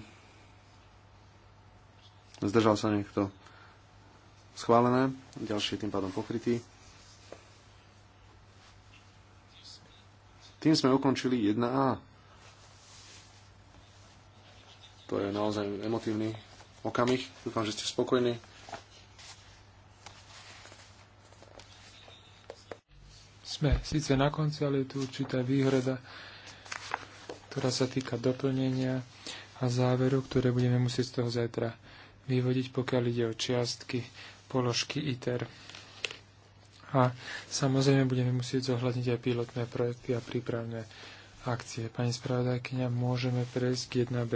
zdržal sa niekto, Schválené. Ďalší je tým pádom pokrytý. Tým sme ukončili 1A. To je naozaj emotívny okamih. Dúfam, že ste spokojní. Sme síce na konci, ale je tu určitá výhrada, ktorá sa týka doplnenia a záveru, ktoré budeme musieť z toho zajtra vyvodiť, pokiaľ ide o čiastky položky ITER. A samozrejme budeme musieť zohľadniť aj pilotné projekty a prípravné akcie. Pani spravodajkynia, môžeme prejsť k 1B?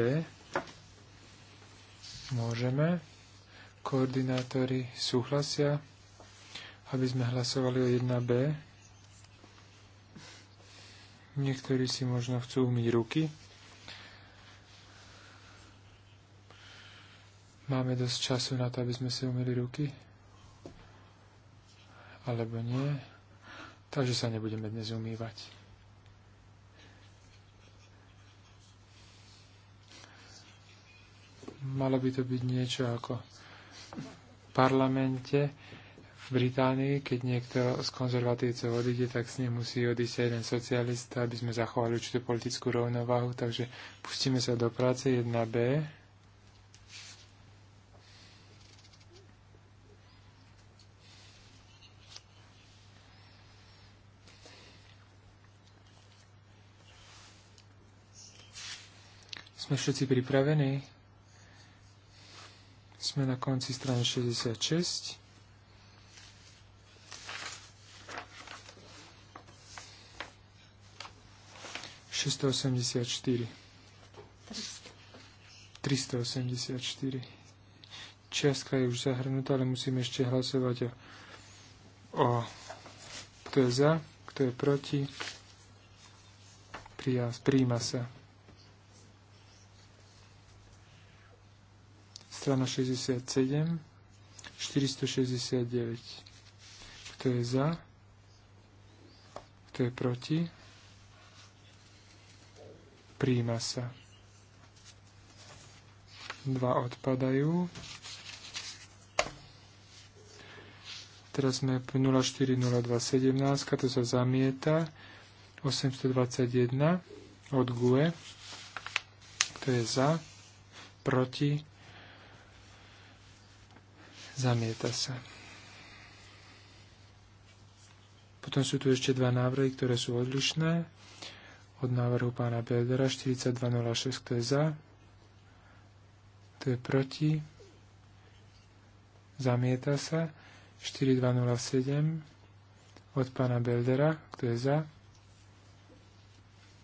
Môžeme. Koordinátori súhlasia, aby sme hlasovali o 1B. Niektorí si možno chcú umyť ruky. Máme dosť času na to, aby sme si umili ruky? Alebo nie? Takže sa nebudeme dnes umývať. Malo by to byť niečo ako v parlamente v Británii, keď niekto z konzervatívcov odíde, tak s ním musí odísť jeden socialista, aby sme zachovali určitú politickú rovnováhu. Takže pustíme sa do práce 1B. Sme všetci pripravení? Sme na konci strany 66. Čiastka je už zahrnutá, ale musíme ešte hlasovať o, o kto je za, kto je proti. Prijíma sa. strana 67, 469. Kto je za? Kto je proti? Príjma sa. Dva odpadajú. Teraz sme 040217, to sa zamieta. 821 od GUE. Kto je za? Proti? Zamieta sa. Potom sú tu ešte dva návrhy, ktoré sú odlišné. Od návrhu pána Beldera 4206, kto je za, kto je proti, zamieta sa. 4207 od pána Beldera, kto je za,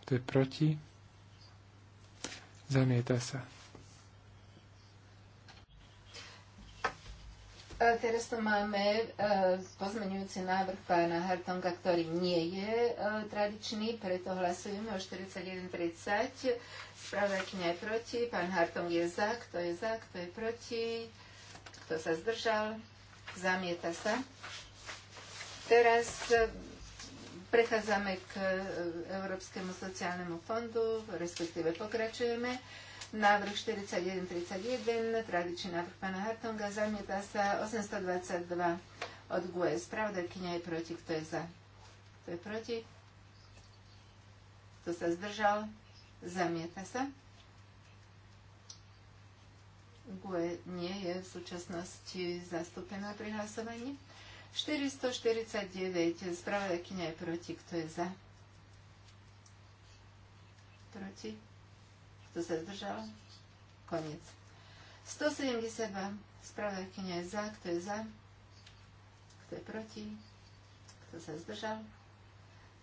kto je proti, zamieta sa. Teraz tu máme e, pozmenujúci návrh pána Hartonga, ktorý nie je e, tradičný, preto hlasujeme o 41.30. Spravodajkynia je proti, pán Hartong je za, kto je za, kto je proti, kto sa zdržal, zamieta sa. Teraz e, prechádzame k Európskemu sociálnemu fondu, respektíve pokračujeme. Návrh 4131, tradičný návrh pána Hartonga, zamieta sa 822 od Pravda, Spravodajkynia je proti, kto je za? Kto je proti? Kto sa zdržal? Zamieta sa. GUE nie je v súčasnosti zastúpená pri hlasovaní. 449, spravodajkynia je proti, kto je za? Proti? Kto sa zdržal? Koniec. 172. Spravodajkynia je za. Kto je za? Kto je proti? Kto sa zdržal?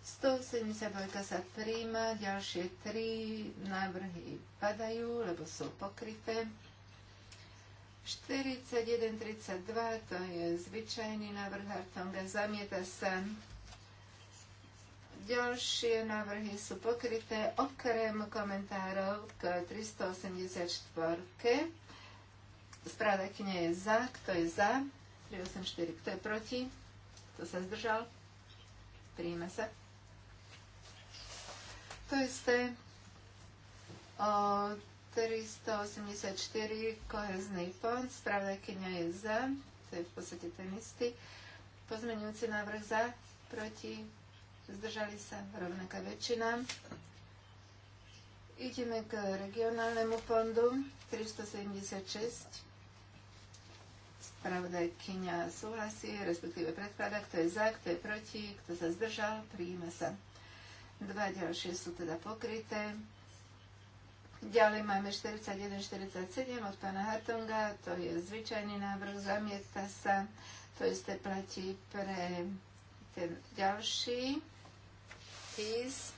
172 sa príjma, ďalšie tri návrhy padajú, lebo sú pokryté. 41.32, to je zvyčajný návrh Hartonga, zamieta sa Ďalšie návrhy sú pokryté okrem komentárov k 384. Správa knie je za, kto je za, 384, kto je proti, kto sa zdržal, príjme sa. To isté o 384 kohezný fond, spravodajkynia je za, to je v podstate ten istý. Pozmenujúci návrh za, proti, zdržali sa, rovnaká väčšina. Ideme k regionálnemu fondu 376. Spravodajkyňa súhlasí, respektíve predklada, kto je za, kto je proti, kto sa zdržal, prijíma sa. Dva ďalšie sú teda pokryté. Ďalej máme 41-47 od pána Hartonga, to je zvyčajný návrh, zamieta sa, to isté platí pre ten ďalší. Keys.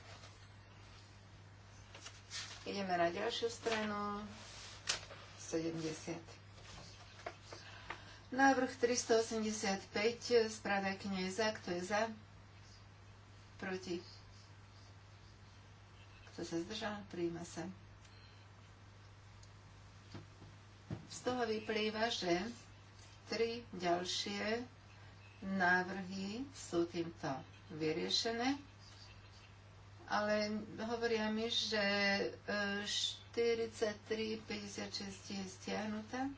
Ideme na ďalšiu stranu. 70. Návrh 385, správe knieza, kto je za? Proti? Kto sa zdržal? Príjma sa. Z toho vyplýva, že tri ďalšie návrhy sú týmto vyriešené ale hovoria mi, že 43,56 e, je stiahnutá. E,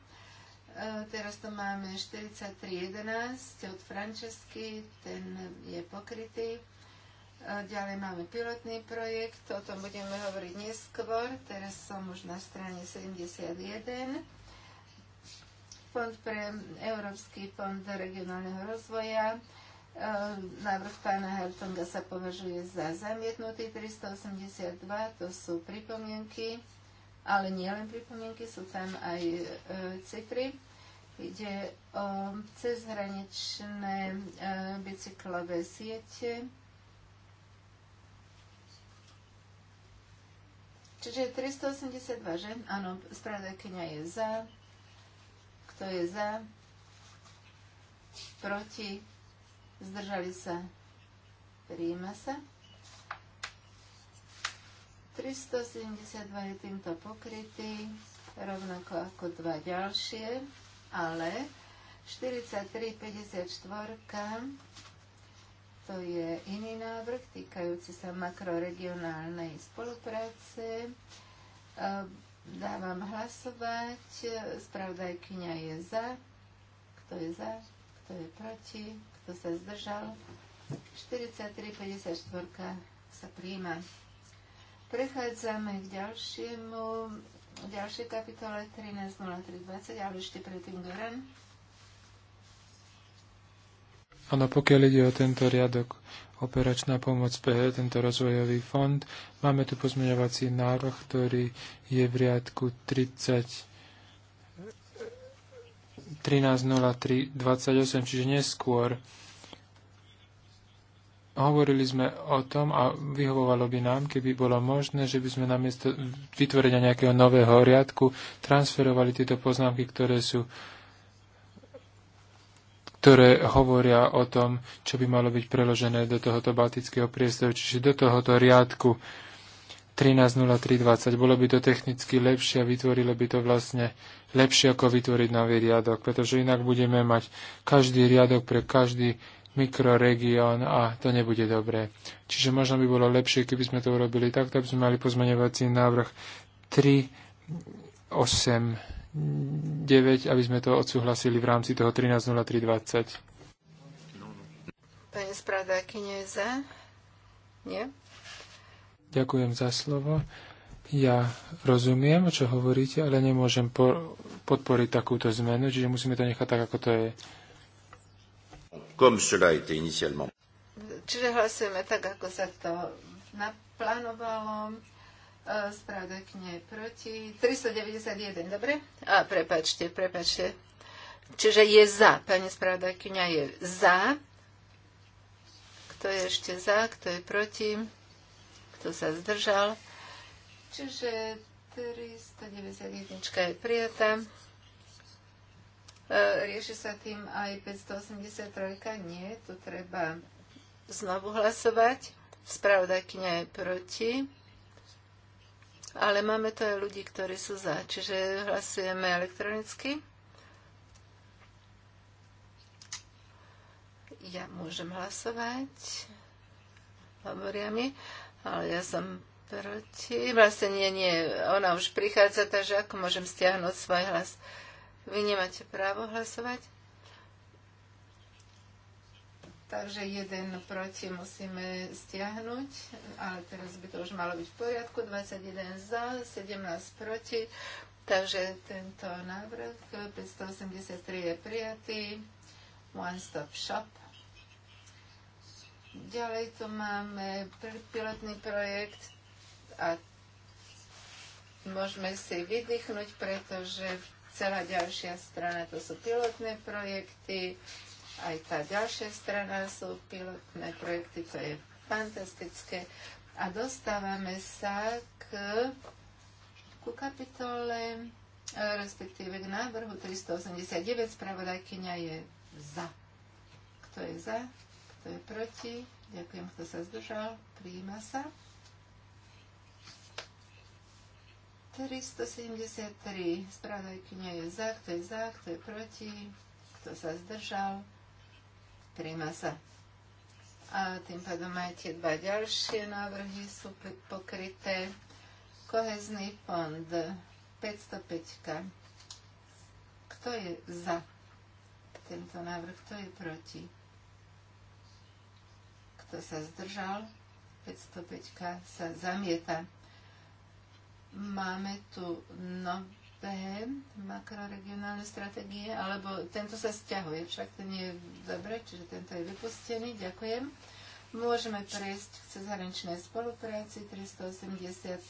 teraz to máme 43,11 od Francesky, ten je pokrytý. E, ďalej máme pilotný projekt, o tom budeme hovoriť neskôr. Teraz som už na strane 71. Fond pre Európsky fond regionálneho rozvoja Ehm, Návrh pána Hartonga sa považuje za zamietnutý. 382 to sú pripomienky, ale nie len pripomienky, sú tam aj e, cifry. Ide o cezhraničné e, bicyklové siete. Čiže 382, že? Áno, spravodajkynia je za. Kto je za? Proti? zdržali sa, príjme sa. 372 je týmto pokrytý, rovnako ako dva ďalšie, ale 43, to je iný návrh týkajúci sa makroregionálnej spolupráce. E, dávam hlasovať. Spravdajkyňa je za. Kto je za? Kto je proti? kto sa zdržal. 43,54 sa príjma. Prechádzame k ďalšiemu, ďalšej kapitole 13.03.20, ale ešte predtým Goran. Áno, pokiaľ ide o tento riadok operačná pomoc PH, tento rozvojový fond, máme tu pozmeňovací návrh, ktorý je v riadku 30 13.03.28, čiže neskôr. Hovorili sme o tom a vyhovovalo by nám, keby bolo možné, že by sme namiesto vytvorenia nejakého nového riadku transferovali tieto poznámky, ktoré sú ktoré hovoria o tom, čo by malo byť preložené do tohoto baltického priestoru, čiže do tohoto riadku 13.03.20. Bolo by to technicky lepšie a vytvorilo by to vlastne lepšie, ako vytvoriť nový riadok, pretože inak budeme mať každý riadok pre každý mikroregión a to nebude dobré. Čiže možno by bolo lepšie, keby sme to urobili takto, aby sme mali pozmeňovací návrh 3, 8, 9, aby sme to odsúhlasili v rámci toho 13.03.20. Pani spravodajkyne za? Nie? Ďakujem za slovo. Ja rozumiem, čo hovoríte, ale nemôžem po- podporiť takúto zmenu, čiže musíme to nechať tak, ako to je. Comme cela était initialement. Čiže hlasujeme tak, ako sa to naplánovalo. E, Spravodajkne proti. 391, dobre? A prepačte, prepačte. Čiže je za, pani spravodajkyňa je za. Kto je ešte za, kto je proti? kto sa zdržal. Čiže 391 je prijatá. E, rieši sa tým aj 583, nie, tu treba znovu hlasovať. Spravodajkynia je proti, ale máme tu aj ľudí, ktorí sú za, čiže hlasujeme elektronicky. Ja môžem hlasovať, hovoria mi. Ale ja som proti. Vlastne nie, nie. Ona už prichádza, takže ako môžem stiahnuť svoj hlas? Vy nemáte právo hlasovať? Takže jeden proti musíme stiahnuť, ale teraz by to už malo byť v poriadku. 21 za, 17 proti. Takže tento návrh 583 je prijatý. One stop shop. Ďalej tu máme pilotný projekt a môžeme si vydýchnuť, pretože celá ďalšia strana to sú pilotné projekty, aj tá ďalšia strana sú pilotné projekty, to je fantastické. A dostávame sa k, ku kapitole, e, respektíve k návrhu 389, spravodajkyňa je za. Kto je za? kto je proti, ďakujem, kto sa zdržal, prijíma sa. 373, spravodajkynia je za, kto je za, kto je proti, kto sa zdržal, prijíma sa. A tým pádom majte dva ďalšie návrhy, sú pokryté. Kohezný fond 505. Kto je za tento návrh, kto je proti? kto sa zdržal, 505 sa zamieta. Máme tu nové makroregionálne stratégie, alebo tento sa stiahuje, však to nie je dobre, čiže tento je vypustený. Ďakujem. Môžeme prejsť k cezhraničnej spolupráci 383.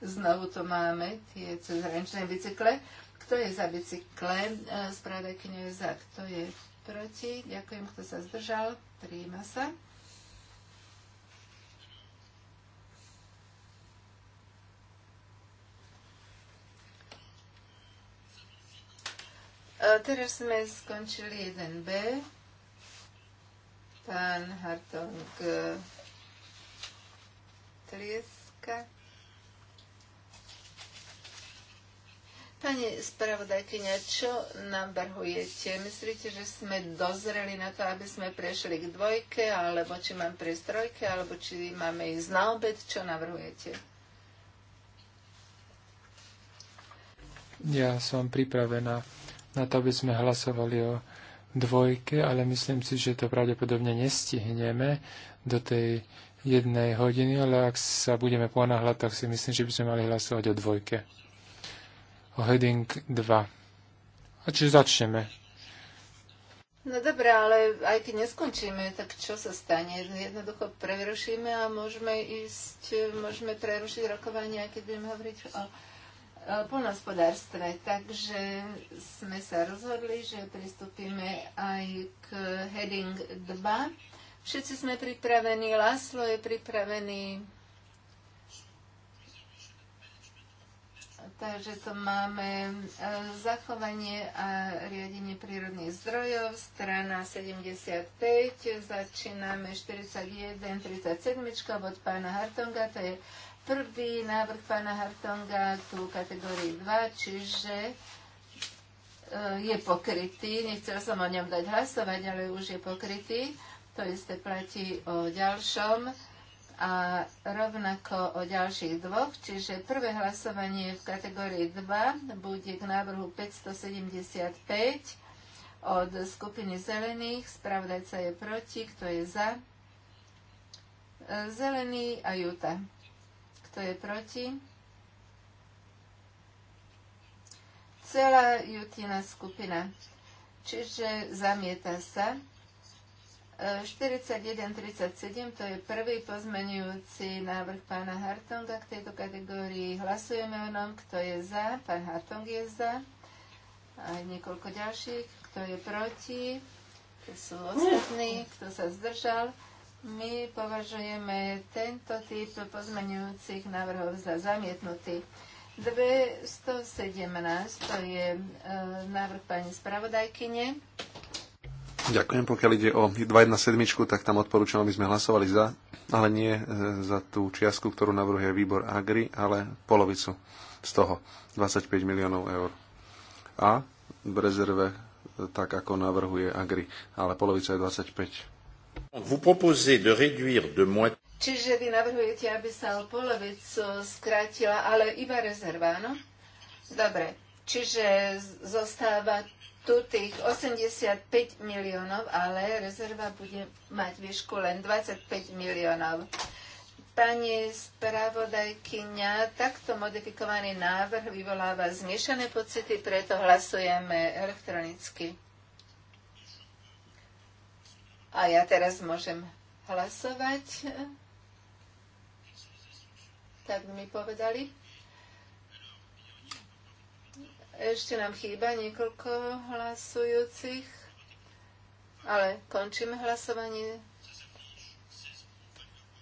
Znovu to máme, tie cezhraničné bicykle. Kto je za bicykle? E, spravodajkyňa je za. Kto je proti? Ďakujem, kto sa zdržal. Prijíma sa. E, teraz sme skončili 1B. Pán Hartong e, Trieska. Pani spravodajkyňa, čo navrhujete? Myslíte, že sme dozreli na to, aby sme prešli k dvojke, alebo či mám prejsť trojke, alebo či máme ísť na obed? Čo navrhujete? Ja som pripravená na to, aby sme hlasovali o dvojke, ale myslím si, že to pravdepodobne nestihneme do tej jednej hodiny, ale ak sa budeme ponáhľať, tak si myslím, že by sme mali hlasovať o dvojke o heading 2. A či začneme? No dobré, ale aj keď neskončíme, tak čo sa stane? Jednoducho prerušíme a môžeme ísť, môžeme prerušiť rokovanie, aj keď budeme hovoriť o polnohospodárstve. Takže sme sa rozhodli, že pristúpime aj k heading 2. Všetci sme pripravení, Laslo je pripravený, Takže to máme e, zachovanie a riadenie prírodných zdrojov, strana 75, začíname 41, 37 od pána Hartonga, to je prvý návrh pána Hartonga tu kategórii 2, čiže e, je pokrytý, nechcel som o ňom dať hlasovať, ale už je pokrytý. To isté platí o ďalšom a rovnako o ďalších dvoch. Čiže prvé hlasovanie v kategórii 2 bude k návrhu 575 od skupiny zelených. Spravdajca je proti, kto je za? Zelený a Juta. Kto je proti? Celá Jutina skupina. Čiže zamieta sa. 4137, to je prvý pozmenujúci návrh pána Hartonga k tejto kategórii. Hlasujeme o nám, kto je za, pán Hartong je za, a niekoľko ďalších, kto je proti, kto sú ostatní, kto sa zdržal. My považujeme tento typ pozmenujúcich návrhov za zamietnutý. 217, to je e, návrh pani spravodajkyne. Ďakujem, pokiaľ ide o 217, tak tam odporúčam, aby sme hlasovali za, ale nie e, za tú čiastku, ktorú navrhuje výbor Agri, ale polovicu z toho, 25 miliónov eur. A v rezerve, e, tak ako navrhuje Agri, ale polovica je 25. Čiže vy navrhujete, aby sa o polovicu skrátila, ale iba rezerva, áno? Dobre, čiže zostáva tu tých 85 miliónov, ale rezerva bude mať výšku len 25 miliónov. Pani spravodajkyňa, takto modifikovaný návrh vyvoláva zmiešané pocity, preto hlasujeme elektronicky. A ja teraz môžem hlasovať. Tak mi povedali. Ešte nám chýba niekoľko hlasujúcich, ale končíme hlasovanie.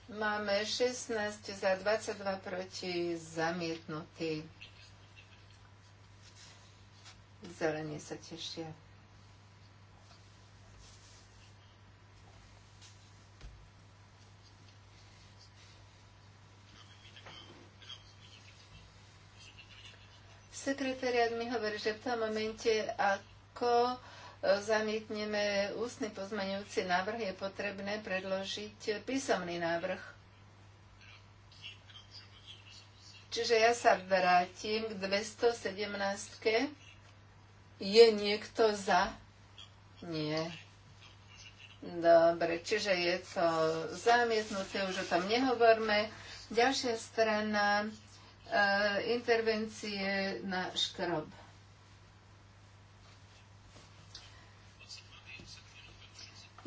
Máme 16 za 22 proti zamietnutý. Zelenie sa tešia. Sekretariat mi hovorí, že v tom momente, ako e, zamietneme ústny pozmeňujúci návrh, je potrebné predložiť písomný návrh. Čiže ja sa vrátim k 217. Je niekto za? Nie. Dobre, čiže je to zamietnuté, už o tom nehovorme. Ďalšia strana Eh, intervencie na škrob.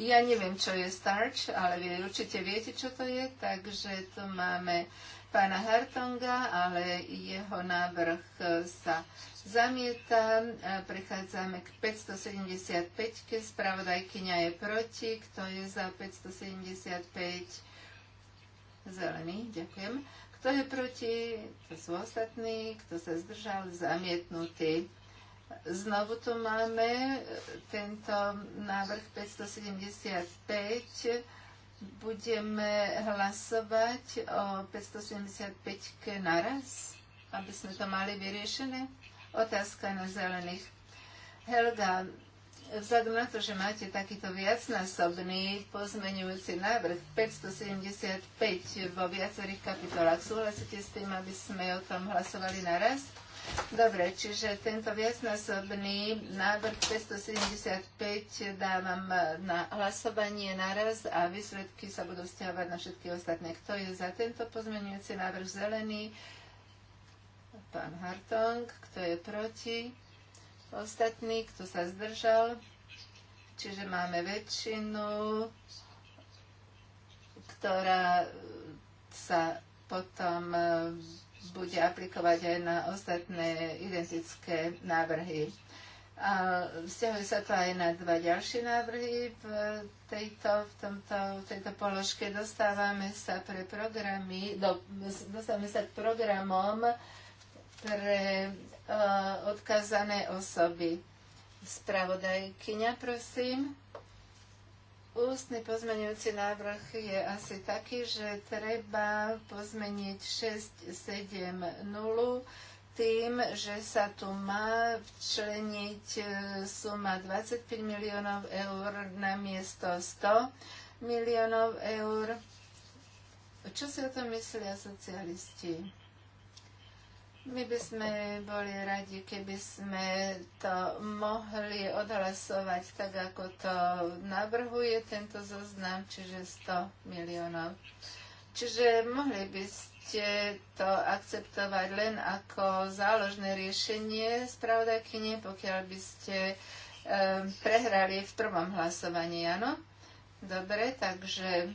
Ja neviem, čo je starč, ale vy určite viete, čo to je, takže tu máme pána Hartonga, ale jeho návrh eh, sa zamieta. Eh, prechádzame k 575. -ke. Spravodajkyňa je proti. Kto je za 575? Zelený, ďakujem. Kto je proti? Kto sú ostatní? Kto sa zdržal? Zamietnutý. Znovu tu máme tento návrh 575. Budeme hlasovať o 575 naraz, aby sme to mali vyriešené. Otázka na zelených. Helga, vzhľadom na to, že máte takýto viacnásobný pozmenujúci návrh 575 vo viacerých kapitolách, súhlasíte s tým, aby sme o tom hlasovali naraz? Dobre, čiže tento viacnásobný návrh 575 dávam na hlasovanie naraz a výsledky sa budú vzťahovať na všetky ostatné. Kto je za tento pozmenujúci návrh zelený? Pán Hartong. Kto je proti? ostatní, kto sa zdržal. Čiže máme väčšinu, ktorá sa potom e, bude aplikovať aj na ostatné identické návrhy. A vzťahuje sa to aj na dva ďalšie návrhy. V tejto, v tomto, v tejto položke dostávame sa, pre programy, do, dostávame sa k programom pre Eh, odkazané osoby. Spravodajkyňa, prosím. Ústny pozmeňujúci návrh je asi taký, že treba pozmeniť 6, 7, 0 tým, že sa tu má včleniť eh, suma 25 miliónov eur na miesto 100 miliónov eur. Čo si o tom myslia socialisti? My by sme boli radi, keby sme to mohli odhlasovať tak, ako to navrhuje tento zoznam, čiže 100 miliónov. Čiže mohli by ste to akceptovať len ako záložné riešenie spravodajkyne, pokiaľ by ste e, prehrali v prvom hlasovaní, áno? Dobre, takže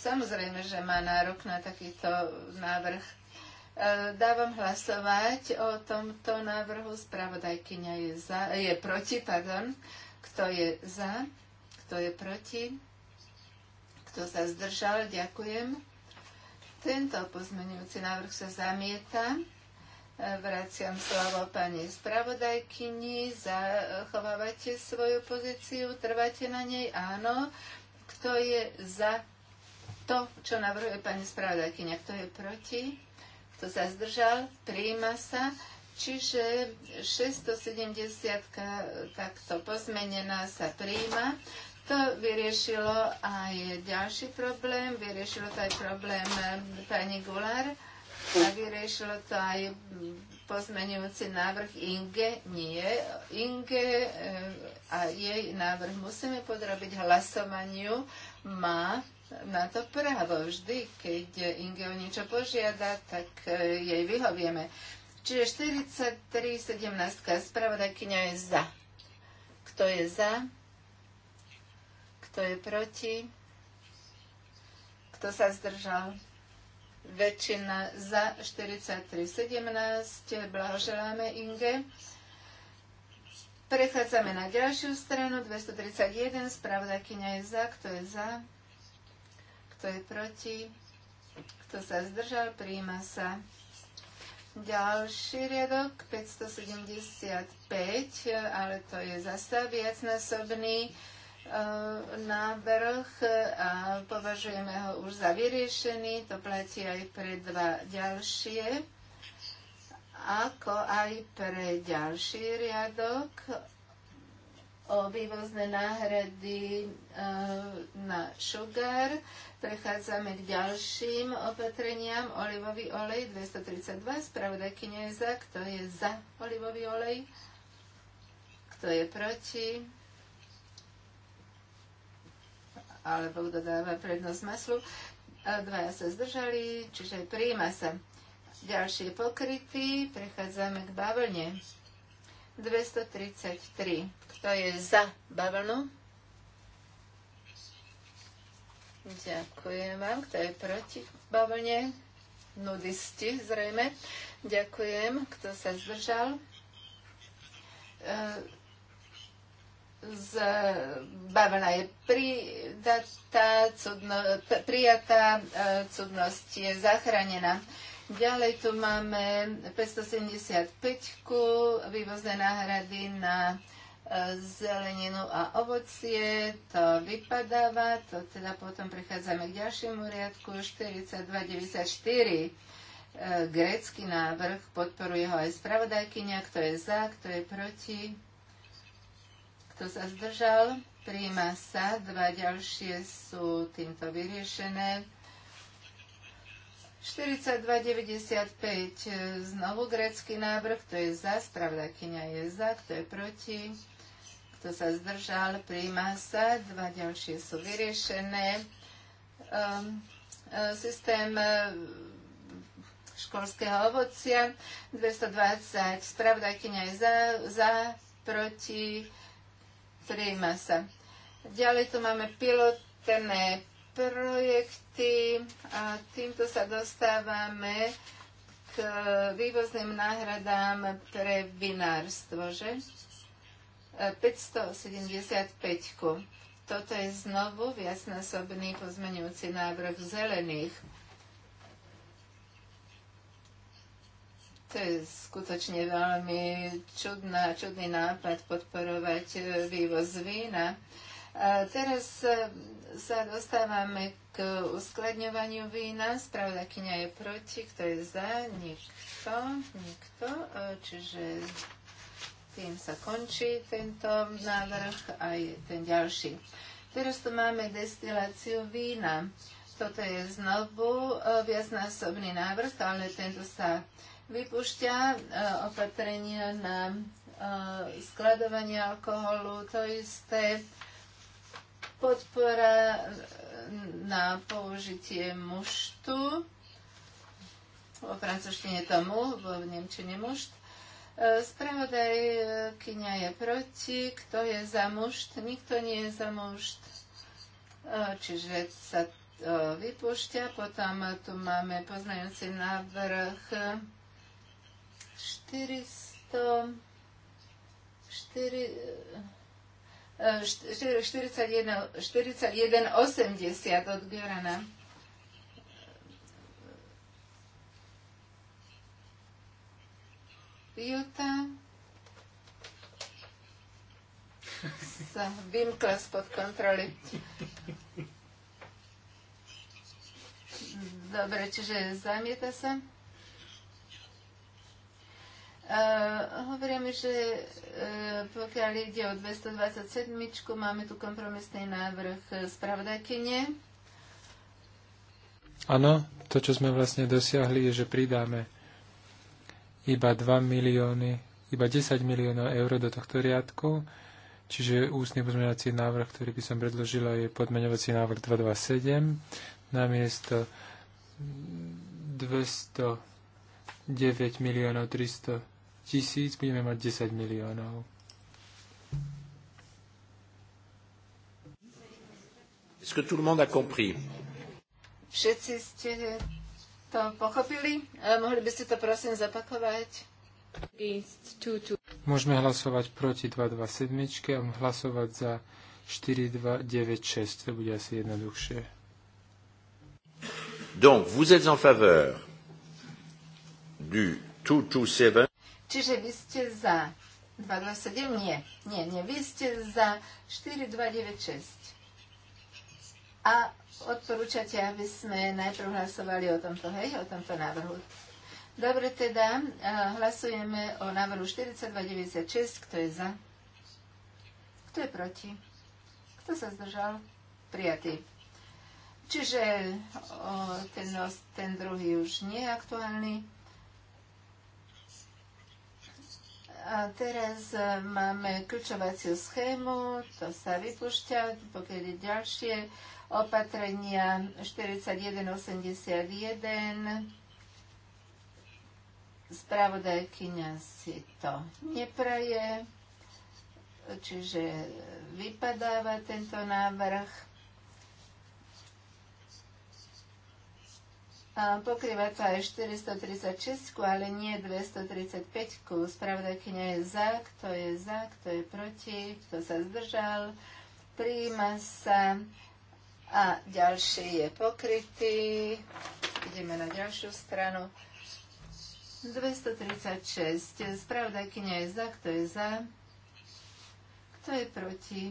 Samozrejme, že má nárok na takýto návrh. E, dávam hlasovať o tomto návrhu. Spravodajkyňa je, za, je proti. Pardon. Kto je za? Kto je proti? Kto sa zdržal? Ďakujem. Tento pozmenujúci návrh sa zamieta. E, vraciam slovo pani spravodajkyni, zachovávate svoju pozíciu, trváte na nej, áno. Kto je za to, čo navrhuje pani spravodajkyňa. Kto je proti? Kto sa zdržal? Prijíma sa. Čiže 670 takto pozmenená sa prijíma. To vyriešilo aj ďalší problém, vyriešilo to aj problém pani Gulár a vyriešilo to aj pozmenujúci návrh Inge? Nie. Inge eh, a jej návrh musíme podrobiť hlasovaniu. Má na to právo vždy, keď Inge o niečo požiada, tak eh, jej vyhovieme. Čiže 43, 17, spravodajkyňa je za. Kto je za? Kto je proti? Kto sa zdržal? väčšina za 43.17. Blahoželáme Inge. Prechádzame na ďalšiu stranu, 231, spravodajkyňa je za, kto je za, kto je proti, kto sa zdržal, príjma sa. Ďalší riadok, 575, ale to je zasa viacnásobný. Eh, návrh eh, a považujeme ho už za vyriešený. To platí aj pre dva ďalšie, ako aj pre ďalší riadok o vývozné náhrady eh, na šugár. Prechádzame k ďalším opatreniam. Olivový olej 232, spravodajkyňa je za. Kto je za olivový olej? Kto je proti? alebo kto teda dáva prednosť maslu. Dvaja sa zdržali, čiže príjma sa. Ďalší je pokrytý, prechádzame k bavlne. 233. Kto je za bavlnu? Ďakujem vám. Kto je proti bavlne? Nudisti zrejme. Ďakujem. Kto sa zdržal? E zbavená je pridatá, cudno, prijatá, e, cudnosť je zachránená. Ďalej tu máme 575 vývozné náhrady na e, zeleninu a ovocie, to vypadáva, to teda potom prechádzame k ďalšiemu riadku 4294. E, grécky návrh podporuje ho aj spravodajkyňa, kto je za, kto je proti. Kto sa zdržal? Príjma sa. Dva ďalšie sú týmto vyriešené. 42,95. Znovu grecký návrh. Kto je za? Spravdakyňa je za. Kto je proti? Kto sa zdržal? Príjma sa. Dva ďalšie sú vyriešené. Um, systém e, školského ovocia. 220. Spravdakyňa je za, za proti Prijíma sa. Ďalej tu máme pilotné projekty a týmto sa dostávame k vývozným náhradám pre vinárstvo, že? 575. E, Toto je znovu viacnásobný pozmenujúci návrh zelených. To je skutočne veľmi čudná, čudný nápad podporovať e, vývoz vína. A teraz e, sa dostávame k uskladňovaniu vína. Spravodajkynia je proti, kto je za? Nikto, nikto. E, čiže tým sa končí tento návrh je ten ďalší. Teraz tu máme destiláciu vína. Toto je znovu viacnásobný návrh, ale tento sa vypúšťa e, opatrenia na e, skladovanie alkoholu, to isté podpora e, na použitie muštu, vo francúzštine to mu, vo nemčine mušt. Spravodajkyňa je proti, kto je za mušt, nikto nie je za mušt, čiže sa vypúšťa. Potom tu máme poznajúci návrh 400, 4, 41, od Gerana. Juta sa vymkla spod kontroly. Dobre, čiže zamieta sa. Uh, hovoríme, že e, pokiaľ ide o 227, máme tu kompromisný návrh spravodajkyne. Áno, to, čo sme vlastne dosiahli, je, že pridáme iba 2 milióny, iba 10 miliónov eur do tohto riadku, čiže ústny pozmeňovací návrh, ktorý by som predložila, je podmeňovací návrh 227 na miesto 209 miliónov 300 tisíc, budeme mať 10 miliónov. Všetci ste to pochopili? Mohli by ste to prosím zapakovať? Môžeme hlasovať proti 227 a hlasovať za 4296. To bude asi jednoduchšie. Donc, vous êtes en faveur du 227. Čiže vy ste za 227? Nie, nie, nie. Vy ste za 4296. A odporúčate, aby sme najprv hlasovali o tomto, hej, o tomto návrhu. Dobre, teda eh, hlasujeme o návrhu 4296. Kto je za? Kto je proti? Kto sa zdržal? Prijatý. Čiže o, ten, ten druhý už nie je aktuálny. A teraz e, máme kľúčovaciu schému, to sa vypúšťa, pokiaľ je ďalšie opatrenia 4181. Spravodajkyňa si to nepraje, čiže vypadáva tento návrh. Pokrýva to aj 436, ale nie 235. kňa je za, kto je za, kto je proti, kto sa zdržal. Príjima sa a ďalší je pokrytý. Ideme na ďalšiu stranu. 236. Spravda kňa je za, kto je za, kto je proti,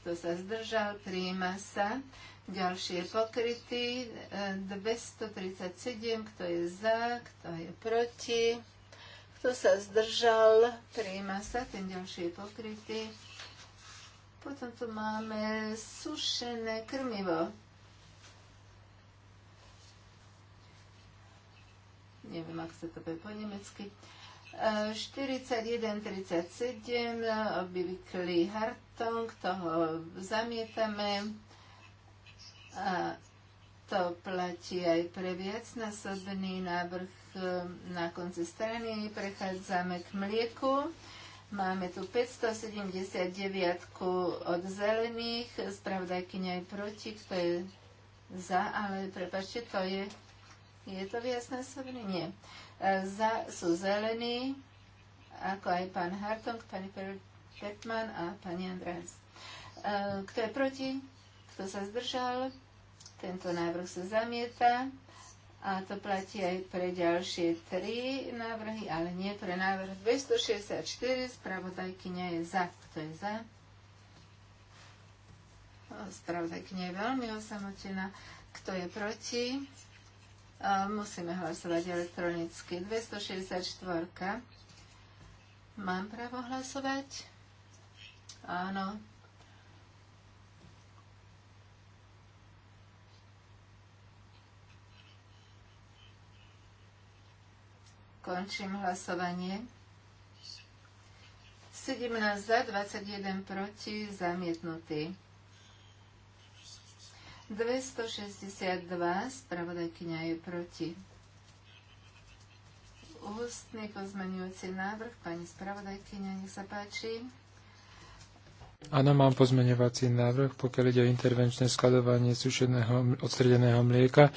kto sa zdržal, príjima sa. Ďalší je pokrytý 237, kto je za, kto je proti, kto sa zdržal, prijíma sa, ten ďalší je pokrytý. Potom tu máme sušené krmivo. Neviem, ak sa to povie po nemecky. 41-37, e, Hartong, toho zamietame. A to platí aj pre nasobný návrh e, na konci strany. Prechádzame k mlieku. Máme tu 579 od zelených, spravodajkyňa je proti, kto je za, ale prepačte, to je, je to nasobný? Nie. E, za sú zelení, ako aj pán Hartong, pani Petman a pani András. E, kto je proti? Kto sa zdržal? Tento návrh sa zamieta. A to platí aj pre ďalšie tri návrhy, ale nie pre návrh 264. Spravodajkynia je za. Kto je za? Spravodajkynia je veľmi osamotená. Kto je proti? Musíme hlasovať elektronicky. 264. Mám právo hlasovať? Áno, Končím hlasovanie. 17 za, 21 proti, zamietnutý. 262, spravodajkyňa je proti. Ústny pozmenujúci návrh, pani spravodajkyňa, nech sa páči. Áno, mám pozmeňovací návrh, pokiaľ ide o intervenčné skladovanie sušeného odstredeného mlieka.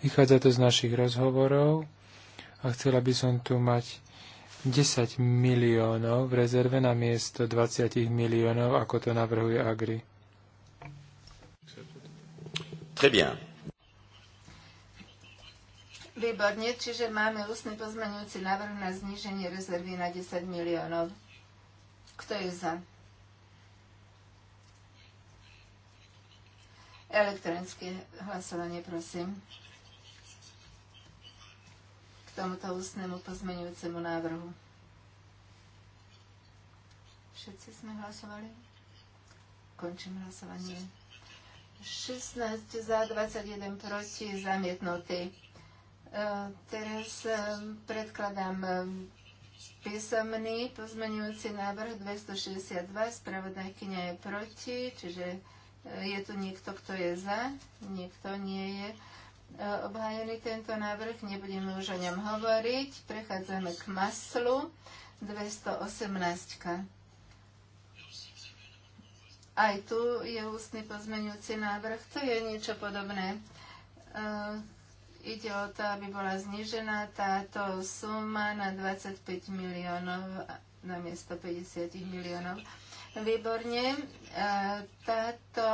Vychádza to z našich rozhovorov a chcela by som tu mať 10 miliónov v rezerve na miesto 20 miliónov, ako to navrhuje Agri. Très bien. Výborne, čiže máme ústny pozmeňujúci návrh na zníženie rezervy na 10 miliónov. Kto je za? Elektronické hlasovanie, prosím tomuto ústnemu pozmeňujúcemu návrhu. Všetci sme hlasovali? Končím hlasovanie. 16 za, 21 proti, zamietnutý. E, teraz e, predkladám e, písomný pozmeňujúci návrh 262. Spravodajkynia je proti, čiže je tu niekto, kto je za, niekto nie je. Eh, obhajený tento návrh, nebudeme už o ňom hovoriť. Prechádzame k maslu 218. Aj tu je ústny pozmeňujúci návrh, to je niečo podobné. Eh, ide o to, aby bola znižená táto suma na 25 miliónov na miesto 50 miliónov. Výborne. E, táto,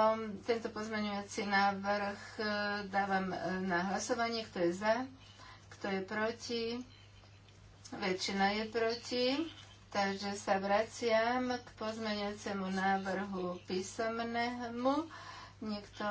tento pozmeňujúci návrh e, dávam e, na hlasovanie. Kto je za? Kto je proti? Väčšina je proti. Takže sa vraciam k pozmeňujúcemu návrhu písomnému. Niekto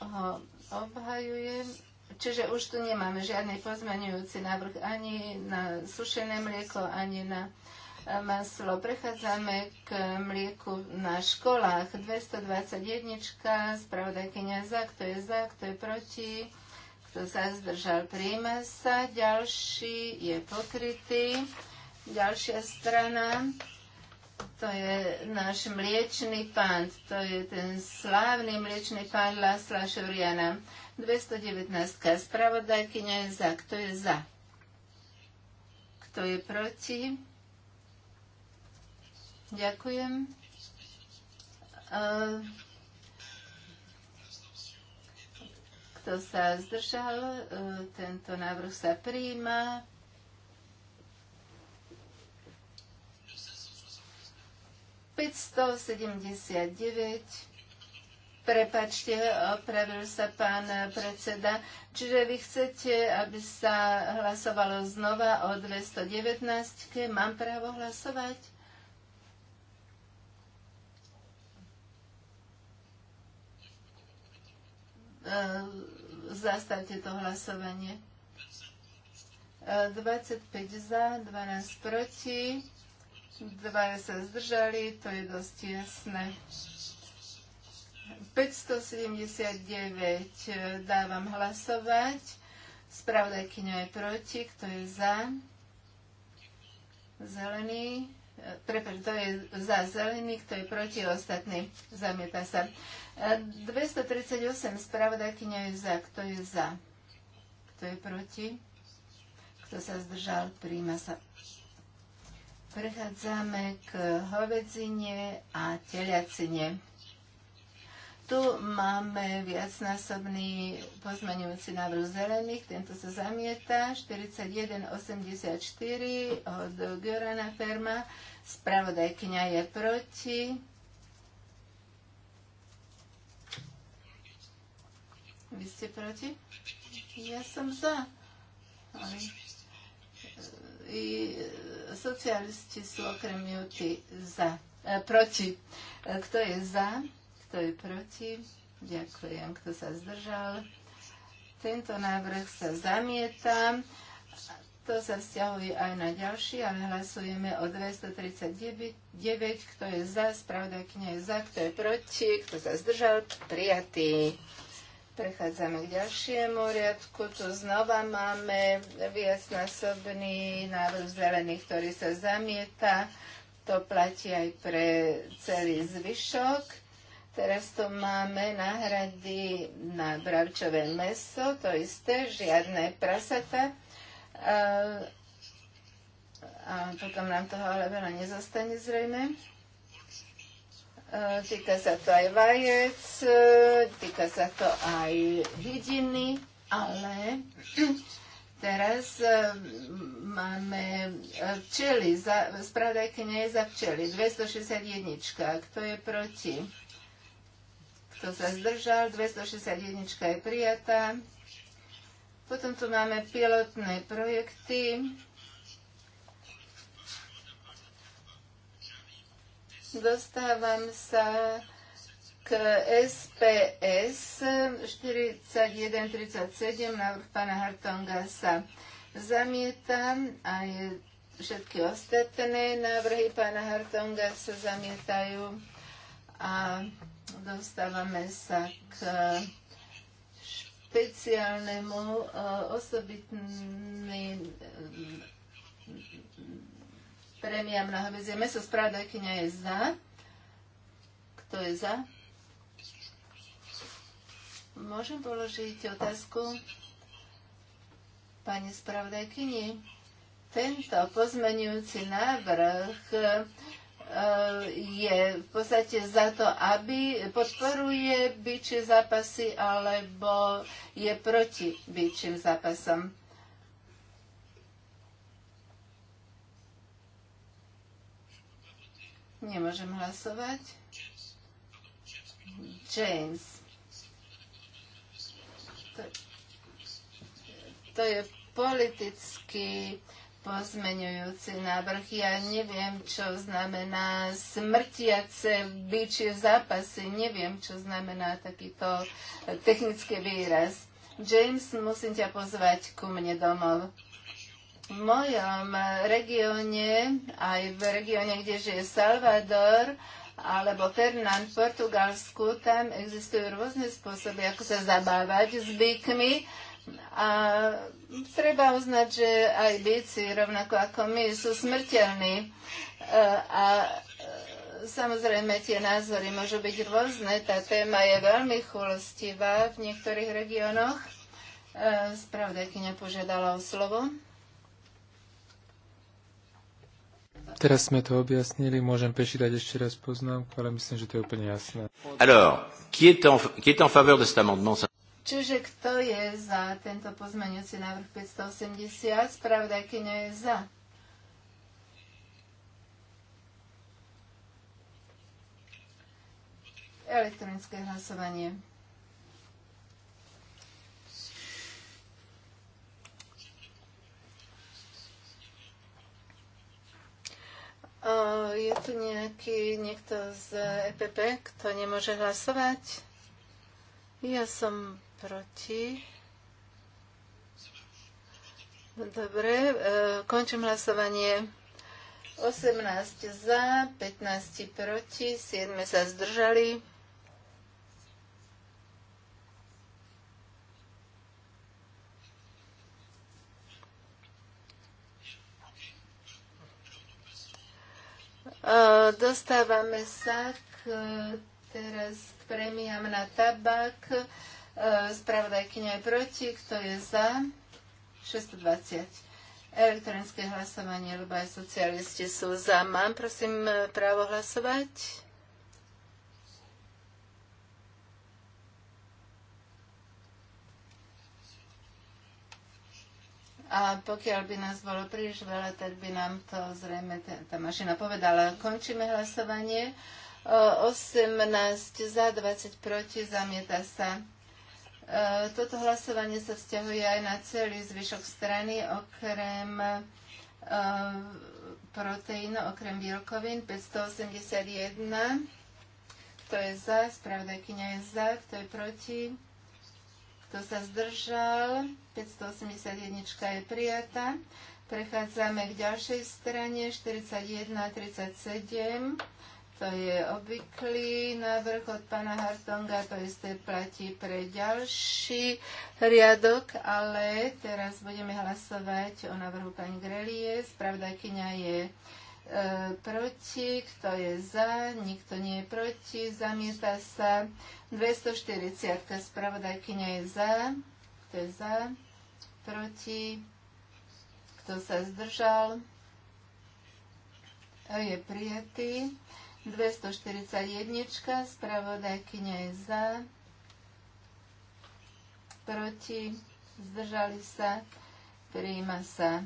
ho obhajuje. Čiže už tu nemáme žiadny pozmeňujúci návrh ani na sušené mlieko, ani na uh, maslo. Prechádzame k mlieku na školách. 221, spravodajkynia za, kto je za, kto je proti, kto sa zdržal, príjme sa. Ďalší je pokrytý. Ďalšia strana, to je náš mliečný pán, to je ten slávny mliečný pán Lasla Šuriana. 219. Spravodajkynia je za, kto je za? Kto je proti? Ďakujem. E, kto sa zdržal, e, tento návrh sa prijíma. Petsto Prepačte, opravil sa pán predseda. Čiže vy chcete, aby sa hlasovalo znova o 219. -ke. Mám právo hlasovať? E, zastavte to hlasovanie. 25 e, za, 12 proti, 2 sa zdržali, to je dosť jasné. 579 e, dávam hlasovať. Spravodajkyňa je proti, kto je za? Zelený. Prepač, to je za zelený, kto je proti ostatný, zamieta sa. 238 e, spravodajkyňa je za, kto je za, kto je proti, kto sa zdržal, príjma sa. Prechádzame k hovedzine a teliacine. Tu máme viacnásobný pozmeňujúci návrh zelených, tento sa zamieta, 4184 od Görana Ferma, spravodajkňa je proti. Vy ste proti? Ja som za. Ale... I e, socialisti sú okrem Juty za. E, proti. E, kto je za? Kto je proti? Ďakujem. Kto sa zdržal? Tento návrh sa zamieta. To sa vzťahuje aj na ďalší, ale hlasujeme o 239, kto je za, spravodajkňa je za, kto je proti, kto sa zdržal, prijatý. Prechádzame k ďalšiemu riadku. Tu znova máme viacnásobný návrh zelených, ktorý sa zamieta. To platí aj pre celý zvyšok. Teraz tu máme náhrady na bravčové meso, to isté, žiadne prasata. A, a potom nám toho ale veľa nezostane zrejme. Týka sa to aj vajec, týka sa to aj hydiny, ale teraz e, máme e, včely, spravodajkynia je za včely, 261, kto je proti? kto sa zdržal, 261 je prijatá. Potom tu máme pilotné projekty. Dostávam sa k SPS 4137 návrh pána Hartonga sa zamieta a je všetky ostatné návrhy pána Hartonga sa zamietajú a dostávame sa k špeciálnemu e, osobitným e, premiám na hovedzie meso. Spravodajkynia je za. Kto je za? Môžem položiť otázku pani spravodajkyni. Tento pozmenujúci návrh Eh, je v podstate za to, aby podporuje byčie zápasy alebo je proti byčím zápasom. Nemôžem hlasovať. James. To, to je politický pozmeňujúci návrh. Ja neviem, čo znamená smrtiace byčie zápasy. Neviem, čo znamená takýto technický výraz. James, musím ťa pozvať ku mne domov. V mojom regióne, aj v regióne, kde žije Salvador, alebo Fernand v Portugalsku, tam existujú rôzne spôsoby, ako sa zabávať s bykmi. A treba uznať, že aj bici, rovnako ako my, sú smrteľní. E, a e, samozrejme tie názory môžu byť rôzne. Tá téma je veľmi chulostivá v niektorých regiónoch. Spravda, e, Spravodajkyňa požiadala o slovo. Teraz sme to objasnili, môžem prečítať ešte raz poznámku, ale myslím, že to je úplne jasné. Alors, qui est en, qui est en faveur de cet amendement Čiže kto je za tento pozmeňujúci návrh 580? nie je za. Elektronické hlasovanie. Je tu nejaký niekto z EPP, kto nemôže hlasovať? Ja som proti. Dobre, e, končím hlasovanie. 18 za, 15 proti, 7 sa zdržali. E, dostávame sa k, teraz k premiám na tabak. E, spravodajkyňa je proti, kto je za? 620. Elektronické hlasovanie, lebo aj socialisti sú za. Mám, prosím, e, právo hlasovať? A pokiaľ by nás bolo príliš veľa, tak by nám to zrejme tá mašina povedala. Končíme hlasovanie. 18 za, 20 proti, zamieta sa. E, toto hlasovanie sa vzťahuje aj na celý zvyšok strany, okrem e, proteínu, okrem bielkovín 581. Kto je za? Spravodajkynia je za. Kto je proti? Kto sa zdržal? 581 je prijatá. Prechádzame k ďalšej strane 41 37. To je obvyklý návrh od pána Hartonga, to isté platí pre ďalší riadok, ale teraz budeme hlasovať o návrhu pani Grelie. Spravdajkyňa je e, proti, kto je za, nikto nie je proti, zamieta sa 240. Spravodajkyňa je za, kto je za, proti, kto sa zdržal, je prijatý. 241. Spravodajkyňa je za. Proti. Zdržali sa. Prijíma sa.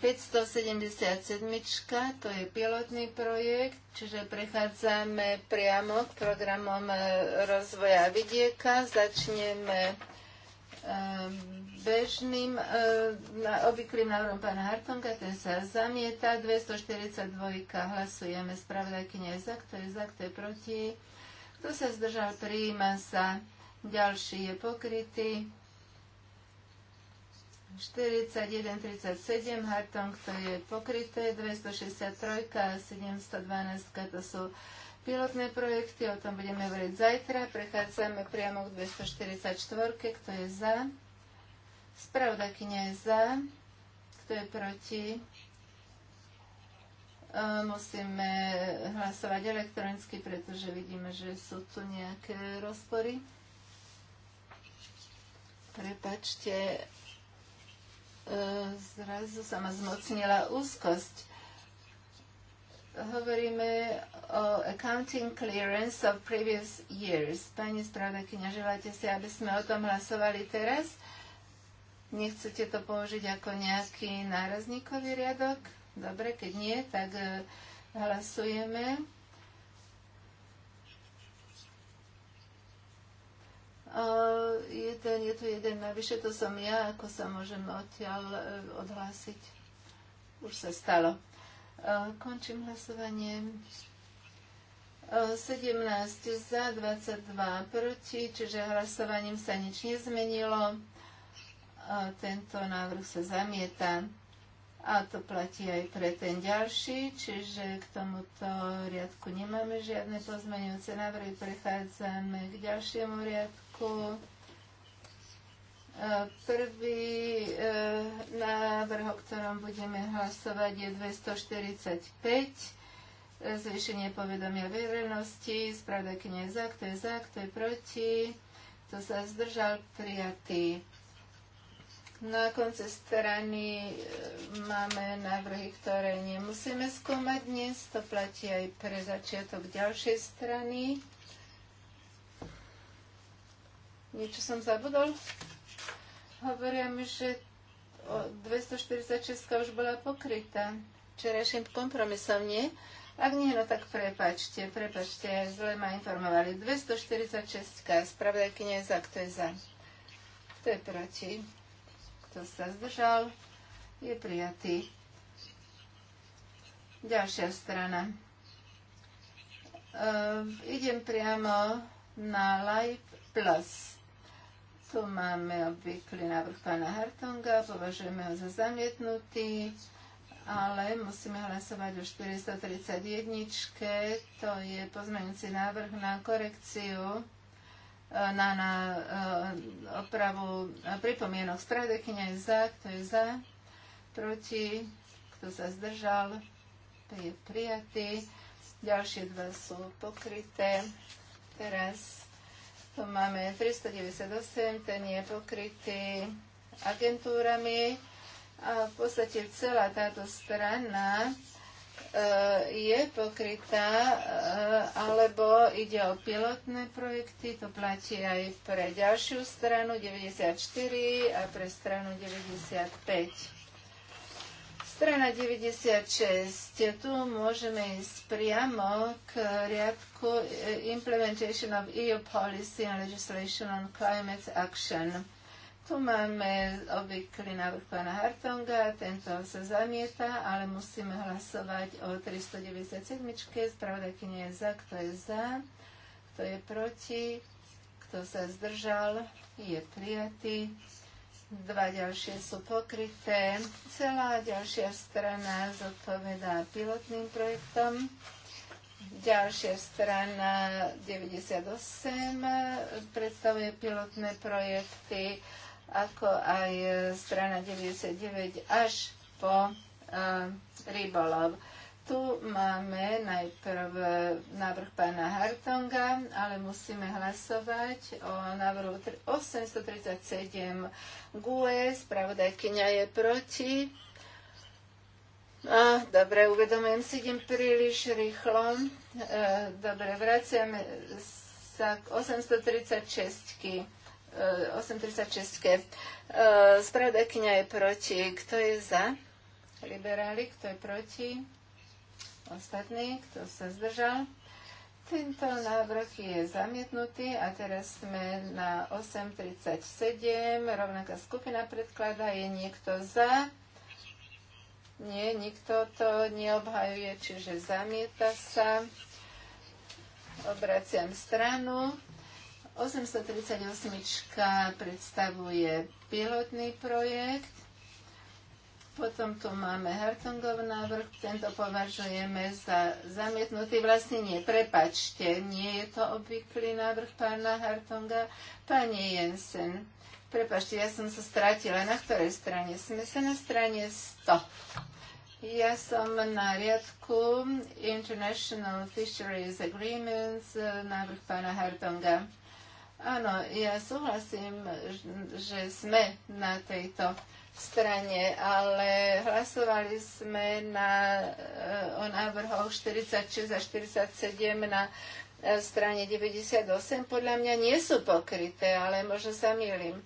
577. To je pilotný projekt, čiže prechádzame priamo k programom eh, rozvoja vidieka. Začneme um, bežným e, obvyklým návrhom pána Hartonga, ten sa zamieta. 242 hlasujeme spravodajkyne za, kto je za, kto je proti. Kto sa zdržal, prijíma sa. Ďalší je pokrytý. 4137 Hartong, to je pokryté, 263 a 712 to sú pilotné projekty, o tom budeme hovoriť zajtra. Prechádzame priamo k 244, kto je za. Spravodajkynia je za, kto je proti. Musíme hlasovať elektronicky, pretože vidíme, že sú tu nejaké rozpory. Prepačte, zrazu sa ma zmocnila úzkosť. Hovoríme o accounting clearance of previous years. Pani spravodajkyňa, želáte si, aby sme o tom hlasovali teraz? Nechcete to použiť ako nejaký nárazníkový riadok? Dobre, keď nie, tak e, hlasujeme. E, je tu jeden navyše, to som ja, ako sa môžem odtiaľ e, odhlásiť. Už sa stalo. Končím hlasovanie. 17 za, 22 proti, čiže hlasovaním sa nič nezmenilo tento návrh sa zamieta. A to platí aj pre ten ďalší, čiže k tomuto riadku nemáme žiadne pozmeňujúce návrhy. Prechádzame k ďalšiemu riadku. Prvý e, návrh, o ktorom budeme hlasovať, je 245. Zvýšenie povedomia verejnosti. Spravda, je za, kto je za, kto je proti. Kto sa zdržal, prijatý. Na konci strany e, máme návrhy, ktoré nemusíme skúmať dnes. To platí aj pre začiatok ďalšej strany. Niečo som zabudol? Hovoria mi, že 246 už bola pokrytá včerajším kompromisom, nie? Ak nie, no tak prepačte, prepačte, zle ma informovali. 246, spravodajkynia je za, kto je za? Kto je proti? Kto sa zdržal? Je prijatý. Ďalšia strana. Uh, idem priamo na Live Plus. Tu máme obvyklý návrh pána Hartonga, považujeme ho za zamietnutý, ale musíme hlasovať o 431. To je pozmeňujúci návrh na korekciu na, na eh, opravu pripomienok. Spravodajkynia je za, kto je za, proti, kto sa zdržal, to je prijatý. Ďalšie dva sú pokryté. Teraz tu máme 398, ten je pokrytý agentúrami. A v podstate celá táto strana Eh, je pokrytá, eh, alebo ide o pilotné projekty, to platí aj pre ďalšiu stranu 94 a pre stranu 95. Strana 96. Tu môžeme ísť priamo k riadku eh, Implementation of EU Policy and Legislation on Climate Action. Tu máme obvyklý návrh pána Hartonga, tento sa zamieta, ale musíme hlasovať o 397. nie je za, kto je za, kto je proti, kto sa zdržal, je prijatý. Dva ďalšie sú pokryté. Celá ďalšia strana zodpovedá pilotným projektom. Ďalšia strana 98 predstavuje pilotné projekty ako aj e, strana 99 až po e, rybolov. Tu máme najprv e, návrh pána Hartonga, ale musíme hlasovať o návrhu 837 GUE. Spravodajkyňa je proti. Ah, dobre, uvedomujem si, idem príliš rýchlo. dobre, vraciame sa k 836. -ky. 836. E, Spravodajkynia je proti. Kto je za? Liberáli. Kto je proti? Ostatní. Kto sa zdržal? Tento návrh je zamietnutý a teraz sme na 8.37. Rovnaká skupina predkladá. Je niekto za? Nie, nikto to neobhajuje, čiže zamieta sa. Obraciam stranu. 838 predstavuje pilotný projekt, potom tu máme Hartungov návrh, tento považujeme za zamietnutý. Vlastne nie, prepačte, nie je to obvyklý návrh pána Hartunga. Pani Jensen, prepačte, ja som sa stratila. Na ktorej strane? Sme sa na strane 100. Ja som na riadku International Fisheries Agreements, eh, návrh pána Hartonga. Áno, ja súhlasím, že sme na tejto strane, ale hlasovali sme na, e, o návrhoch 46 a 47 na e, strane 98. Podľa mňa nie sú pokryté, ale možno sa milím.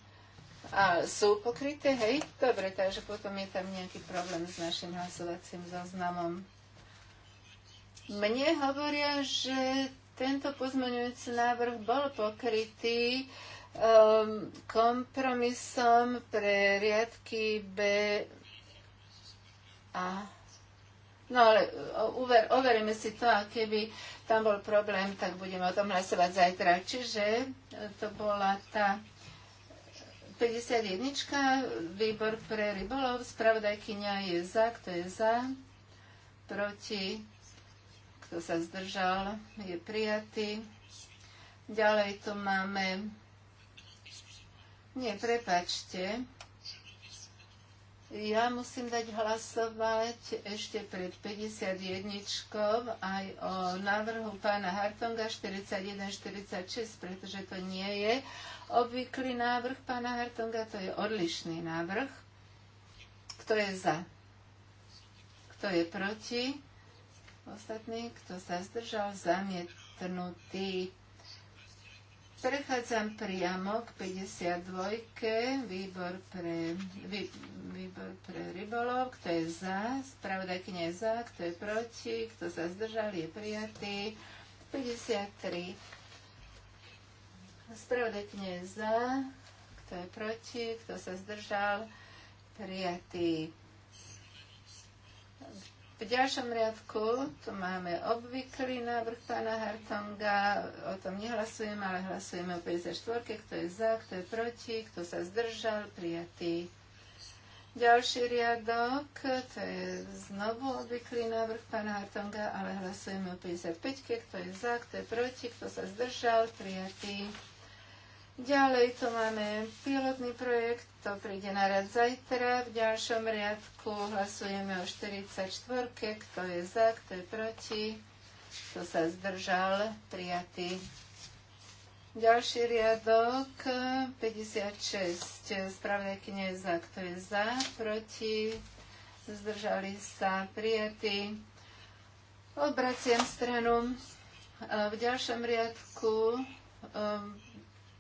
A sú pokryté, hej? Dobre, takže potom je tam nejaký problém s našim hlasovacím zoznamom. Mne hovoria, že tento pozmeňujúci návrh bol pokrytý um, kompromisom pre riadky B a No ale uver, overíme si to a keby tam bol problém, tak budeme o tom hlasovať zajtra. Čiže e, to bola tá 51. Výbor pre rybolov. Spravodajkyňa je za. Kto je za? Proti? Kto sa zdržal, je prijatý. Ďalej tu máme... Nie, prepačte. Ja musím dať hlasovať ešte pred 51 aj o návrhu pána Hartonga 41-46, pretože to nie je obvyklý návrh pána Hartonga, to je odlišný návrh. Kto je za? Kto je proti? Ostatný, kto sa zdržal, zamietnutý. Prechádzam priamo k 52. Výbor pre, vý, výbor pre rybolov. Kto je za? Spravodajkynia je za. Kto je proti? Kto sa zdržal? Je prijatý. 53. Spravodajkynia je za. Kto je proti? Kto sa zdržal? Prijatý. V ďalšom riadku tu máme obvyklý návrh pána Hartonga, o tom nehlasujeme, ale hlasujeme o 54, kto je za, kto je proti, kto sa zdržal, prijatý. Ďalší riadok, to je znovu obvyklý návrh pána Hartonga, ale hlasujeme o 55, kto je za, kto je proti, kto sa zdržal, prijatý. Ďalej tu máme pilotný projekt, to príde na rad zajtra. V ďalšom riadku hlasujeme o 44, kto je za, kto je proti, kto sa zdržal, prijatý. Ďalší riadok, 56, spravodajkyne je za, kto je za, proti, zdržali sa, prijatý. Obraciam stranu. V ďalšom riadku um,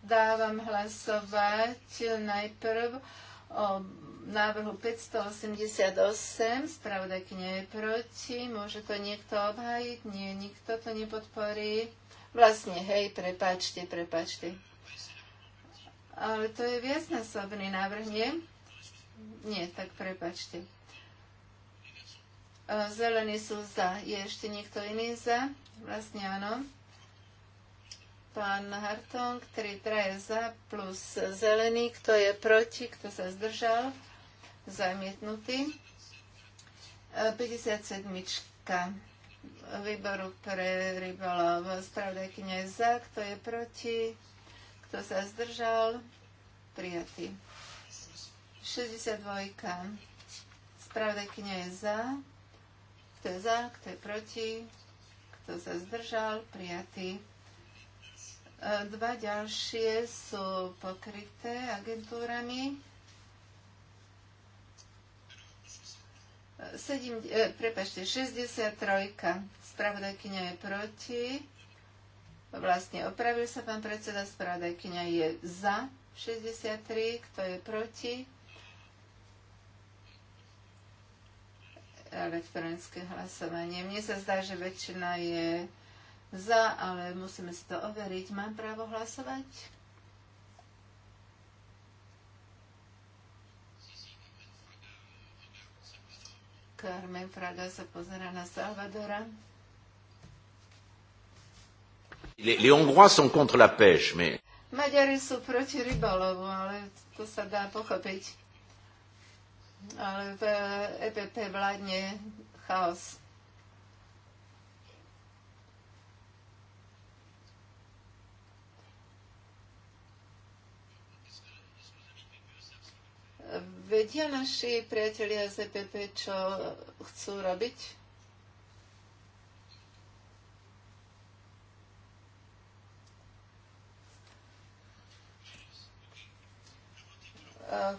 dávam hlasovať najprv o návrhu 588, nie je proti, môže to niekto obhájiť? Nie, nikto to nepodporí. Vlastne, hej, prepáčte, prepáčte. Ale to je viacnásobný návrh, nie? Nie, tak prepačte. Zelení sú za. Je ešte niekto iný za? Vlastne áno pán Hartong, 3 traje za, plus zelený, kto je proti, kto sa zdržal, zamietnutý. 57. E, výboru pre rybolov, spravodajkyňa je za, kto je proti, kto sa zdržal, prijatý. 62. Spravodajkyňa je za, kto je za, kto je proti, kto sa zdržal, prijatý. Dva ďalšie sú pokryté agentúrami. 7, eh, prepačte, 63. Spravodajkyňa je proti. Vlastne opravil sa pán predseda, spravodajkyňa je za 63, kto je proti. Elektronické hlasovanie. Mne sa zdá, že väčšina je za, ale musíme si to overiť. Mám právo hlasovať? Carmen Fraga sa pozera na Salvadora. Les, les Hongrois sont contre la pêche, mais... Maďari sú proti rybolovu, ale to sa dá pochopiť. Ale v EPP vládne chaos. Vedia naši priatelia z EPP, čo chcú robiť? E,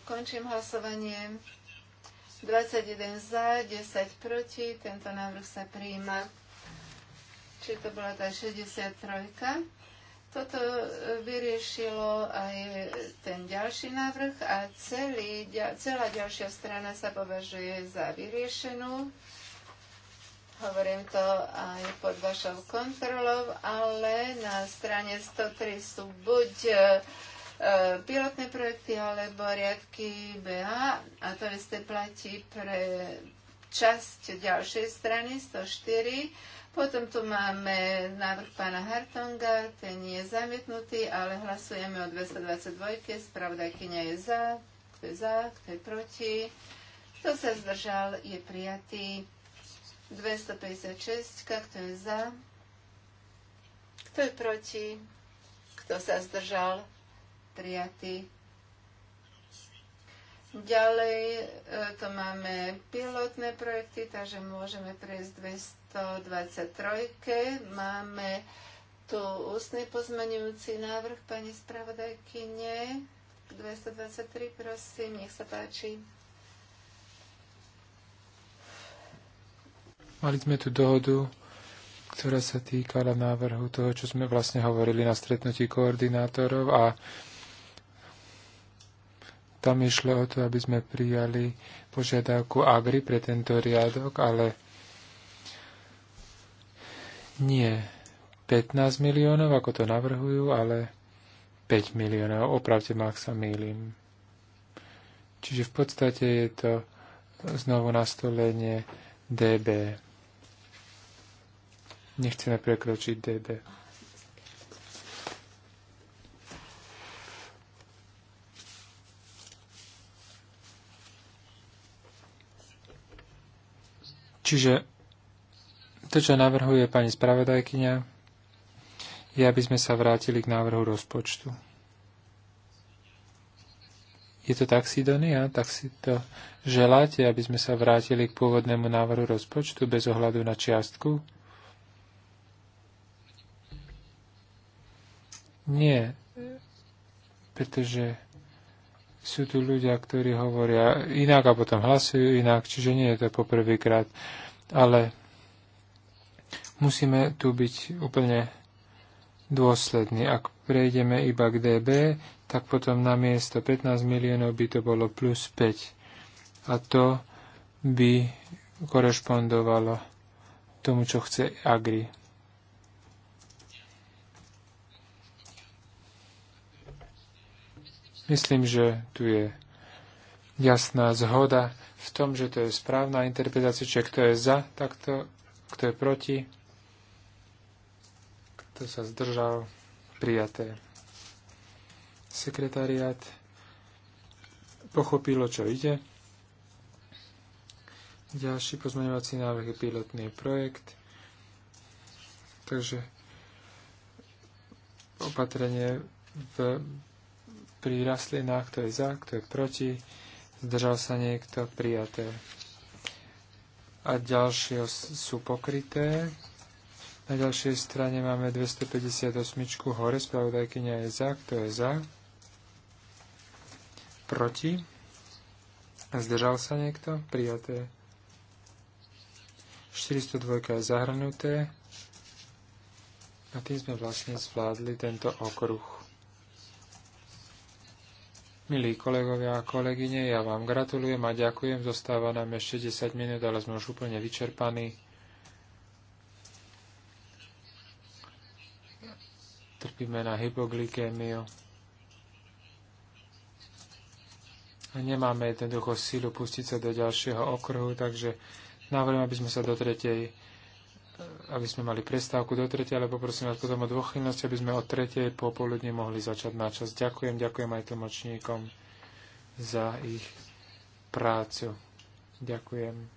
končím hlasovanie. 21 za, 10 proti. Tento návrh sa prijíma. Čiže to bola tá 63? Toto e, vyriešilo aj ten ďalší návrh a celý, celá ďalšia strana sa považuje za vyriešenú. Hovorím to aj pod vašou kontrolou, ale na strane 103 sú buď e, e, pilotné projekty alebo riadky BA a to isté platí pre časť ďalšej strany 104 potom tu máme návrh pána Hartonga, ten je zamietnutý, ale hlasujeme o 222. Spravodajkynia je za, kto je za, kto je proti. Kto sa zdržal, je prijatý. 256. Kto je za? Kto je proti? Kto sa zdržal? Prijatý. Ďalej e, to máme pilotné projekty, takže môžeme prejsť 200 123 máme tu ústny pozmenujúci návrh pani spravodajkyne. 223, prosím, nech sa páči. Mali sme tu dohodu, ktorá sa týkala návrhu toho, čo sme vlastne hovorili na stretnutí koordinátorov a tam išlo o to, aby sme prijali požiadavku Agri pre tento riadok, ale nie 15 miliónov, ako to navrhujú, ale 5 miliónov. Opravte ma, ak sa mýlim. Čiže v podstate je to znovu nastolenie DB. Nechceme prekročiť DB. Čiže to, čo navrhuje pani spravodajkyňa, je, aby sme sa vrátili k návrhu rozpočtu. Je to tak, Sidonia? Tak si to želáte, aby sme sa vrátili k pôvodnému návrhu rozpočtu bez ohľadu na čiastku? Nie, pretože sú tu ľudia, ktorí hovoria inak a potom hlasujú inak, čiže nie je to poprvýkrát. Ale Musíme tu byť úplne dôslední. Ak prejdeme iba k DB, tak potom na miesto 15 miliónov by to bolo plus 5. A to by korešpondovalo tomu, čo chce Agri. Myslím, že tu je jasná zhoda v tom, že to je správna interpretácia, čiže kto je za, tak to, kto je proti, to sa zdržal, prijaté. Sekretariat pochopilo, čo ide. Ďalší pozmeňovací návrh je pilotný projekt. Takže opatrenie v, pri rastlinách, kto je za, kto je proti, zdržal sa niekto, prijaté. A ďalšie sú pokryté, na ďalšej strane máme 258 hore, spravodajkynia je za, kto je za, proti, zdržal sa niekto, prijaté. 402 je zahrnuté a tým sme vlastne zvládli tento okruh. Milí kolegovia a kolegyne, ja vám gratulujem a ďakujem. Zostáva nám ešte 10 minút, ale sme už úplne vyčerpaní. trpíme na hypoglykémiu a nemáme jednoducho sílu pustiť sa do ďalšieho okruhu, takže návrhujem, aby sme sa do tretej eh, aby sme mali prestávku do tretej, ale poprosím vás potom o dôchylnosť, aby sme o tretej popoludne mohli začať na čas. Ďakujem, ďakujem aj tlmočníkom za ich prácu. Ďakujem.